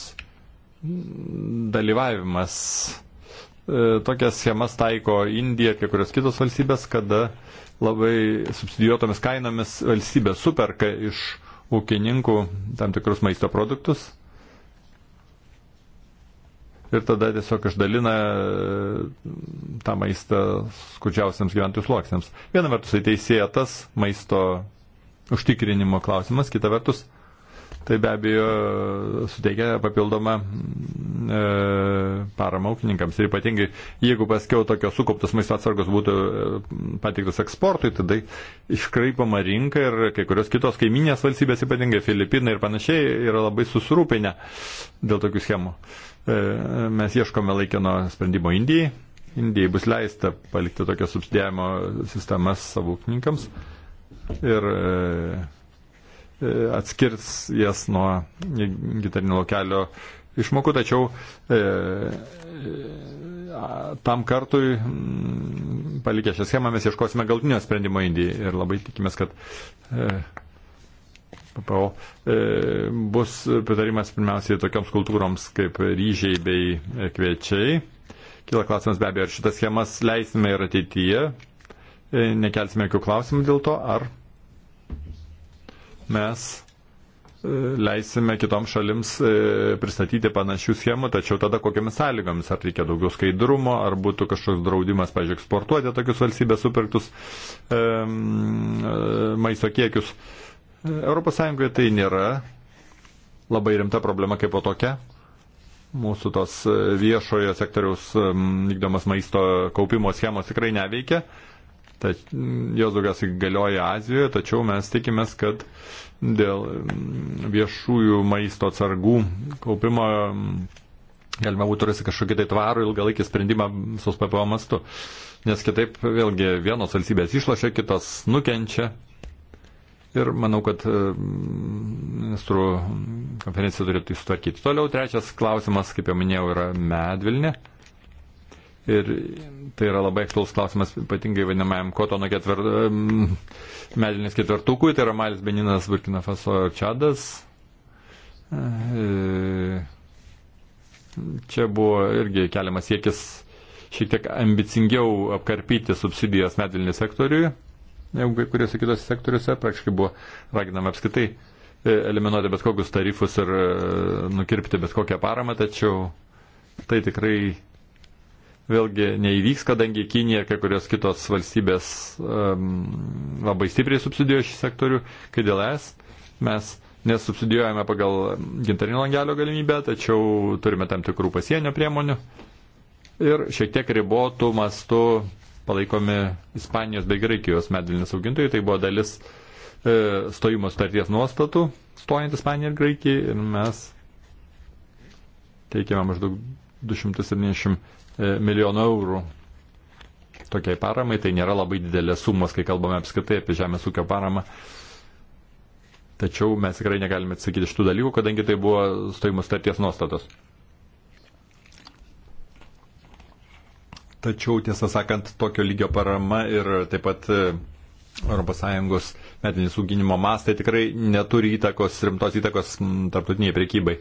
dalyvavimas. E, tokias schemas taiko Indija ir kai kurios kitos valstybės, kada labai subsidijuotomis kainomis valstybė superka iš ūkininkų tam tikrus maisto produktus ir tada tiesiog išdalina e, tą maistą skurdžiausiams gyventojų sluoksniams. Viena vertus tai teisėja tas maisto užtikrinimo klausimas, kita vertus Tai be abejo suteikia papildomą e, paramą ūkininkams. Ir ypatingai, jeigu paskiau tokios sukauptos maisto atsargos būtų e, pateiktos eksportui, tada iškraipama rinka ir kai kurios kitos kaiminės valstybės, ypatingai Filipinai ir panašiai, yra labai susirūpinę dėl tokių schemų. E, mes ieškome laikino sprendimo Indijai. Indijai bus leista palikti tokias subsidijavimo sistemas savo ūkininkams. Ir e, E, atskirs jas nuo gitarinio lokelio išmokų, tačiau e, e tam kartui m, mm, palikę šią schemą mes ieškosime galtinio sprendimo Indijai ir labai tikimės, kad e, PPO e, bus pritarimas pirmiausiai tokioms kultūroms kaip ryžiai bei kviečiai. Kila klausimas be abejo, ar šitas schemas leisime ir ateityje. E, nekelsime jokių klausimų dėl to, ar mes e, leisime kitoms šalims e, pristatyti panašių schemų, tačiau tada kokiamis sąlygomis, ar reikia daugiau skaidrumo, ar būtų kažkoks draudimas, pažiūrėk, eksportuoti tokius valstybės supirktus e, maisto kiekius. ES tai nėra labai rimta problema kaip po tokia. Mūsų tos e, viešojo sektoriaus vykdomas maisto kaupimo schemos tikrai neveikia. E, Ta, jos daugiausiai galioja Azijoje, tačiau mes tikimės, kad dėl mm, viešųjų maisto atsargų kaupimo mm, galima būtų rasti kažkokį tai tvarų ilgalaikį sprendimą visos PPO mastu. Nes kitaip vėlgi vienos valstybės išlašia, kitos nukenčia. Ir manau, kad mm, ministrų konferencija turėtų įsutvarkyti. Toliau trečias klausimas, kaip jau minėjau, yra medvilnė. Ir tai yra labai aktuolus klausimas, ypatingai vadinamajam Kotono ketver, medinės ketvertukui, tai yra Malis Beninas, Burkina Faso ir Čadas. E, čia buvo irgi keliamas siekis šiek tiek ambicingiau apkarpyti subsidijas medvilnį sektoriui, negu kai kuriuose kitose sektoriuose, praktiškai buvo raginama apskaitai e, eliminuoti bet kokius tarifus ir e, nukirpti bet kokią paramą, tačiau tai tikrai vėlgi neįvyks, kadangi Kinija ir kai kurios kitos valstybės um, labai stipriai subsidijuoja šį sektorių, kai dėl es mes nesubsidijuojame pagal gintarinio langelio galimybę, tačiau turime tam tikrų pasienio priemonių ir šiek tiek ribotų mastų palaikomi Ispanijos bei Graikijos medvilnės augintojai, tai buvo dalis e, stojimo starties nuostatų, stojant Ispaniją ir Graikiją ir mes teikėme maždaug 270 E, milijonų eurų tokiai paramai. Tai nėra labai didelės sumos, kai kalbame apskritai apie žemės ūkio paramą. Tačiau mes tikrai negalime atsakyti iš tų dalykų, kadangi tai buvo stojimo starties nuostatos. Tačiau, tiesą sakant, tokio lygio parama ir taip pat ES metinis auginimo mastai tikrai neturi įtakos, rimtos įtakos tarptautiniai priekybai.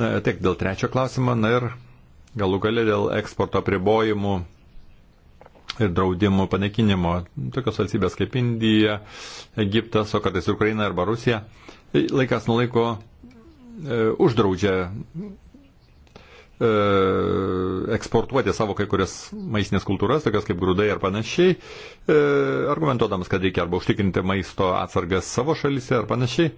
Na, tiek dėl trečio klausimo. Na ir galų gale dėl eksporto apribojimų ir draudimų panaikinimo. Tokios valstybės kaip Indija, Egiptas, o kartais Ukraina arba Rusija tai laikas nuo laiko e, uždraudžia e, eksportuoti savo kai kurias maistinės kultūras, tokias kaip grūdai ar panašiai, e, argumentuodamas, kad reikia arba užtikrinti maisto atsargas savo šalyse ar panašiai.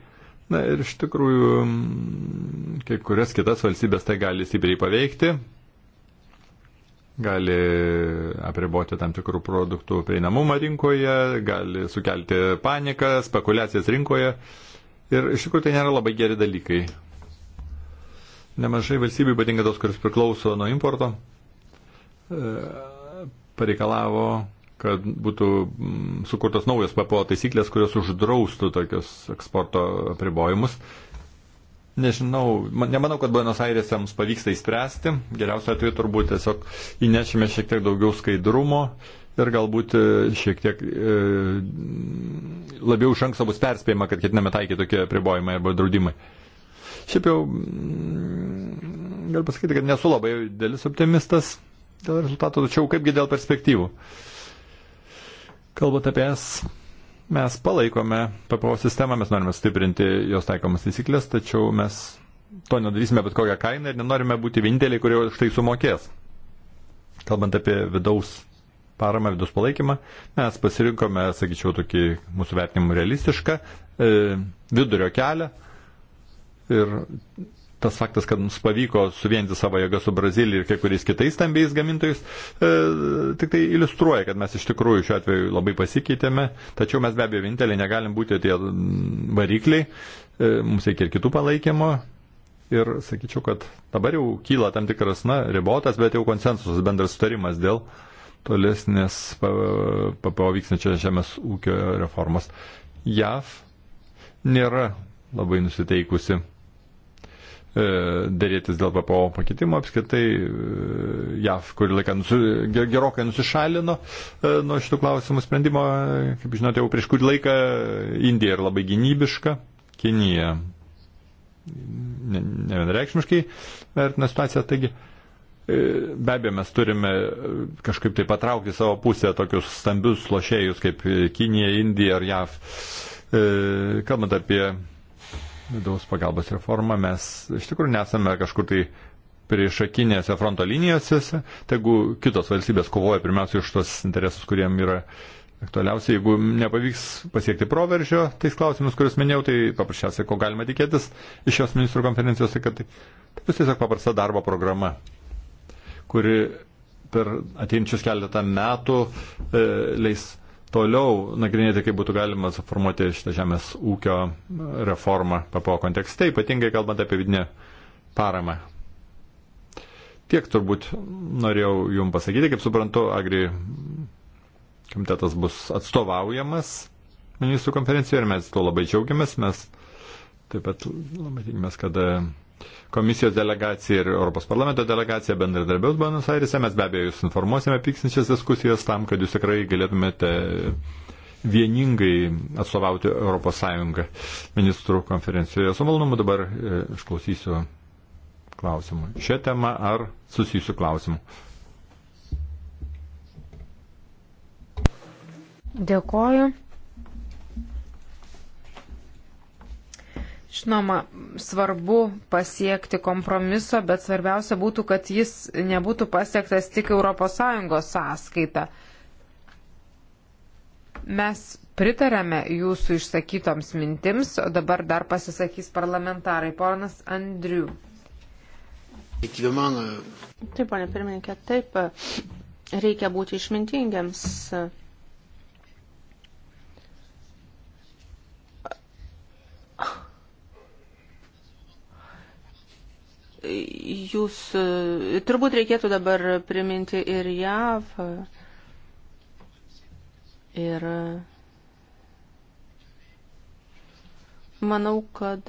Na ir iš tikrųjų kai kurias kitas valstybės tai gali stipriai paveikti, gali apriboti tam tikrų produktų prieinamumą rinkoje, gali sukelti paniką, spekulacijas rinkoje. Ir iš tikrųjų tai nėra labai geri dalykai. Nemažai valstybių, ypatingai tos, kuris priklauso nuo importo, e, pareikalavo, kad būtų mm, sukurtos naujos PPO taisyklės, kurios uždraustų tokius eksporto apribojimus. Nežinau, nemanau, kad Buenos Airėse mums pavyks tai spręsti. Geriausiu atveju turbūt tiesiog įnešime šiek tiek daugiau skaidrumo ir galbūt e, šiek tiek e, labiau iš anksto bus perspėjama, kad ketiname taikyti tokie pribojimai arba draudimai. Šiaip jau mm, galiu pasakyti, kad nesu labai dėlis optimistas dėl rezultato, tačiau kaipgi dėl perspektyvų. Kalbant apie es Mes palaikome PPO sistemą, mes norime stiprinti jos taikomas taisyklės, tačiau mes to nedarysime bet kokią kainą ir nenorime būti vieninteliai, kurie už tai sumokės. Kalbant apie vidaus paramą, vidaus palaikymą, mes pasirinkome, sakyčiau, tokį mūsų vertinimų realistišką e, vidurio kelią ir tas faktas, kad mums pavyko suvienyti savo jėgą su Brazilija ir kai kuriais kitais stambiais gamintojais, e, tik tai iliustruoja, kad mes iš tikrųjų šiuo atveju labai pasikeitėme, tačiau mes be abejo vieninteliai negalim būti tie varikliai, e, mums reikia ir kitų palaikymo. Ir sakyčiau, kad dabar jau kyla tam tikras, na, ribotas, bet jau konsensusas, bendras sutarimas dėl tolesnės PPO vyksnačio žemės ūkio reformos. JAV nėra labai nusiteikusi E, dėrėtis dėl PPO pakeitimo. Apskritai e, JAV kurį laiką nusi, gerokai nusišalino e, nuo šitų klausimų sprendimo. Kaip žinote, jau prieš kurį laiką Indija yra labai gynybiška, Kinija nevienreikšmiškai ne vertina situaciją. Taigi, Be abejo, mes turime kažkaip tai patraukti savo pusę tokius stambius lošėjus kaip Kinija, Indija ar JAV. Kalbant apie vidaus pagalbos reformą. Mes iš tikrųjų nesame kažkur tai priešakinėse fronto linijose, tegu kitos valstybės kovoja pirmiausia už tos interesus, kuriem yra aktualiausia. Jeigu nepavyks pasiekti proveržio tais klausimus, kuriuos minėjau, tai paprasčiausiai, ko galima tikėtis iš šios ministrų konferencijos, tai kad tai, tai bus tiesiog paprasta darbo programa, kuri per ateinčius keletą metų e, leis toliau nagrinėti, kaip būtų galima suformuoti šitą žemės ūkio reformą PPO kontekste, ypatingai kalbant apie vidinę paramą. Tiek turbūt norėjau Jums pasakyti, kaip suprantu, Agri komitetas bus atstovaujamas ministrų konferencijoje ir mes to labai džiaugiamės, mes taip pat labai tikimės, kad Komisijos delegacija ir Europos parlamento delegacija bendradarbiaus Buenos Airese. Mes be abejo jūs informuosime piksinčias diskusijas tam, kad jūs tikrai galėtumėte vieningai atstovauti ES ministrų konferencijoje. Su malonumu dabar e, išklausysiu klausimų. Šią temą ar susijusių klausimų. Dėkoju. Žinoma, svarbu pasiekti kompromiso, bet svarbiausia būtų, kad jis nebūtų pasiektas tik ES sąskaita. Mes pritarėme jūsų išsakytoms mintims, o dabar dar pasisakys parlamentarai. Ponas Andriu. Taip, ponė pirmininkė, taip, reikia būti išmintingiams jūs e, turbūt reikėtų dabar priminti ir JAV, ir manau, kad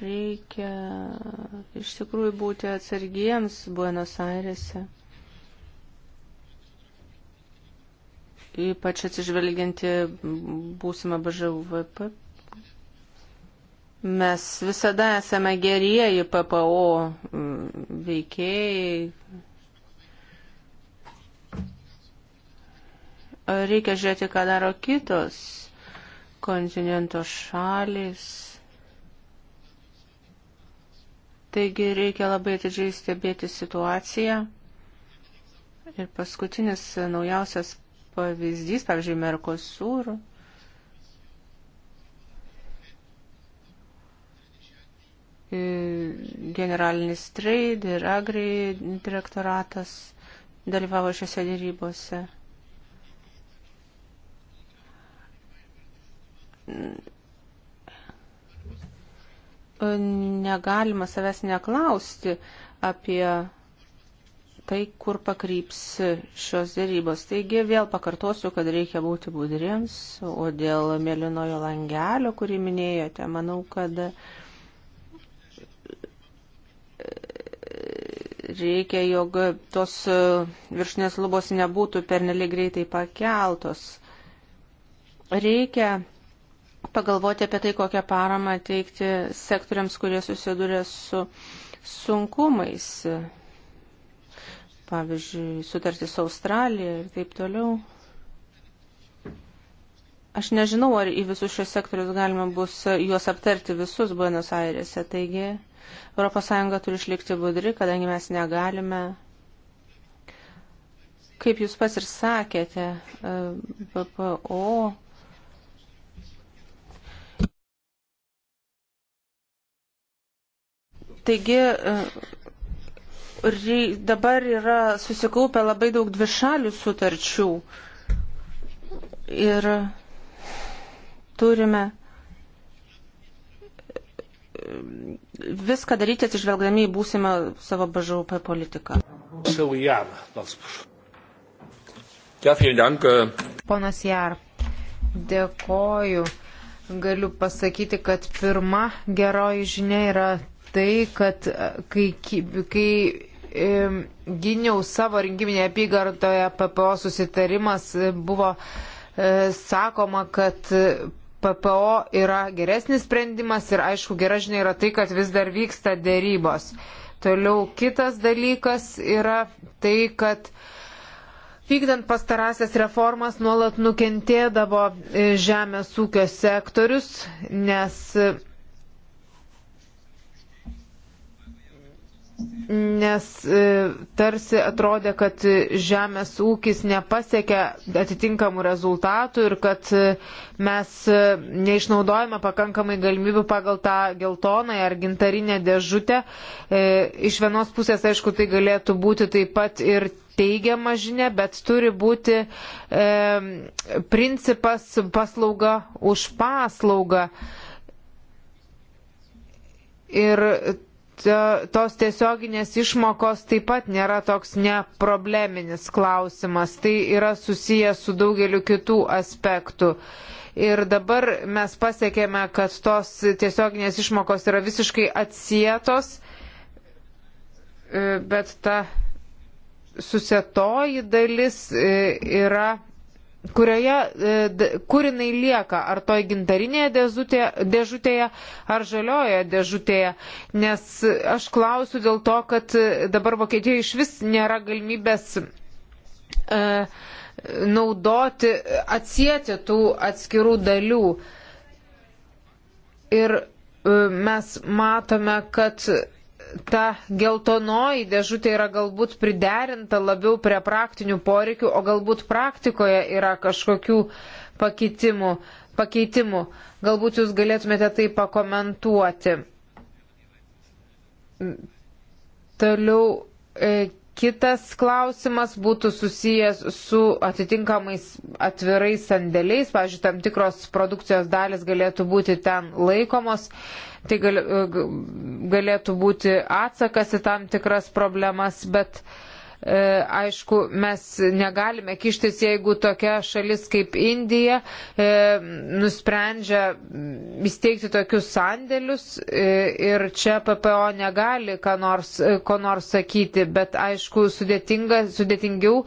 reikia iš tikrųjų būti atsargiems Buenos Airėse. Ypač atsižvelginti būsimą BŽUVP Mes visada esame gerieji PPO mm, veikėjai. Reikia žiūrėti, ką daro kitos kontinento šalis. Taigi reikia labai atidžiai stebėti situaciją. Ir paskutinis naujausias pavyzdys, pavyzdžiui, Merkosūro generalinis trade ir agri direktoratas dalyvavo šiuose dėrybose. Negalima savęs neklausti apie tai, kur pakryps šios dėrybos. Taigi vėl pakartosiu, kad reikia būti budriems, o dėl mėlynojo langelio, kurį minėjote, manau, kad uh, reikia, jog tos e, viršinės lubos nebūtų pernelyg greitai pakeltos. Reikia pagalvoti apie tai, kokią paramą teikti sektoriams, kurie susiduria su sunkumais. Pavyzdžiui, sutartis su Australija ir taip toliau. Aš nežinau, ar į visus šios sektorius galima bus juos aptarti visus Buenos Airėse, taigi ES turi išlikti budri, kadangi mes negalime, kaip jūs pas ir sakėte, BPO. E, Taigi, e, dabar yra susikaupę labai daug dvišalių sutarčių ir turime viską daryti atsižvelgdami į būsimą savo BŽUP politiką. Äh, Ponas Jar, dėkoju. Galiu pasakyti, kad pirma geroji žinia yra tai, kad e, kai, kai e, gyniau savo rinkiminėje apygardoje PPO susitarimas, e, buvo e, sakoma, kad PPO yra geresnis sprendimas ir aišku gera žinia yra tai, kad vis dar vyksta dėrybos. Toliau kitas dalykas yra tai, kad Vykdant pastarasias reformas nuolat nukentėdavo e, žemės ūkio sektorius, nes nes e, tarsi atrodė, kad žemės ūkis nepasiekia atitinkamų rezultatų ir kad e, mes e, neišnaudojame pakankamai galimybių pagal tą geltoną ar gintarinę dėžutę. Iš vienos pusės, aišku, tai galėtų būti taip pat ir teigiama žinia, bet turi būti e, principas paslauga už paslaugą. Ir tos tiesioginės išmokos taip pat nėra toks neprobleminis klausimas. Tai yra susijęs su daugeliu kitų aspektų. Ir dabar mes pasiekėme, kad tos tiesioginės išmokos yra visiškai atsietos, e, bet ta susietoji dalis e, yra kurioje, e, kur jinai lieka, ar toj gintarinėje dėžutėje, dėžutėje ar žaliojoje dėžutėje. Nes aš klausiu dėl to, kad e, dabar Vokietijoje iš vis nėra galimybės e, naudoti, atsijėti tų atskirų dalių. Ir e, mes matome, kad ta geltonoji dėžutė yra galbūt priderinta labiau prie praktinių poreikių, o galbūt praktikoje yra kažkokių pakeitimų. pakeitimų. Galbūt jūs galėtumėte tai pakomentuoti. Toliau. E, Kitas klausimas būtų susijęs su atitinkamais atvirais sandėliais, pavyzdžiui, tam tikros produkcijos dalis galėtų būti ten laikomos, tai e, galėtų būti atsakas į tam tikras problemas, bet uh, E, aišku, mes negalime kištis, jeigu tokia šalis kaip Indija e, nusprendžia įsteigti tokius sandėlius e, ir čia PPO negali ko nors, ko nors sakyti, bet aišku, sudėtingiau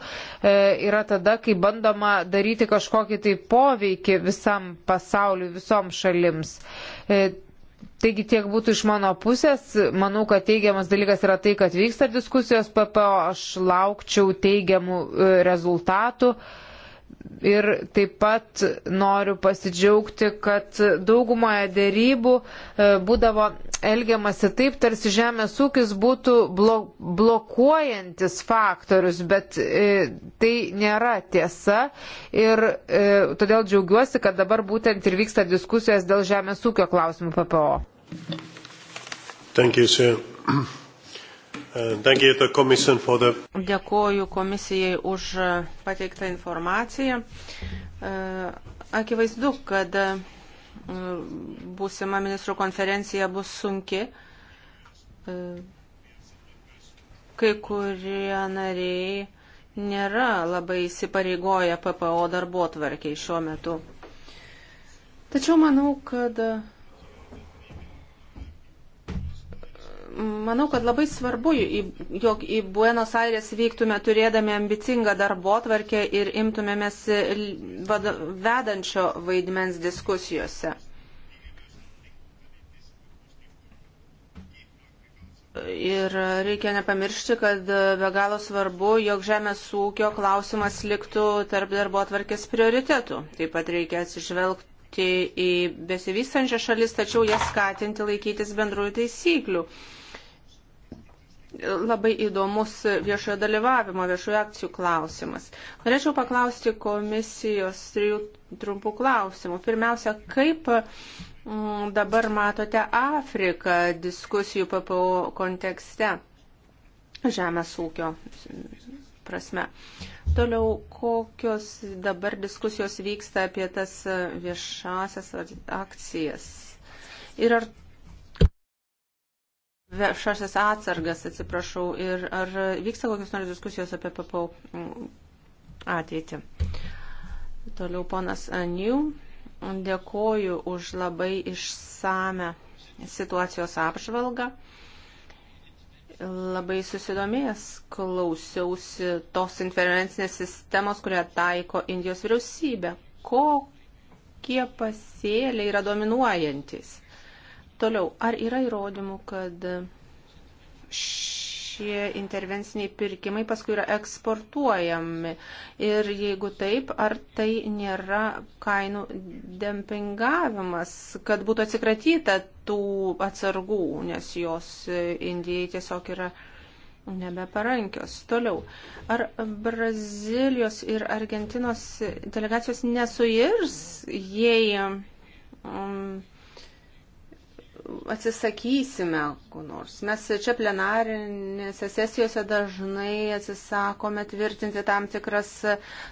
yra tada, kai bandoma daryti kažkokį tai poveikį visam pasauliu, visom šalims. Taigi tiek būtų iš mano pusės. Manau, kad teigiamas dalykas yra tai, kad vyksta diskusijos PPO. Aš laukčiau teigiamų e, rezultatų. Uh, Ir taip pat noriu pasidžiaugti, kad daugumoje dėrybų e, būdavo elgiamasi taip, tarsi žemės ūkis būtų blokuojantis faktorius, bet e, tai nėra tiesa. Ir e, todėl džiaugiuosi, kad dabar būtent ir vyksta diskusijos dėl žemės ūkio klausimų PPO. Thank you, sir. Dėkoju komisijai už pateiktą informaciją. E, akivaizdu, kad e, būsima ministrų konferencija bus sunki. E, kai kurie nariai nėra labai įsipareigoję PPO darbo tvarkiai šiuo metu. Tačiau manau, kad Manau, kad labai svarbu, jog į Buenos Aires vyktume turėdami ambicingą darbo tvarkę ir imtumėmės vedančio vaidmens diskusijose. Ir reikia nepamiršti, kad be galo svarbu, jog žemės ūkio klausimas liktų tarp darbo atvarkės prioritetų. Taip pat reikia atsižvelgti į besivystančią šalis, tačiau jas skatinti laikytis bendrųjų taisyklių labai įdomus viešojo dalyvavimo, viešojo akcijų klausimas. Norėčiau paklausti komisijos trijų trumpų klausimų. Pirmiausia, kaip mm, dabar matote Afriką diskusijų PPO kontekste žemės ūkio prasme. Toliau, kokios dabar diskusijos vyksta apie tas viešasias akcijas? Ir ar Viešasis atsargas, atsiprašau, ir ar vyksta kokios nors diskusijos apie PPO ateitį? Toliau ponas Aniu, dėkoju už labai išsame situacijos apžvalgą labai susidomėjęs klausiausi tos inferencinės sistemos, kurią taiko Indijos vyriausybė. Kokie pasėliai yra dominuojantis? Toliau, ar yra įrodymų, kad šie intervenciniai pirkimai paskui yra eksportuojami? Ir jeigu taip, ar tai nėra kainų dempingavimas, kad būtų atsikratyta tų atsargų, nes jos Indijai tiesiog yra nebeparankios. Toliau, ar Brazilijos ir Argentinos delegacijos nesuirs, jei um, atsisakysime ko nors. Mes čia plenarinėse sesijose dažnai atsisakome tvirtinti tam tikras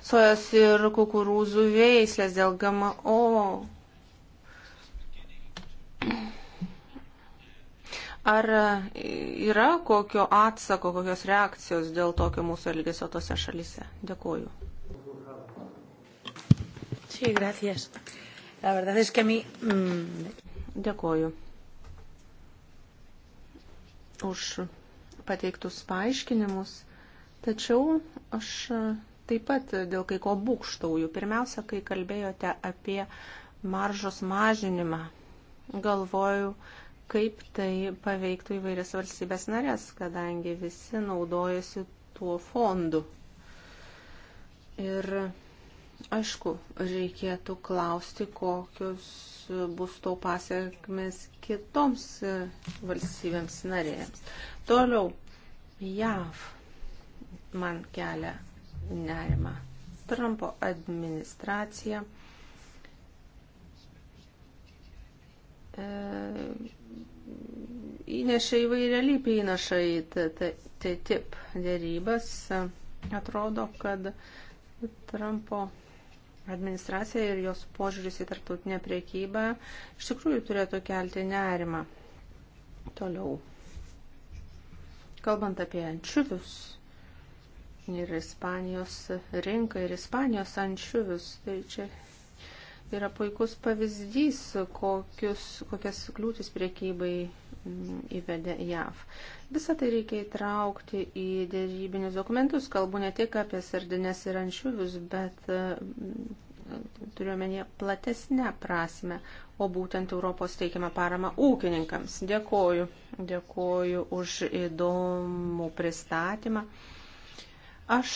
sojos ir kukurūzų veislės dėl GMO. Ar yra kokio atsako, kokios reakcijos dėl tokio mūsų elgesio tose šalise? Dėkuoju. Sí, gracias. La verdad es que a mí... Mm... Dėkuoju už pateiktus paaiškinimus. Tačiau aš taip pat dėl kai ko būkštauju. Pirmiausia, kai kalbėjote apie maržos mažinimą, galvoju, kaip tai paveiktų įvairias valstybės narės, kadangi visi naudojasi tuo fondu. Ir Aišku, reikėtų klausti, kokios bus to pasiekmes kitoms e, valstybėms narėms. Toliau, JAV man kelia nerima. Trumpo administracija e, įnešė įvairialypį įnašą į TTIP dėrybas. Atrodo, kad Trumpo administracija ir jos požiūris į tarptautinę priekybą iš tikrųjų turėtų kelti nerimą. Toliau. Kalbant apie ančiuvius ir Ispanijos rinką ir Ispanijos ančiuvius, tai čia yra puikus pavyzdys, kokius, kokias kliūtis priekybai mm, įvedė JAV. Visą tai reikia įtraukti į dėrybinius dokumentus. Kalbu ne tik apie sardines ir ančiuvius, bet e, turiuomenė platesnę prasme, o būtent Europos teikiamą paramą ūkininkams. Dėkoju. Dėkoju už įdomų pristatymą. Aš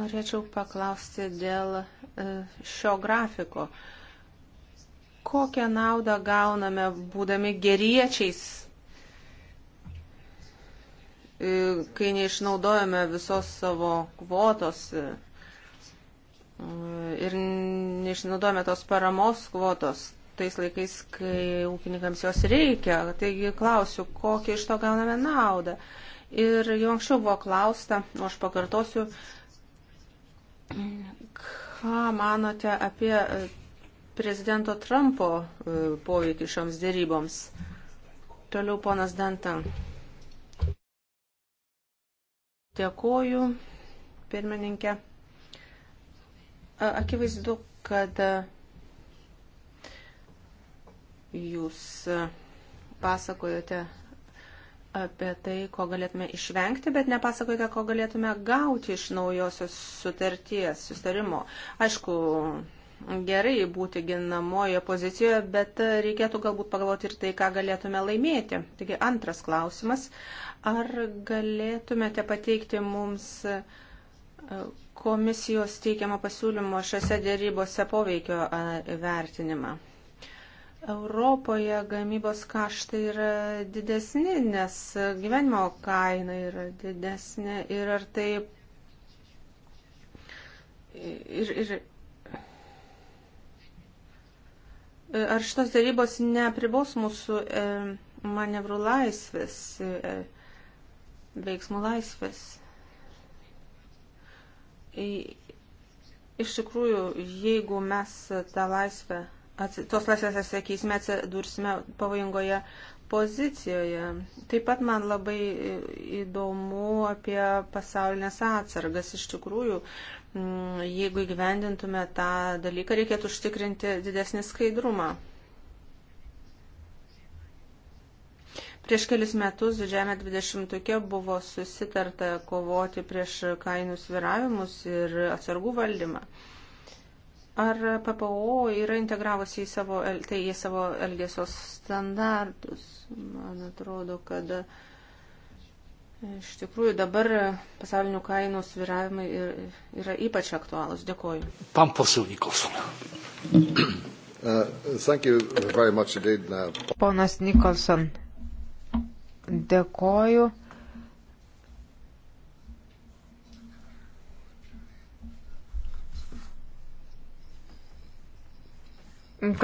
norėčiau paklausti dėl e, šio grafiko. Kokią naudą gauname būdami geriečiais E, kai neišnaudojame visos savo kvotos e, ir neišnaudojame tos paramos kvotos tais laikais, kai ūkininkams jos reikia. Taigi klausiu, kokią iš to gauname naudą. Ir jau anksčiau buvo klausta, o aš pakartosiu, ką manote apie e, prezidento Trumpo poveikį šioms dėryboms. Toliau ponas Dantan. Dėkoju, pirmininkė. Akivaizdu, kad jūs pasakojote apie tai, ko galėtume išvengti, bet nepasakojote, ko galėtume gauti iš naujosios sutarties, sustarimo. Aišku, gerai būti ginamojoje pozicijoje, bet reikėtų galbūt pagalvoti ir tai, ką galėtume laimėti. Taigi antras klausimas. Ar galėtumėte pateikti mums e, komisijos teikiamo pasiūlymo šiose dėrybose poveikio e, vertinimą? Europoje gamybos kaštai yra didesni, nes gyvenimo kaina yra didesnė ir ar tai ir, ir Ar šitos darybos nepribos mūsų e, manevrų laisvės, e, veiksmų laisvės? Iš tikrųjų, jeigu mes tą laisvę, tos laisvės atsakysime, atsidursime pavojingoje pozicijoje. Taip pat man labai e, įdomu apie pasaulinės atsargas. Iš tikrųjų, Mm, jeigu įgyvendintume tą dalyką, reikėtų užtikrinti didesnį skaidrumą. Prieš kelis metus didžiame 20-uke buvo susitarta kovoti prieš kainų sviravimus ir atsargų valdymą. Ar PPO yra integravusi į savo, tai į savo elgesos standartus? Man atrodo, kad uh, Iš tikrųjų, dabar pasaulinių kainų sviravimai yra ypač aktualūs. Dėkoju. Pan Posilnikovson. Uh, uh, Ponas Nikolson, dėkoju.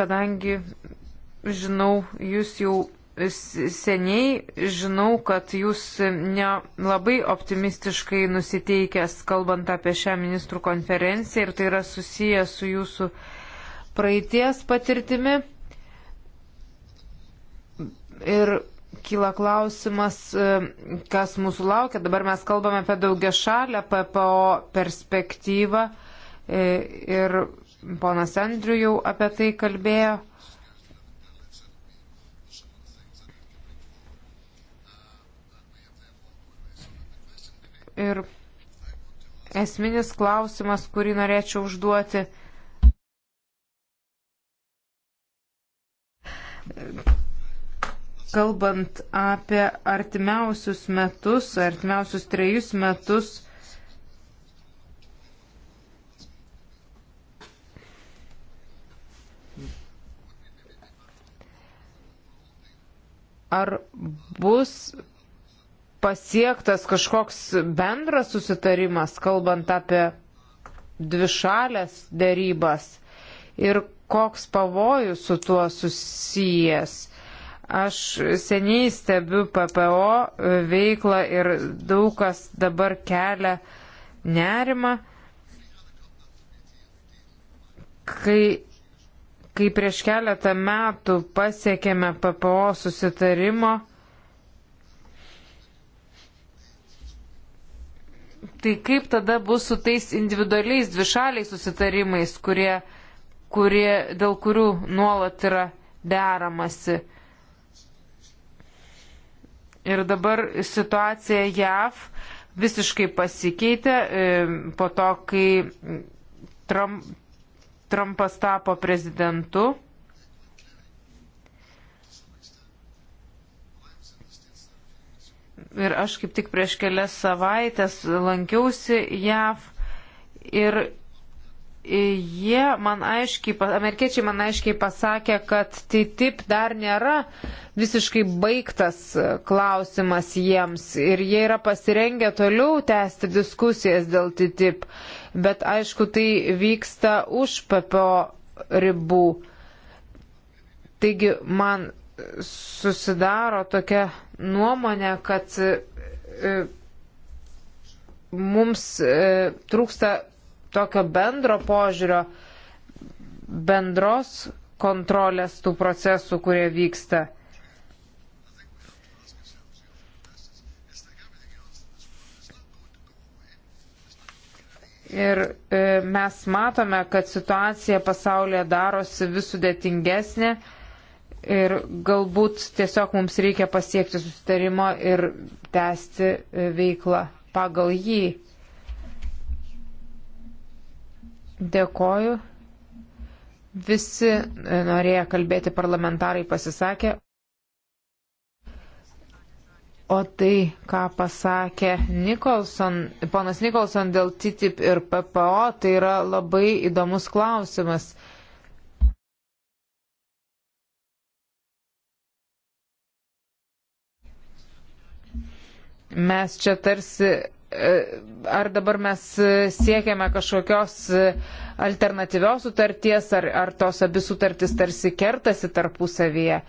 Kadangi, žinau, jūs jau seniai žinau, kad jūs nelabai optimistiškai nusiteikęs, kalbant apie šią ministrų konferenciją ir tai yra susiję su jūsų praeities patirtimi. Ir kyla klausimas, e, kas mūsų laukia. Dabar mes kalbame apie daugia šalę PPO perspektyvą e, ir ponas Andriu jau apie tai kalbėjo. Ir esminis klausimas, kurį norėčiau užduoti. Kalbant apie artimiausius metus, artimiausius trejus metus, ar bus pasiektas kažkoks bendras susitarimas, kalbant apie dvišalės dėrybas ir koks pavojus su tuo susijęs. Aš seniai stebiu PPO veiklą ir daug kas dabar kelia nerimą, kai, kai prieš keletą metų pasiekėme PPO susitarimo tai kaip tada bus su tais individualiais dvišaliais susitarimais, kurie, kurie, dėl kurių nuolat yra deramasi? Ir dabar situacija JAV visiškai pasikeitė e, po to, kai Trump, Trumpas tapo prezidentu. ir aš kaip tik prieš kelias savaitės lankiausi JAV ir jie man aiškiai, amerikiečiai man aiškiai pasakė, kad TTIP dar nėra visiškai baigtas klausimas jiems ir jie yra pasirengę toliau tęsti diskusijas dėl TTIP, bet aišku, tai vyksta už PPO ribų. Taigi man susidaro tokia nuomonė, kad e, mums e, trūksta tokio bendro požiūrio, bendros kontrolės tų procesų, kurie vyksta. Ir e, mes matome, kad situacija pasaulyje darosi vis sudėtingesnė. Ir galbūt tiesiog mums reikia pasiekti susitarimo ir tęsti e, veiklą pagal jį. Dėkoju. Visi e, norėję kalbėti parlamentarai pasisakė. O tai, ką pasakė Nikolson, ponas Nikolson dėl TTIP ir PPO, tai yra labai įdomus klausimas. mes čia tarsi e, ar dabar mes e, siekiame kažkokios e, alternatyvios sutarties, ar, ar tos abi sutartys tarsi kertasi tarpusavyje.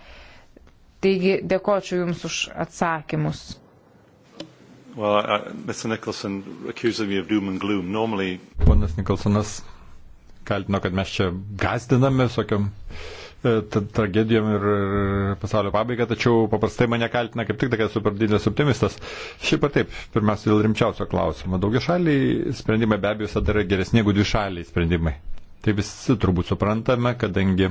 Taigi dėkočiau Jums už atsakymus. Well, I, Mr. Nicholson accused me of doom and gloom. Normally... Ponas Nicholsonas kaltino, kad mes čia gazdiname visokiam. Uh, tragedijom ir pasaulio pabaiga, tačiau paprastai mane kaltina kaip tik tokia super didelis optimistas. Šiaip ar taip, pirmiausia, dėl rimčiausio klausimo. Daugia šaliai sprendimai be abejo visada yra geresni negu dvi šaliai sprendimai. Tai visi turbūt suprantame, kadangi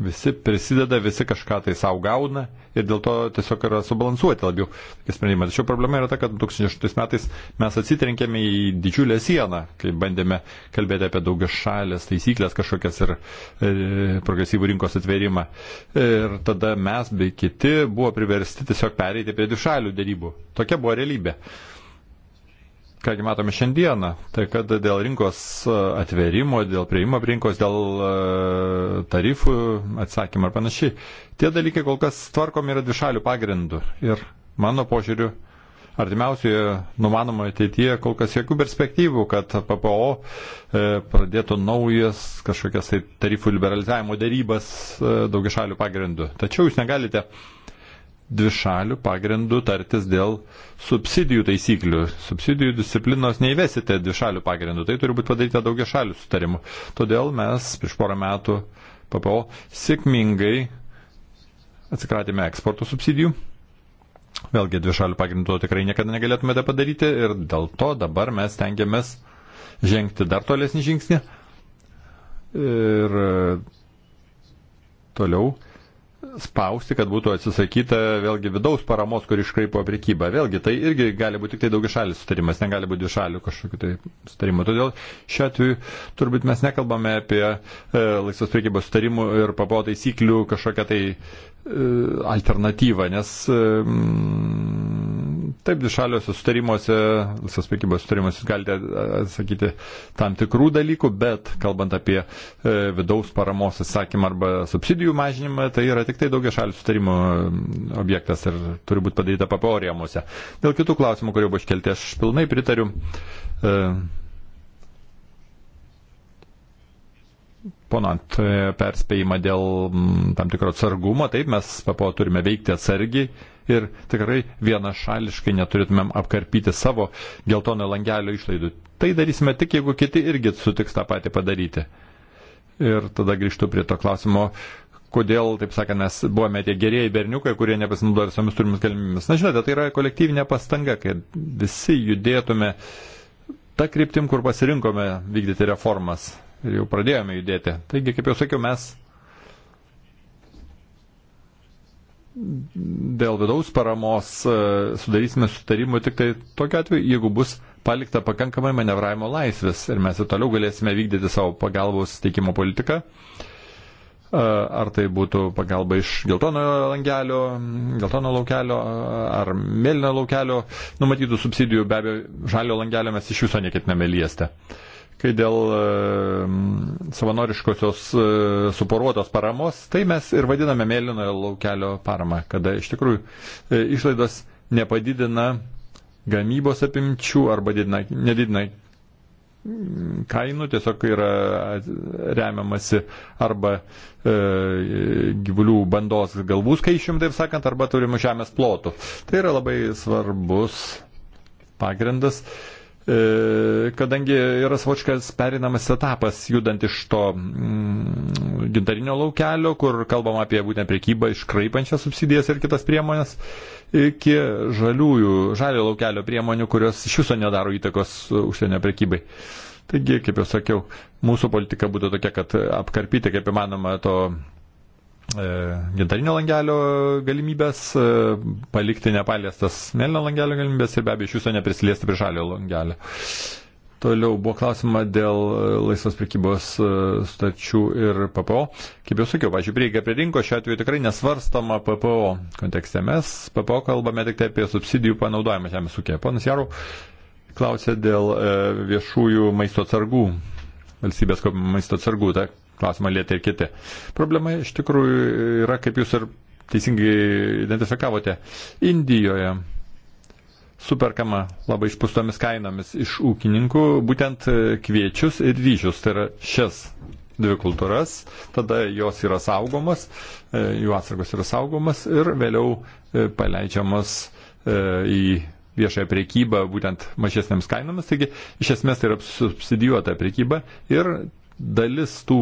Visi prisideda, visi kažką tai savo gauna ir dėl to tiesiog yra subalansuoti labiau tokie sprendimai. Tačiau problema yra ta, kad 2008 metais mes atsitrenkėme į didžiulę sieną, kai bandėme kalbėti apie daugias šalės taisyklės kažkokias ir, ir progresyvų rinkos atvėrimą. Ir tada mes bei kiti buvo priversti tiesiog pereiti prie dvišalių dėrybų. Tokia buvo realybė. Uh, Kągi matome šiandieną, tai kad dėl rinkos atverimo, dėl prieimo rinkos, dėl e, tarifų atsakymų ar panašiai, tie dalykai kol kas tvarkomi yra dvišalių pagrindų. Ir mano požiūriu, artimiausioje numanomoje ateityje kol kas jokių perspektyvų, kad PPO e, pradėtų naujas kažkokias tai tarifų liberalizavimo darybas e, daugišalių pagrindų. Tačiau jūs negalite dvišalių pagrindų tartis dėl subsidijų taisyklių. Subsidijų disciplinos neįvesite dvišalių pagrindų, tai turi būti padaryta daugia šalių sutarimų. Todėl mes prieš porą metų PPO sėkmingai atsikratėme eksporto subsidijų. Vėlgi dvišalių pagrindų tikrai niekada negalėtumėte padaryti ir dėl to dabar mes tengiamės žengti dar tolesnį žingsnį. Ir toliau spausti, kad būtų atsisakyta vėlgi vidaus paramos, kur iškraipo prekyba. Vėlgi tai irgi gali būti tik tai daugia šalis sutarimas, negali būti šalių kažkokiu tai sutarimu. Todėl šiuo atveju turbūt mes nekalbame apie e, laisvos prekybos sutarimų ir papo taisyklių kažkokią tai e, E, alternatyvą, nes e, taip dvišaliuose sustarimuose, visas prekybos sustarimuose jūs galite e, atsakyti tam tikrų dalykų, bet kalbant apie vidaus paramos atsakymą arba subsidijų mažinimą, tai yra tik tai daugia šalių sustarimų objektas ir turi būti padaryta paporėmuose. Dėl kitų klausimų, kurie buvo iškelti, aš pilnai pritariu ponant e, perspėjimą dėl tam tikro atsargumo, taip mes papo turime veikti atsargiai ir tikrai vienašališkai neturėtumėm apkarpyti savo geltono langelio išlaidų. Tai darysime tik, jeigu kiti irgi sutiks tą patį padaryti. Ir tada grįžtu prie to klausimo, kodėl, taip sakant, mes buvome tie gerieji berniukai, kurie nepasinaudojo visomis turimis galimybėmis. Na, žinote, tai yra kolektyvinė pastanga, kad visi judėtume tą kryptim, kur pasirinkome vykdyti reformas ir jau pradėjome judėti. Taigi, kaip jau sakiau, mes dėl vidaus paramos e, sudarysime sutarimų tik tai tokiu atveju, jeigu bus palikta pakankamai manevravimo laisvės ir mes ir toliau galėsime vykdyti savo pagalbos teikimo politiką. E, ar tai būtų pagalba iš geltono langelio, geltono laukelio e, ar mėlyno laukelio, numatytų subsidijų be abejo žalio langelio mes iš viso neketiname liesti. Uh, kai dėl e, savanoriškosios e, suporuotos paramos, tai mes ir vadiname mėlynojo laukelio paramą, kada iš tikrųjų e, išlaidos nepadidina gamybos apimčių arba didina, nedidina mm, kainų, tiesiog yra remiamasi arba e, gyvulių bandos galvų skaičium, taip sakant, arba turimų žemės plotų. Tai yra labai svarbus pagrindas. E, E, kadangi yra svočkas perinamas etapas, judant iš to mm, gintarinio laukelio, kur kalbam apie būtent priekybą iškraipančias subsidijas ir kitas priemonės, iki žaliųjų, žalio laukelio priemonių, kurios iš viso nedaro įtakos užsienio priekybai. Taigi, kaip jau sakiau, mūsų politika būtų tokia, kad apkarpyti kaip įmanoma to E, gintarinio langelio galimybės, e, palikti nepaliestas mėlyno langelio galimybės ir be abejo iš jūsų neprisiliesti prie žalio langelio. Toliau buvo klausima dėl e, laisvos prekybos stačių ir PPO. Kaip jau sakiau, važiuoju, prieiga prie rinkos šiuo atveju tikrai nesvarstama PPO kontekste. Mes PPO kalbame tik tai apie subsidijų panaudojimą žemės ūkėje. Ponas Jarų klausė dėl viešųjų maisto atsargų valstybės maisto atsargų. Ta Klausimą lietė ir kiti. Problema iš tikrųjų yra, kaip jūs ir teisingai identifikavote, Indijoje superkama labai išpustomis kainomis iš ūkininkų būtent kviečius ir ryžius, tai yra šias dvi kultūras, tada jos yra saugomas, e, jų atsargos yra saugomas ir vėliau e, paleidžiamas e, į viešąją priekybą būtent mažesnėms kainomis, taigi iš esmės tai yra subsidijuota priekyba ir dalis tų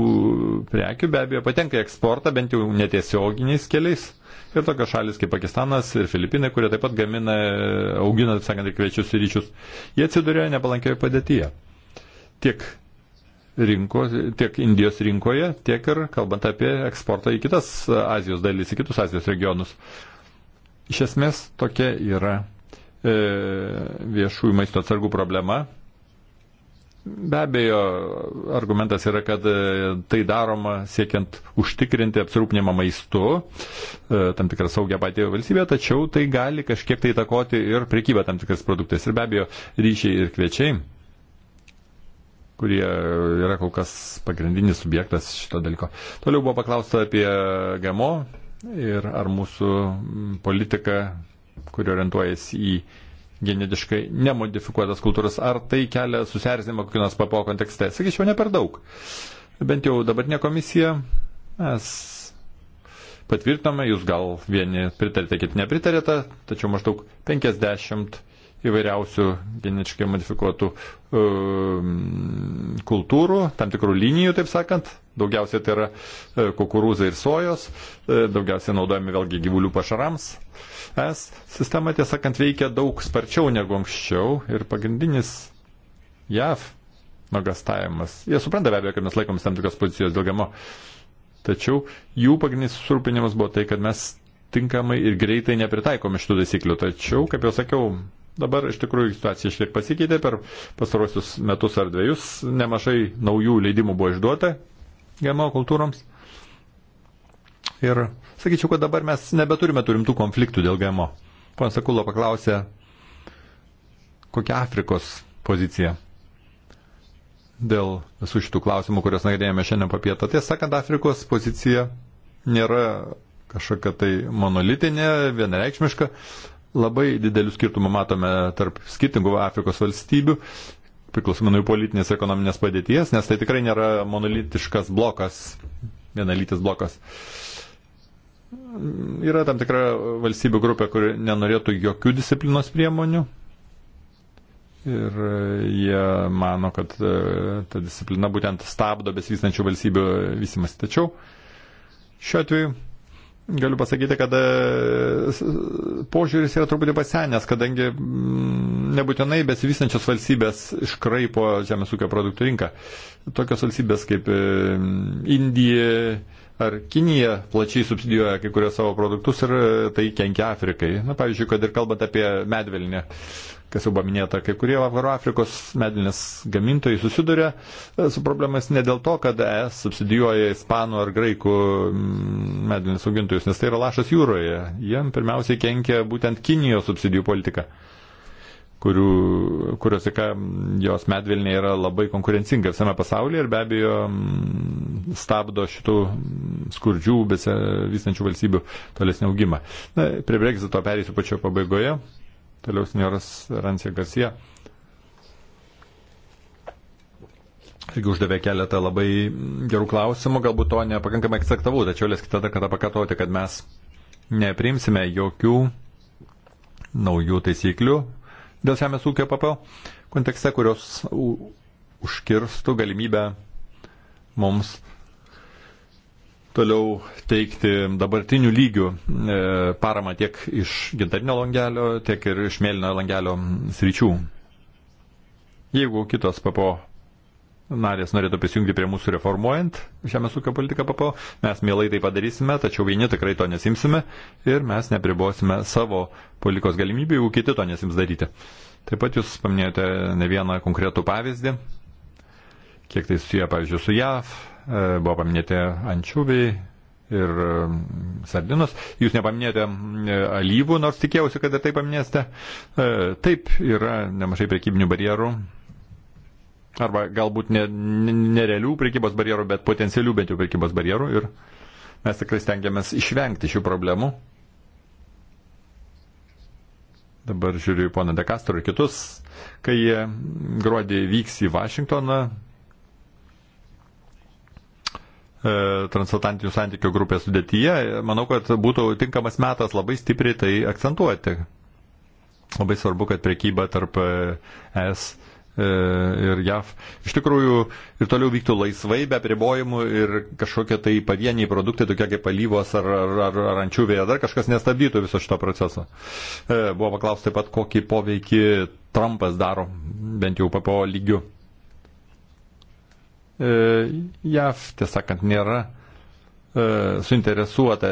prekių be abejo patenka į eksportą, bent jau netiesioginiais keliais. Ir tokios šalis kaip Pakistanas ir Filipinai, kurie taip pat gamina, augina, taip sakant, ir kviečius ir ryčius, jie atsidurėjo nepalankioje padėtyje. Tiek, rinko, tiek Indijos rinkoje, tiek ir kalbant apie eksportą į kitas Azijos dalis, į kitus Azijos regionus. Iš esmės tokia yra e, viešųjų maisto atsargų problema Be abejo, argumentas yra, kad e, tai daroma siekiant užtikrinti apsirūpinimą maistu, e, tam tikrą saugią patį valstybę, tačiau tai gali kažkiek tai įtakoti ir priekybę tam tikras produktais. Ir be abejo, ryšiai ir kviečiai, kurie yra kol kas pagrindinis subjektas šito dalyko. Toliau buvo paklausta apie GMO ir ar mūsų politika, kuri orientuojasi į genetiškai nemodifikuotas kultūras, ar tai kelia susierzinimą kokienos PPO kontekste? Sakyčiau, ne per daug. Bent jau dabartinė komisija mes patvirtiname, jūs gal vieni pritarėte, kiti nepritarėte, tačiau maždaug 50 įvairiausių geniškai modifikuotų um, kultūrų, tam tikrų linijų, taip sakant. Daugiausiai tai yra e, kukurūzai ir sojos, e, daugiausiai naudojami vėlgi gyvulių pašarams. Es sistema, tiesąkant, veikia daug sparčiau negu anksčiau ir pagrindinis JAV nuogastavimas. Jie supranta be abejo, kad mes laikomės tam tikros pozicijos dėl gamo. Tačiau jų pagrindinis surūpinimas buvo tai, kad mes tinkamai ir greitai nepritaikome šitų taisyklių. Tačiau, kaip jau sakiau, Dabar iš tikrųjų situacija šiek tiek pasikeitė, per pastarosius metus ar dviejus nemažai naujų leidimų buvo išduota GMO kultūroms. Ir sakyčiau, kad dabar mes nebeturime turimtų konfliktų dėl GMO. Pana Sakulo paklausė, kokia Afrikos pozicija dėl visų šitų klausimų, kuriuos nagrinėjame šiandien papietą. Tiesą sakant, Afrikos pozicija nėra kažkokia tai monolitinė, vienareikšmiška. Labai didelių skirtumų matome tarp skirtingų Afrikos valstybių, priklausomai nuo jų politinės ir ekonominės padėties, nes tai tikrai nėra monolitiškas blokas, vienalytis blokas. Yra tam tikra valstybių grupė, kuri nenorėtų jokių disciplinos priemonių, Ir jie mano, kad e, ta disciplina būtent stabdo besivystančių valstybių vystimas. Tačiau šiuo atveju galiu pasakyti, kad e, požiūris yra truputį pasenęs, kadangi mm, nebūtinai besivystančios valstybės iškraipo žemės ūkio produktų rinką. Tokios valstybės kaip e, Indija, ar Kinija plačiai subsidijuoja kai kurios savo produktus ir e, tai kenkia Afrikai. Na, pavyzdžiui, kad ir kalbant apie medvilnę, kas jau buvo minėta, kai kurie vakarų Afrikos medvilnės gamintojai susiduria e, su problemas ne dėl to, kad ES subsidijuoja ispanų ar graikų mm, medvilnės augintojus, nes tai yra lašas jūroje. Jiem pirmiausiai kenkia būtent Kinijos subsidijų politika kurių, kuriuose ką, jos medvilnė yra labai konkurencinga visame pasaulyje ir be abejo mm, stabdo šitų mm, skurdžių, besivystančių valstybių tolesnį augimą. Na, prie Brexito perėsiu pačioje pabaigoje. Toliau senjoras Rancija Garcia. irgi uždavė keletą labai gerų klausimų, galbūt to nepakankamai akcentavau, tačiau leiskite dar kartą pakartoti, kad mes neprimsime jokių naujų taisyklių dėl žemės ūkio PPO kontekste, kurios užkirstų galimybę mums toliau teikti dabartinių lygių e, paramą tiek iš gintarinio langelio, tiek ir iš mėlyno langelio sričių. Jeigu kitos PPO narės norėtų prisijungti prie mūsų reformuojant žemės ūkio politiką PPO, mes mielai tai padarysime, tačiau vieni tikrai to nesimsime ir mes nepribosime savo politikos galimybių, jeigu kiti to nesims daryti. Taip pat jūs paminėjote ne vieną konkretų pavyzdį, kiek tai susiję, pavyzdžiui, su JAV, e, buvo paminėti ančiuviai ir e, sardinos. Jūs nepaminėjote e, alyvų, nors tikėjausi, kad ir tai paminėsite. Taip, yra nemažai prekybinių barjerų arba galbūt nerealių ne, ne prekybos barjerų, bet potencialių bent jau prekybos barjerų ir mes tikrai stengiamės išvengti šių problemų. Dabar žiūriu į poną Dekastor ir kitus, kai jie gruodį vyks į Vašingtoną. E, Transatlantinių santykių grupės sudėtyje, manau, kad būtų tinkamas metas labai stipriai tai akcentuoti. Labai svarbu, kad prekyba tarp e, ES E, ir JAV iš tikrųjų ir toliau vyktų laisvai, be pribojimų ir kažkokie tai pavieniai produktai, tokie kaip alyvos ar, ar, ar, ar ančiuvėje, dar kažkas nestabdytų viso šito proceso. E, buvo paklausta taip pat, kokį poveikį Trumpas daro, bent jau PPO lygiu. E, JAV, tiesąkant, nėra suinteresuota,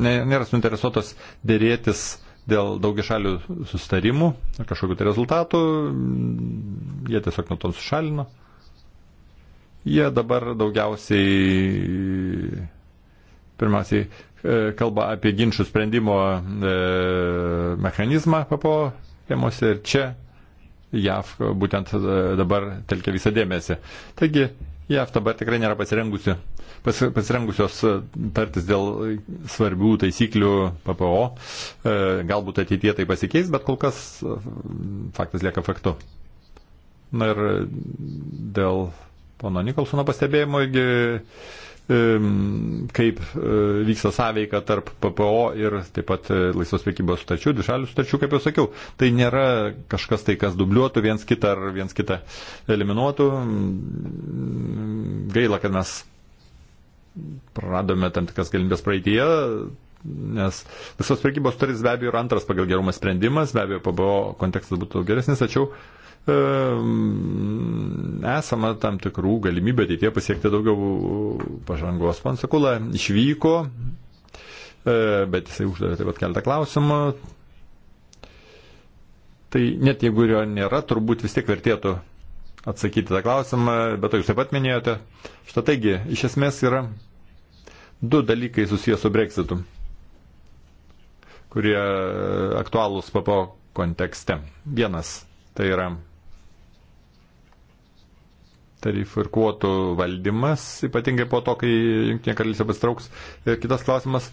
nėra suinteresuotos dėrėtis dėl daugišalių sustarimų ar kažkokiu tai rezultatu. Jie tiesiog nuo to sušalino. Jie dabar daugiausiai, pirmiausiai, e, kalba apie ginčių sprendimo e, mechanizmą papo rėmose ir čia JAV būtent e, dabar telkia visą dėmesį. Taigi JAV dabar tikrai nėra pasirengusi pasirengusios e, tartis dėl svarbių taisyklių PPO. E, galbūt ateitie tai pasikeis, bet kol kas e, faktas lieka faktu. Na ir dėl pono Nikolsono pastebėjimo, kaip vyksta sąveika tarp PPO ir taip pat laisvos priekybos sutarčių, dvišalių sutarčių, kaip jau sakiau. Tai nėra kažkas tai, kas dubliuotų viens kitą ar viens kitą eliminuotų. Gaila, kad mes praradome tam tikras galimybės praeitie, nes visos prekybos sutartys be abejo yra antras pagal gerumą sprendimas, be abejo PBO kontekstas būtų geresnis, tačiau e, esama tam tikrų galimybę ateitie pasiekti daugiau pažangos. Pansakula išvyko, e, bet jisai uždavė taip pat keltą klausimą. Tai net jeigu jo nėra, turbūt vis tiek vertėtų atsakyti tą klausimą, bet to jūs taip pat minėjote. Štai taigi, iš esmės yra du dalykai susijęs su breksitu, kurie aktualūs papo kontekste. Vienas tai yra tarifų ir kvotų valdymas, ypatingai po to, kai Junktinė karalystė pasitrauks. Ir kitas klausimas,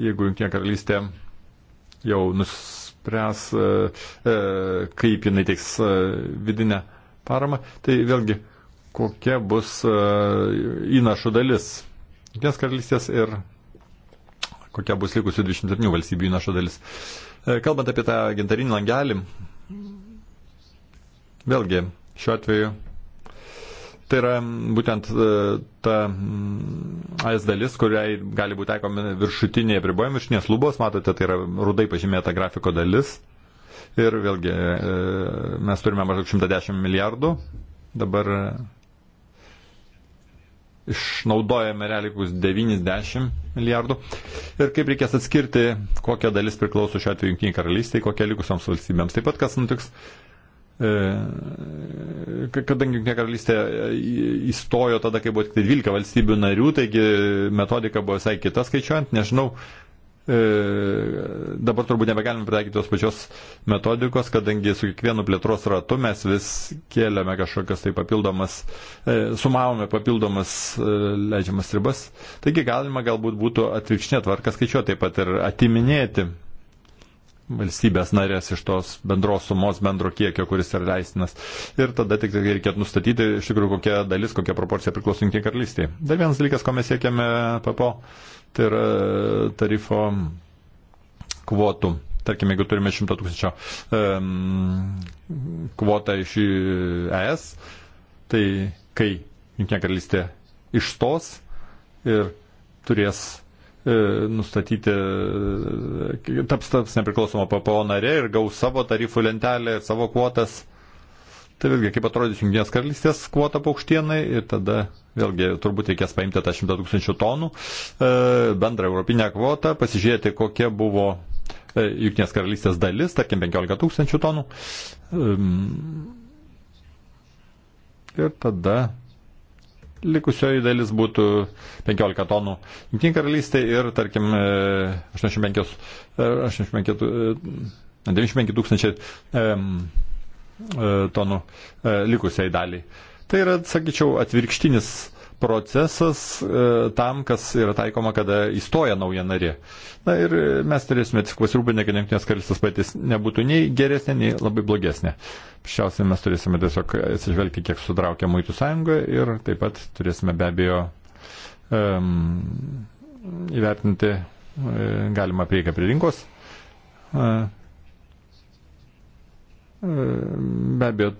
jeigu Junktinė karalystė jau nuspręs, e, e, kaip jinai teiks e, vidinę paramą, tai vėlgi kokia bus e, įnašų dalis Jungtinės karalystės ir kokia bus likusių 27 valstybių įnašo dalis. E, kalbant apie tą gintarinį langelį, vėlgi šiuo atveju tai yra būtent e, ta mm, AS dalis, kuriai gali būti taikomi viršutiniai apribojimai, viršutinės lubos, matote, tai yra rudai pažymėta grafiko dalis. Ir vėlgi e, mes turime maždaug 110 milijardų. Dabar e, išnaudojame realiai kokius 90 milijardų. Ir kaip reikės atskirti, kokia dalis priklauso šiuo atveju Junktiniai karalystiai, kokia likusioms valstybėms. Taip pat kas nutiks, e, kadangi Junktinė karalystė įstojo tada, kai buvo tik 12 tai valstybių narių, taigi metodika buvo visai kita skaičiuojant, nežinau, E, dabar turbūt nebegalime pritaikyti tos pačios metodikos, kadangi su kiekvienu plėtros ratu mes vis kėlėme kažkokias tai papildomas, e, sumavome papildomas e, leidžiamas ribas. Taigi galima galbūt būtų atvirkšnė tvarka skaičiuoti taip pat ir atiminėti valstybės narės iš tos bendros sumos, bendro kiekio, kuris yra leistinas. Ir tada tik tai reikėtų nustatyti, iš tikrųjų, kokia dalis, kokia proporcija priklauso Junktinė karalystė. Dar vienas dalykas, ko mes siekiame PPO, tai yra tarifo kvotų. Tarkime, jeigu turime 100 tūkstančio um, kvotą iš ES, tai kai Junktinė karalystė išstos ir turės E, nustatyti, e, taps, taps nepriklausoma PPO narė ir gaus savo tarifų lentelę ir savo kvotas. Tai vėlgi, kaip atrodys Junktinės karalystės kvota paukštienai ir tada vėlgi turbūt reikės paimti tą 100 tūkstančių tonų e, bendrą europinę kvotą, pasižiūrėti, kokia buvo Junktinės karalystės dalis, tarkim 15 tūkstančių tonų. Ehm, ir tada likusioji dalis būtų 15 tonų Junktinė karalystė ir, tarkim, 85, 85, 95 tūkstančiai e, tonų e, likusiai daliai. Tai yra, sakyčiau, atvirkštinis procesas e, tam, kas yra taikoma, kada įstoja nauja narė. Na ir mes turėsime tik pasirūpinę, kad jungtinės karalystės patys nebūtų nei geresnė, nei labai blogesnė. Paprasčiausiai mes turėsime tiesiog atsižvelgti, kiek sudraukia Muitų sąjunga ir taip pat turėsime be abejo um, e, įvertinti e, galimą prieigą prie rinkos. E, e Be abejo,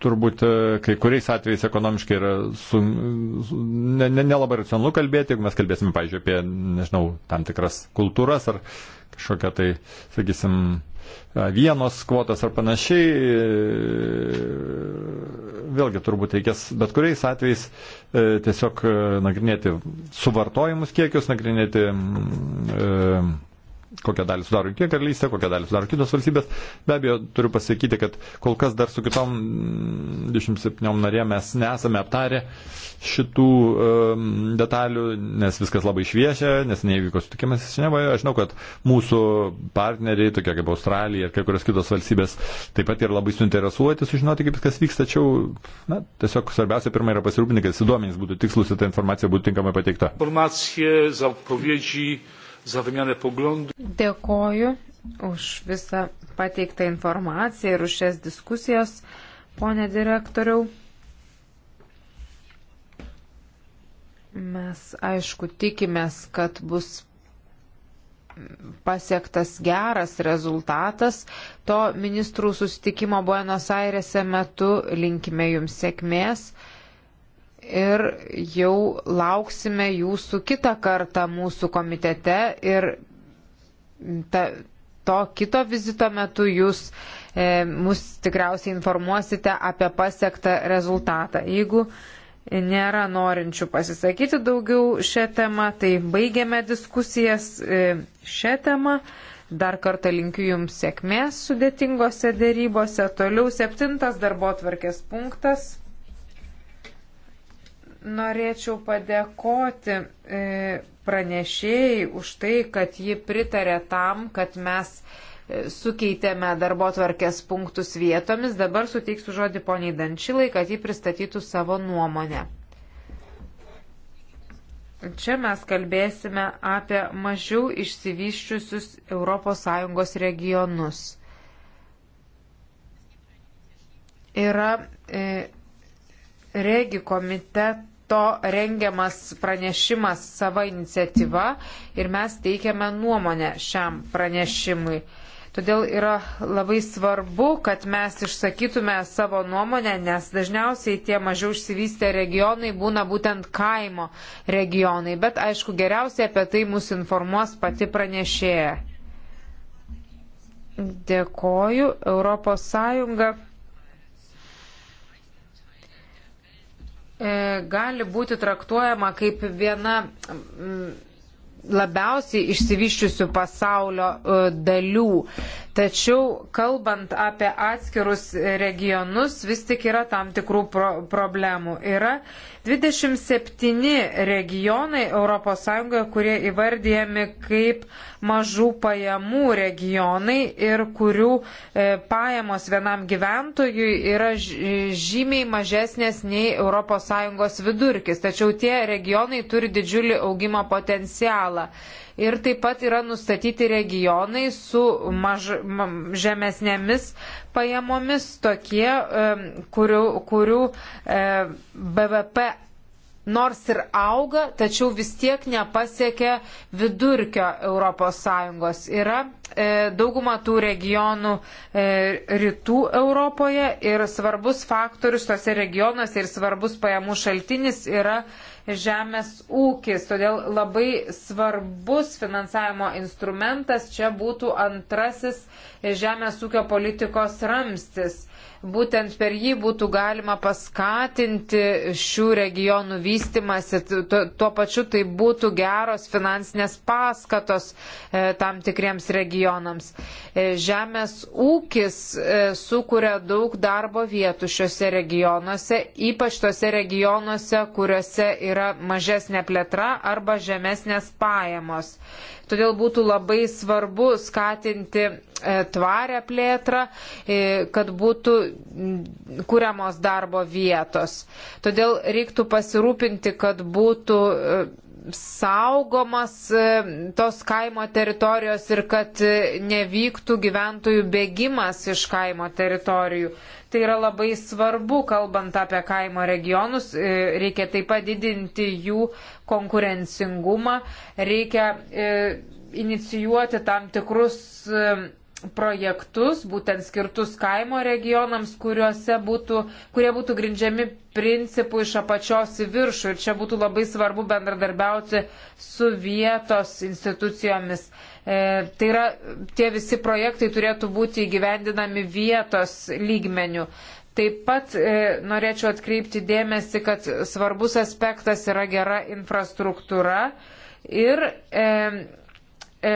turbūt e, kai kuriais atvejais ekonomiškai yra su, nelabai ne, ne, ne racionalu kalbėti, jeigu mes kalbėsime, pavyzdžiui, apie, nežinau, tam tikras kultūras ar kažkokią tai, sakysim, vienos kvotas ar panašiai, e, vėlgi turbūt reikės bet kuriais atvejais e, tiesiog nagrinėti suvartojimus kiekius, nagrinėti e, kokią dalį sudaro Jungtinė karalystė, kokią dalį sudaro kitos valstybės. Be abejo, turiu pasakyti, kad kol kas dar su kitom 27 narėm mes nesame aptarę šitų um, detalių, nes viskas labai šviešia, nes neįvyko sutikimas Ženevoje. Aš žinau, kad mūsų partneriai, tokie kaip Australija ir kai kurios kitos valstybės, taip pat yra labai suinteresuoti sužinoti, kaip viskas vyksta, tačiau na, tiesiog svarbiausia pirmai yra pasirūpinti, kad duomenys būtų tikslus ir ta informacija būtų tinkamai pateikta. Informacija, za wymianę poglądów. Dėkoju už visą pateiktą informaciją ir už šias diskusijas, ponė direktoriau. Mes, aišku, tikimės, kad bus pasiektas geras rezultatas. To ministrų susitikimo Buenos Airese metu linkime jums sėkmės ir jau lauksime jūsų kitą kartą mūsų komitete ir ta, to kito vizito metu jūs e, mus tikriausiai informuosite apie pasiektą rezultatą. Jeigu nėra norinčių pasisakyti daugiau šią temą, tai baigiame diskusijas e, šią temą. Dar kartą linkiu Jums sėkmės sudėtingose dėrybose. Toliau septintas darbo tvarkės punktas norėčiau padėkoti e, pranešėjai už tai, kad ji pritarė tam, kad mes e, sukeitėme darbo tvarkės punktus vietomis. Dabar suteiksiu žodį poniai Dančilai, kad ji pristatytų savo nuomonę. Čia mes kalbėsime apie mažiau išsivyščiusius ES regionus. Yra e, regi komiteto to rengiamas pranešimas sava iniciatyva ir mes teikiame nuomonę šiam pranešimui. Todėl yra labai svarbu, kad mes išsakytume savo nuomonę, nes dažniausiai tie mažiau išsivystę regionai būna būtent kaimo regionai. Bet aišku, geriausiai apie tai mus informuos pati pranešėja. Dėkoju. Europos Sąjunga E, gali būti traktuojama kaip viena mm, labiausiai išsivyščiusių pasaulio e, dalių. Tačiau, kalbant apie atskirus regionus, vis tik yra tam tikrų pro problemų. Yra 27 regionai ES, kurie įvardyjami kaip mažų pajamų regionai ir kurių e, pajamos vienam gyventojui yra žymiai mažesnės nei ES vidurkis. Tačiau tie regionai turi didžiulį augimo potencialą ir taip pat yra nustatyti regionai su maž, ma, žemesnėmis pajamomis, tokie, kurių, kurių BVP nors ir auga, tačiau vis tiek nepasiekia vidurkio ES. Yra e, dauguma tų regionų e, rytų Europoje ir svarbus faktorius tose regionuose ir svarbus pajamų šaltinis yra e, žemės ūkis. Todėl labai svarbus finansavimo instrumentas čia būtų antrasis žemės ūkio politikos ramstis būtent per jį būtų galima paskatinti šių regionų vystimasi. Tuo, tuo pačiu tai būtų geros finansinės paskatos e, tam tikriems regionams. E, žemės ūkis e, sukuria daug darbo vietų šiuose regionuose, ypač tose regionuose, kuriuose yra mažesnė plėtra arba žemesnės pajamos. Todėl būtų labai svarbu skatinti e, tvarę plėtrą, e, kad būtų kuriamos darbo vietos. Todėl reiktų pasirūpinti, kad būtų e, saugomas e, tos kaimo teritorijos ir kad e, nevyktų gyventojų bėgimas iš kaimo teritorijų. Tai yra labai svarbu, kalbant apie kaimo regionus, e, reikia taip pat didinti jų konkurencingumą, reikia inicijuoti tam tikrus projektus, būtent skirtus kaimo regionams, būtų, kurie būtų grindžiami principų iš apačios į viršų. Ir čia būtų labai svarbu bendradarbiauti su vietos institucijomis. E, tai yra, tie visi projektai turėtų būti įgyvendinami vietos lygmenių. Taip pat e, norėčiau atkreipti dėmesį, kad svarbus aspektas yra gera infrastruktūra ir e, E,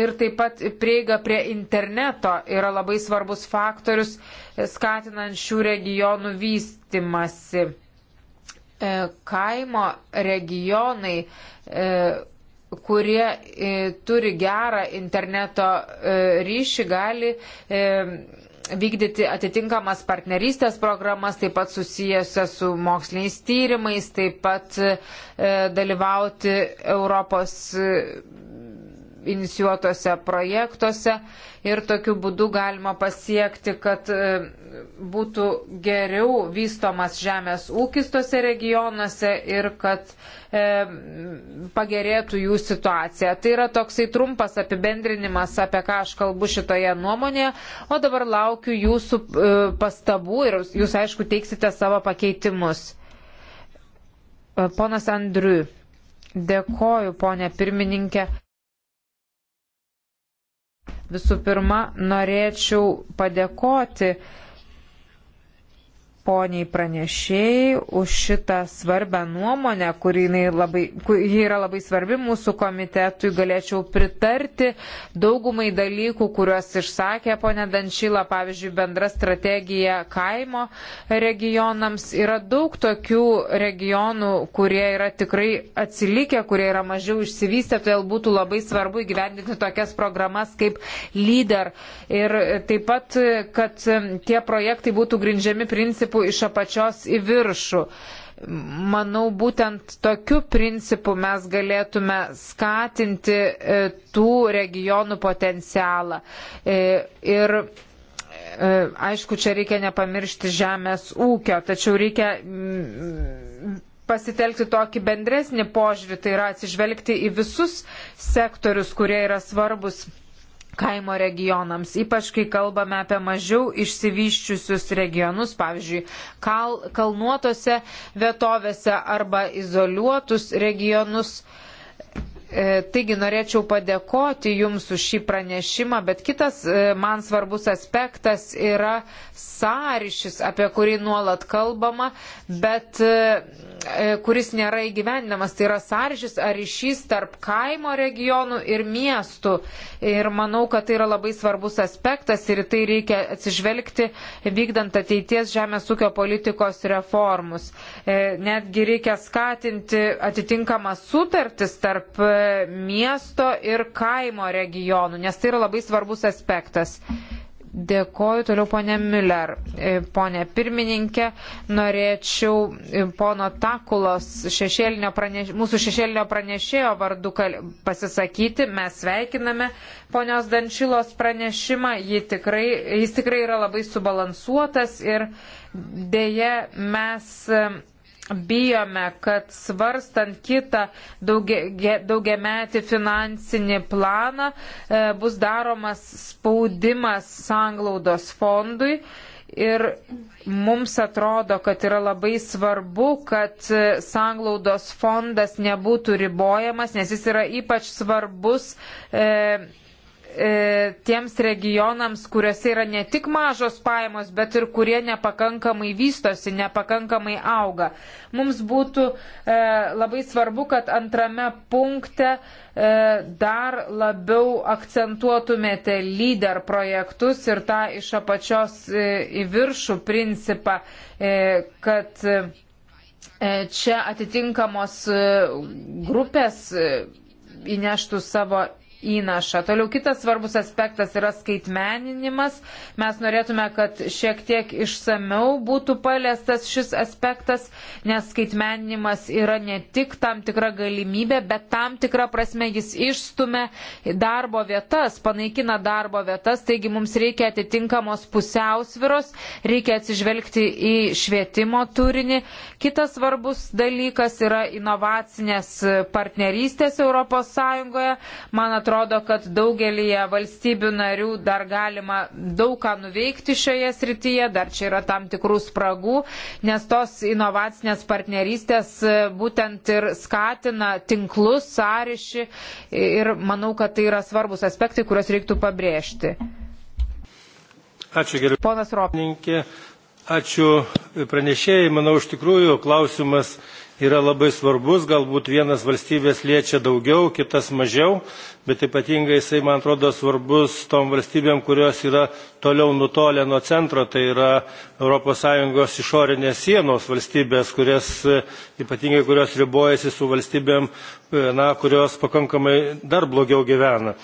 ir taip pat prieiga prie interneto yra labai svarbus faktorius e, skatinant šių regionų vystimasi. E, kaimo regionai, kurie turi gerą interneto ryšį, gali vykdyti atitinkamas partnerystės programas, taip pat susijęsia su moksliniais tyrimais, taip pat dalyvauti Europos inicijuotose projektuose ir tokiu būdu galima pasiekti, kad e, būtų geriau vystomas žemės ūkis tose regionuose ir kad e, pagerėtų jų situacija. Tai yra toksai trumpas apibendrinimas, apie ką aš kalbu šitoje nuomonėje, o dabar laukiu jūsų e, pastabų ir jūs aišku teiksite savo pakeitimus. E, ponas Andriu, dėkoju, ponė pirmininkė. Visų pirma, norėčiau padėkoti poniai pranešėjai už šitą svarbę nuomonę, kuri, labai, kuri yra labai svarbi mūsų komitetui. Galėčiau pritarti daugumai dalykų, kuriuos išsakė ponė Dančyla, pavyzdžiui, bendra strategija kaimo regionams. Yra daug tokių regionų, kurie yra tikrai atsilikę, kurie yra mažiau išsivystę, todėl būtų labai svarbu įgyvendinti tokias programas kaip lyder. Ir taip pat, kad tie projektai būtų grindžiami principais principų iš apačios į viršų. Manau, būtent tokiu principu mes galėtume skatinti e, tų regionų potencialą. E, ir e, aišku, čia reikia nepamiršti žemės ūkio, tačiau reikia pasitelkti tokį bendresnį požiūrį, tai yra atsižvelgti į visus sektorius, kurie yra svarbus kaimo regionams, ypač kai kalbame apie mažiau išsivyščiusius regionus, pavyzdžiui, kal, kalnuotose vietovėse arba izoliuotus regionus. E, E, taigi norėčiau padėkoti Jums už šį pranešimą, bet kitas e, man svarbus aspektas yra sąryšis, apie kurį nuolat kalbama, bet e, kuris nėra įgyvendinamas. Tai yra sąryšis ar ryšys tarp kaimo regionų ir miestų. Ir manau, kad tai yra labai svarbus aspektas ir tai reikia atsižvelgti vykdant ateities žemės ūkio politikos reformus. Netgi reikia skatinti atitinkamas sutartis tarp miesto ir kaimo regionų, nes tai yra labai svarbus aspektas. Dėkoju toliau ponė Miller. E, ponė pirmininkė, norėčiau e, pono Takulos šešėlinio praneš... mūsų šešėlinio pranešėjo vardu kal... pasisakyti. Mes sveikiname ponios Dančilos pranešimą. Ji tikrai, jis tikrai yra labai subalansuotas ir dėje mes e, bijome, kad svarstant kitą daugia, daugiametį finansinį planą e, bus daromas spaudimas sanglaudos fondui. Ir mums atrodo, kad yra labai svarbu, kad e, sanglaudos fondas nebūtų ribojamas, nes jis yra ypač svarbus e, E, tiems regionams, kuriuose yra ne tik mažos pajamos, bet ir kurie nepakankamai vystosi, nepakankamai auga. Mums būtų e, labai svarbu, kad antrame punkte e, dar labiau akcentuotumėte lyder projektus ir tą iš apačios e, į viršų principą, e, kad e, čia atitinkamos e, grupės e, įneštų savo įnašą. Toliau kitas svarbus aspektas yra skaitmeninimas. Mes norėtume, kad šiek tiek išsameu būtų paliestas šis aspektas, nes skaitmeninimas yra ne tik tam tikra galimybė, bet tam tikra prasme jis išstumia darbo vietas, panaikina darbo vietas, taigi mums reikia atitinkamos pusiausviros, reikia atsižvelgti į švietimo turinį. Kitas svarbus dalykas yra inovacinės partnerystės ES. Man atrodo, atrodo, kad daugelįje valstybių narių dar galima daug ką nuveikti šioje srityje, dar čia yra tam tikrų spragų, nes tos inovacinės partnerystės e, būtent ir skatina tinklus, sąryšį ir manau, kad tai yra svarbus aspektai, kuriuos reiktų pabrėžti. Ačiū geriau. Ponas Ropininkė, ačiū pranešėjai. Manau, iš tikrųjų klausimas yra labai svarbus galbūt vienas valstybes liečia daugiau kitas mažiau bet ypatingai jisai man atrodo svarbus tom valstybėm kurios yra toliau nutolę nuo centro tai yra europos sąjungos išorinės sienos valstybės kurias ypatingai kurios ribojasi su valstybėm e, na kurios pakankamai dar blogiau gyvena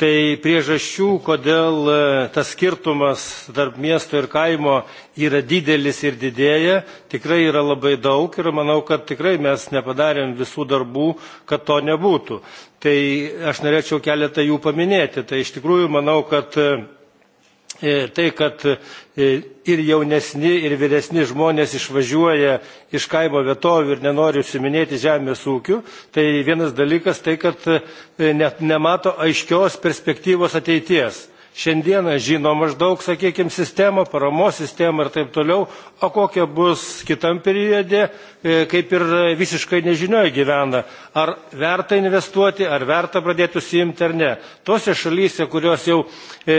tai priežasčių, kodėl e, tas skirtumas tarp miesto ir kaimo yra didelis ir didėja, tikrai yra labai daug ir manau, kad tikrai mes nepadarėm visų darbų, kad to nebūtų. Tai aš norėčiau keletą jų paminėti. Tai iš tikrųjų manau, kad e, E, tai, kad e, ir jaunesni, ir vyresni žmonės išvažiuoja iš kaimo vietovių ir nenori užsiminėti žemės ūkiu, tai vienas dalykas tai, kad e, net nemato aiškios perspektyvos ateities šiandieną žino maždaug, sakykime, sistemą, paramos sistemą ir taip toliau, o kokia bus kitam periode, e, kaip ir visiškai nežinioje gyvena, ar verta investuoti, ar verta pradėti užsiimti ar ne. Tose šalyse, kurios jau e,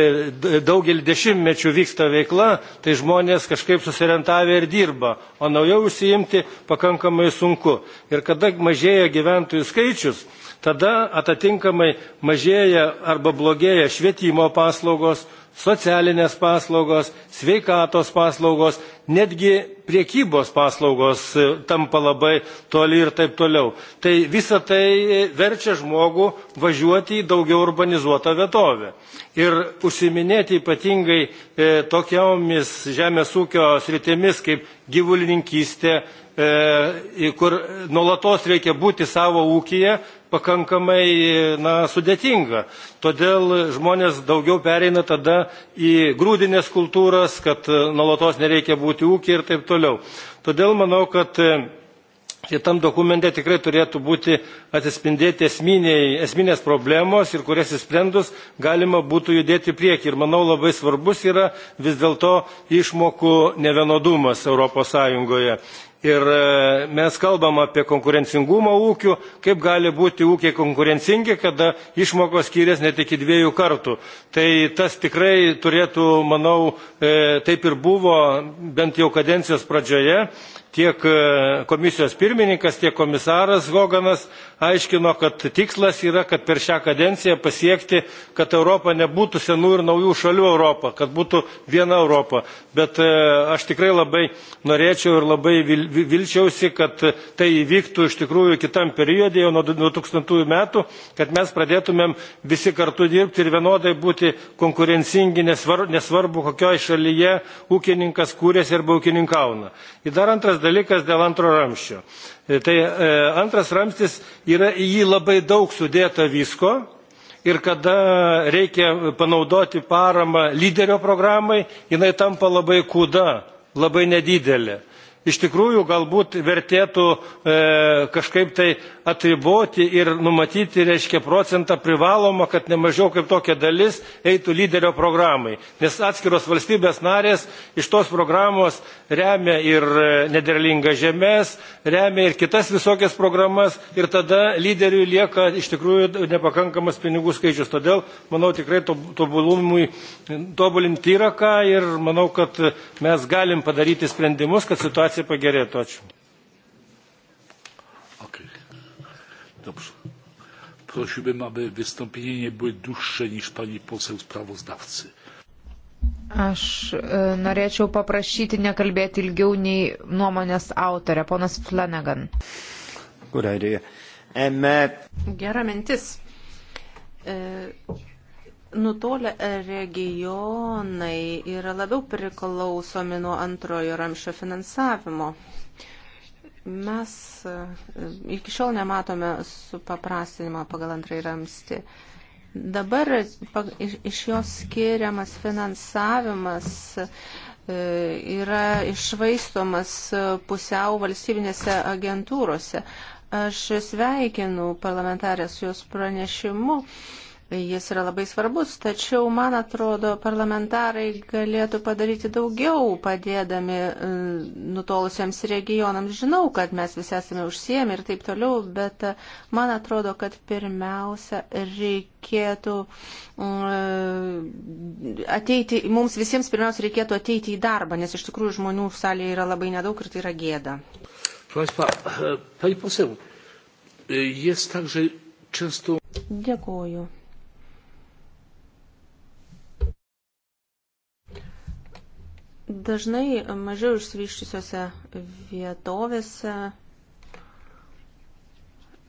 daugelį dešimtmečių vyksta veikla, tai žmonės kažkaip susiorientavę ir dirba, o naujau užsiimti pakankamai sunku. Ir kada mažėja gyventojų skaičius, tada atitinkamai mažėja arba blogėja švietimo paslaugos, socialinės paslaugos, sveikatos paslaugos, netgi priekybos paslaugos e, tampa labai toli ir taip toliau. Tai visa tai e, verčia žmogų važiuoti į daugiau urbanizuotą vietovę. Ir užsiminėti ypatingai e, tokiomis žemės ūkio sritimis kaip gyvulininkystė, e, kur nuolatos reikia būti savo ūkyje, pakankamai na, sudėtinga. Todėl žmonės daugiau pereina tada į grūdinės kultūras, kad e, nuolatos nereikia būti ūkiai ir taip toliau. Todėl manau, kad e, šitam dokumente tikrai turėtų būti atsispindėti esminiai, esminės problemos ir kurias įsprendus galima būtų judėti prieki. Ir manau labai svarbus yra vis dėlto išmokų nevienodumas ES ir e, mes kalbam apie konkurencingumą ūkių, kaip gali būti ūkiai konkurencingi, kada išmokos skiriasi net iki dviejų kartų. Tai tas tikrai turėtų, manau, e, taip ir buvo bent jau kadencijos pradžioje tiek e, komisijos pirmininkas, tiek komisaras Hoganas aiškino, kad tikslas yra, kad per šią kadenciją pasiekti, kad Europa nebūtų senų ir naujų šalių Europa, kad būtų viena Europa. Bet e, aš tikrai labai norėčiau ir labai vilčiausi, kad tai įvyktų iš tikrųjų kitam periodė, jau nuo 2000 metų, kad mes pradėtumėm visi kartu dirbti ir vienodai būti konkurencingi, nesvarbu, nesvarbu kokioje šalyje ūkininkas kūrėsi arba ūkininkauna. Ir dar antras dalykas dėl antro ramščio. E, tai e, antras ramstis yra į jį labai daug sudėta visko ir kada reikia panaudoti paramą lyderio programai, jinai tampa labai kūda, labai nedidelė iš tikrųjų galbūt vertėtų e, kažkaip tai atriboti ir numatyti, reiškia, procentą privalomą, kad nemažiau kaip tokia dalis eitų lyderio programai. Nes atskiros valstybės narės iš tos programos remia ir e, nederlingą žemės, remia ir kitas visokias programas ir tada lyderiui lieka iš tikrųjų nepakankamas pinigų skaičius. Todėl, manau, tikrai tobulumui tobulinti yra ką ir manau, kad mes galim padaryti sprendimus, kad situacija pagerėtų. Ačiū. Dobrze. Prosiłbym, aby wystąpienie nie były dłuższe niż pani poseł sprawozdawcy. Aš e, norėčiau paprašyti nekalbėti ilgiau nei nuomonės autorė, ponas Flanagan. Kur ar jie? Gera mintis. E, nutolę regionai yra labiau priklausomi nuo antrojo ramšio finansavimo. Mes e, iki šiol nematome supaprastinimo pagal antrąjį ramstį. Dabar iš jos skiriamas finansavimas e, yra išvaistomas pusiau valstybinėse agentūrose. Aš sveikinu parlamentarę su jos pranešimu. Jis yra labai svarbus, tačiau, man atrodo, parlamentarai galėtų padaryti daugiau, padėdami e, nutolusiems regionams. Žinau, kad mes visi esame užsiemi ir taip toliau, bet e, man atrodo, kad pirmiausia reikėtų e, ateiti, mums visiems pirmiausia reikėtų ateiti į darbą, nes iš tikrųjų žmonių salėje yra labai nedaug ir tai yra gėda. Pani poseł, jest także często. Dziękuję. Dažnai mažiau išsivyščiusiose vietovėse,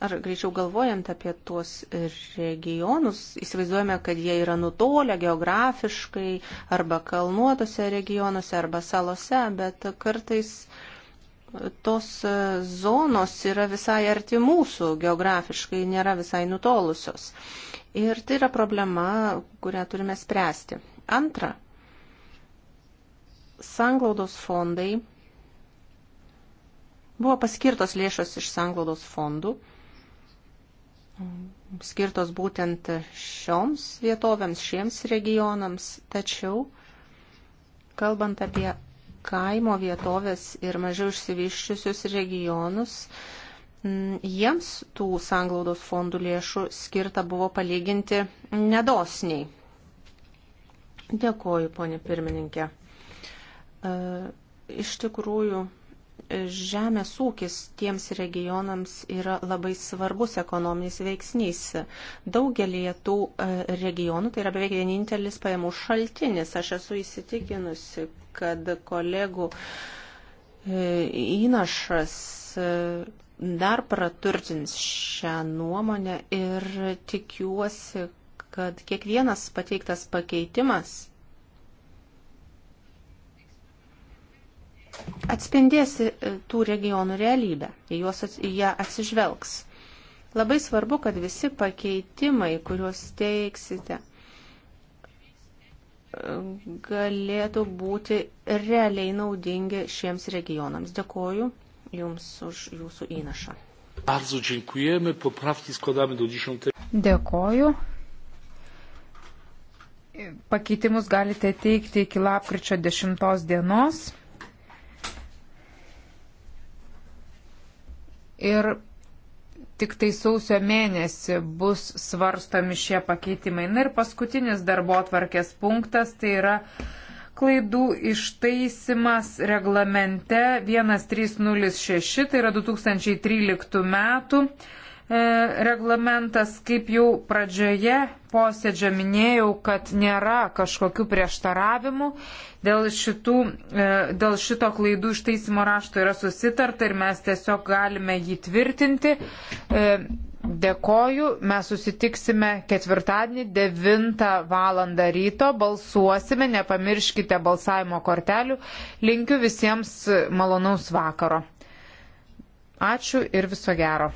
ar greičiau galvojant apie tuos regionus, įsivaizduojame, kad jie yra nutolę geografiškai arba kalnuotose regionuose arba salose, bet kartais tos zonos yra visai arti mūsų geografiškai, nėra visai nutolusios. Ir tai yra problema, kurią turime spręsti. Antra, sanglaudos fondai buvo paskirtos lėšos iš sanglaudos fondų, skirtos būtent šioms vietovėms, šiems regionams, tačiau kalbant apie kaimo vietovės ir mažiau išsivyščiusius regionus, mm, jiems tų sanglaudos fondų lėšų skirta buvo palyginti nedosniai. Dėkoju, ponė pirmininkė. E, iš tikrųjų, žemės ūkis tiems regionams yra labai svarbus ekonominis veiksnys. Daugelį tų e, regionų tai yra beveik vienintelis pajamų šaltinis. Aš esu įsitikinusi, kad kolegų e, įnašas dar praturtins šią nuomonę ir tikiuosi, kad kiekvienas pateiktas pakeitimas atspindės e, tų regionų realybę, į juos į ją atsižvelgs. Labai svarbu, kad visi pakeitimai, kuriuos teiksite, galėtų būti realiai naudingi šiems regionams. Dėkoju Jums už Jūsų įnašą. Dėkoju. Pakeitimus galite teikti iki lapkričio 10 dienos. ir tik tai sausio mėnesį bus svarstomi šie pakeitimai. Na ir paskutinis darbo atvarkės punktas tai yra klaidų ištaisimas reglamente 1306, tai yra 2013 metų. E, reglamentas, kaip jau pradžioje posėdžio minėjau, kad nėra kažkokių prieštaravimų. Dėl, šitų, e, dėl šito klaidų ištaisimo rašto yra susitarta ir mes tiesiog galime jį tvirtinti. E, dėkoju, mes susitiksime ketvirtadienį 9 val. ryto, balsuosime, nepamirškite balsavimo kortelių. Linkiu visiems malonaus vakaro. Ačiū ir viso gero.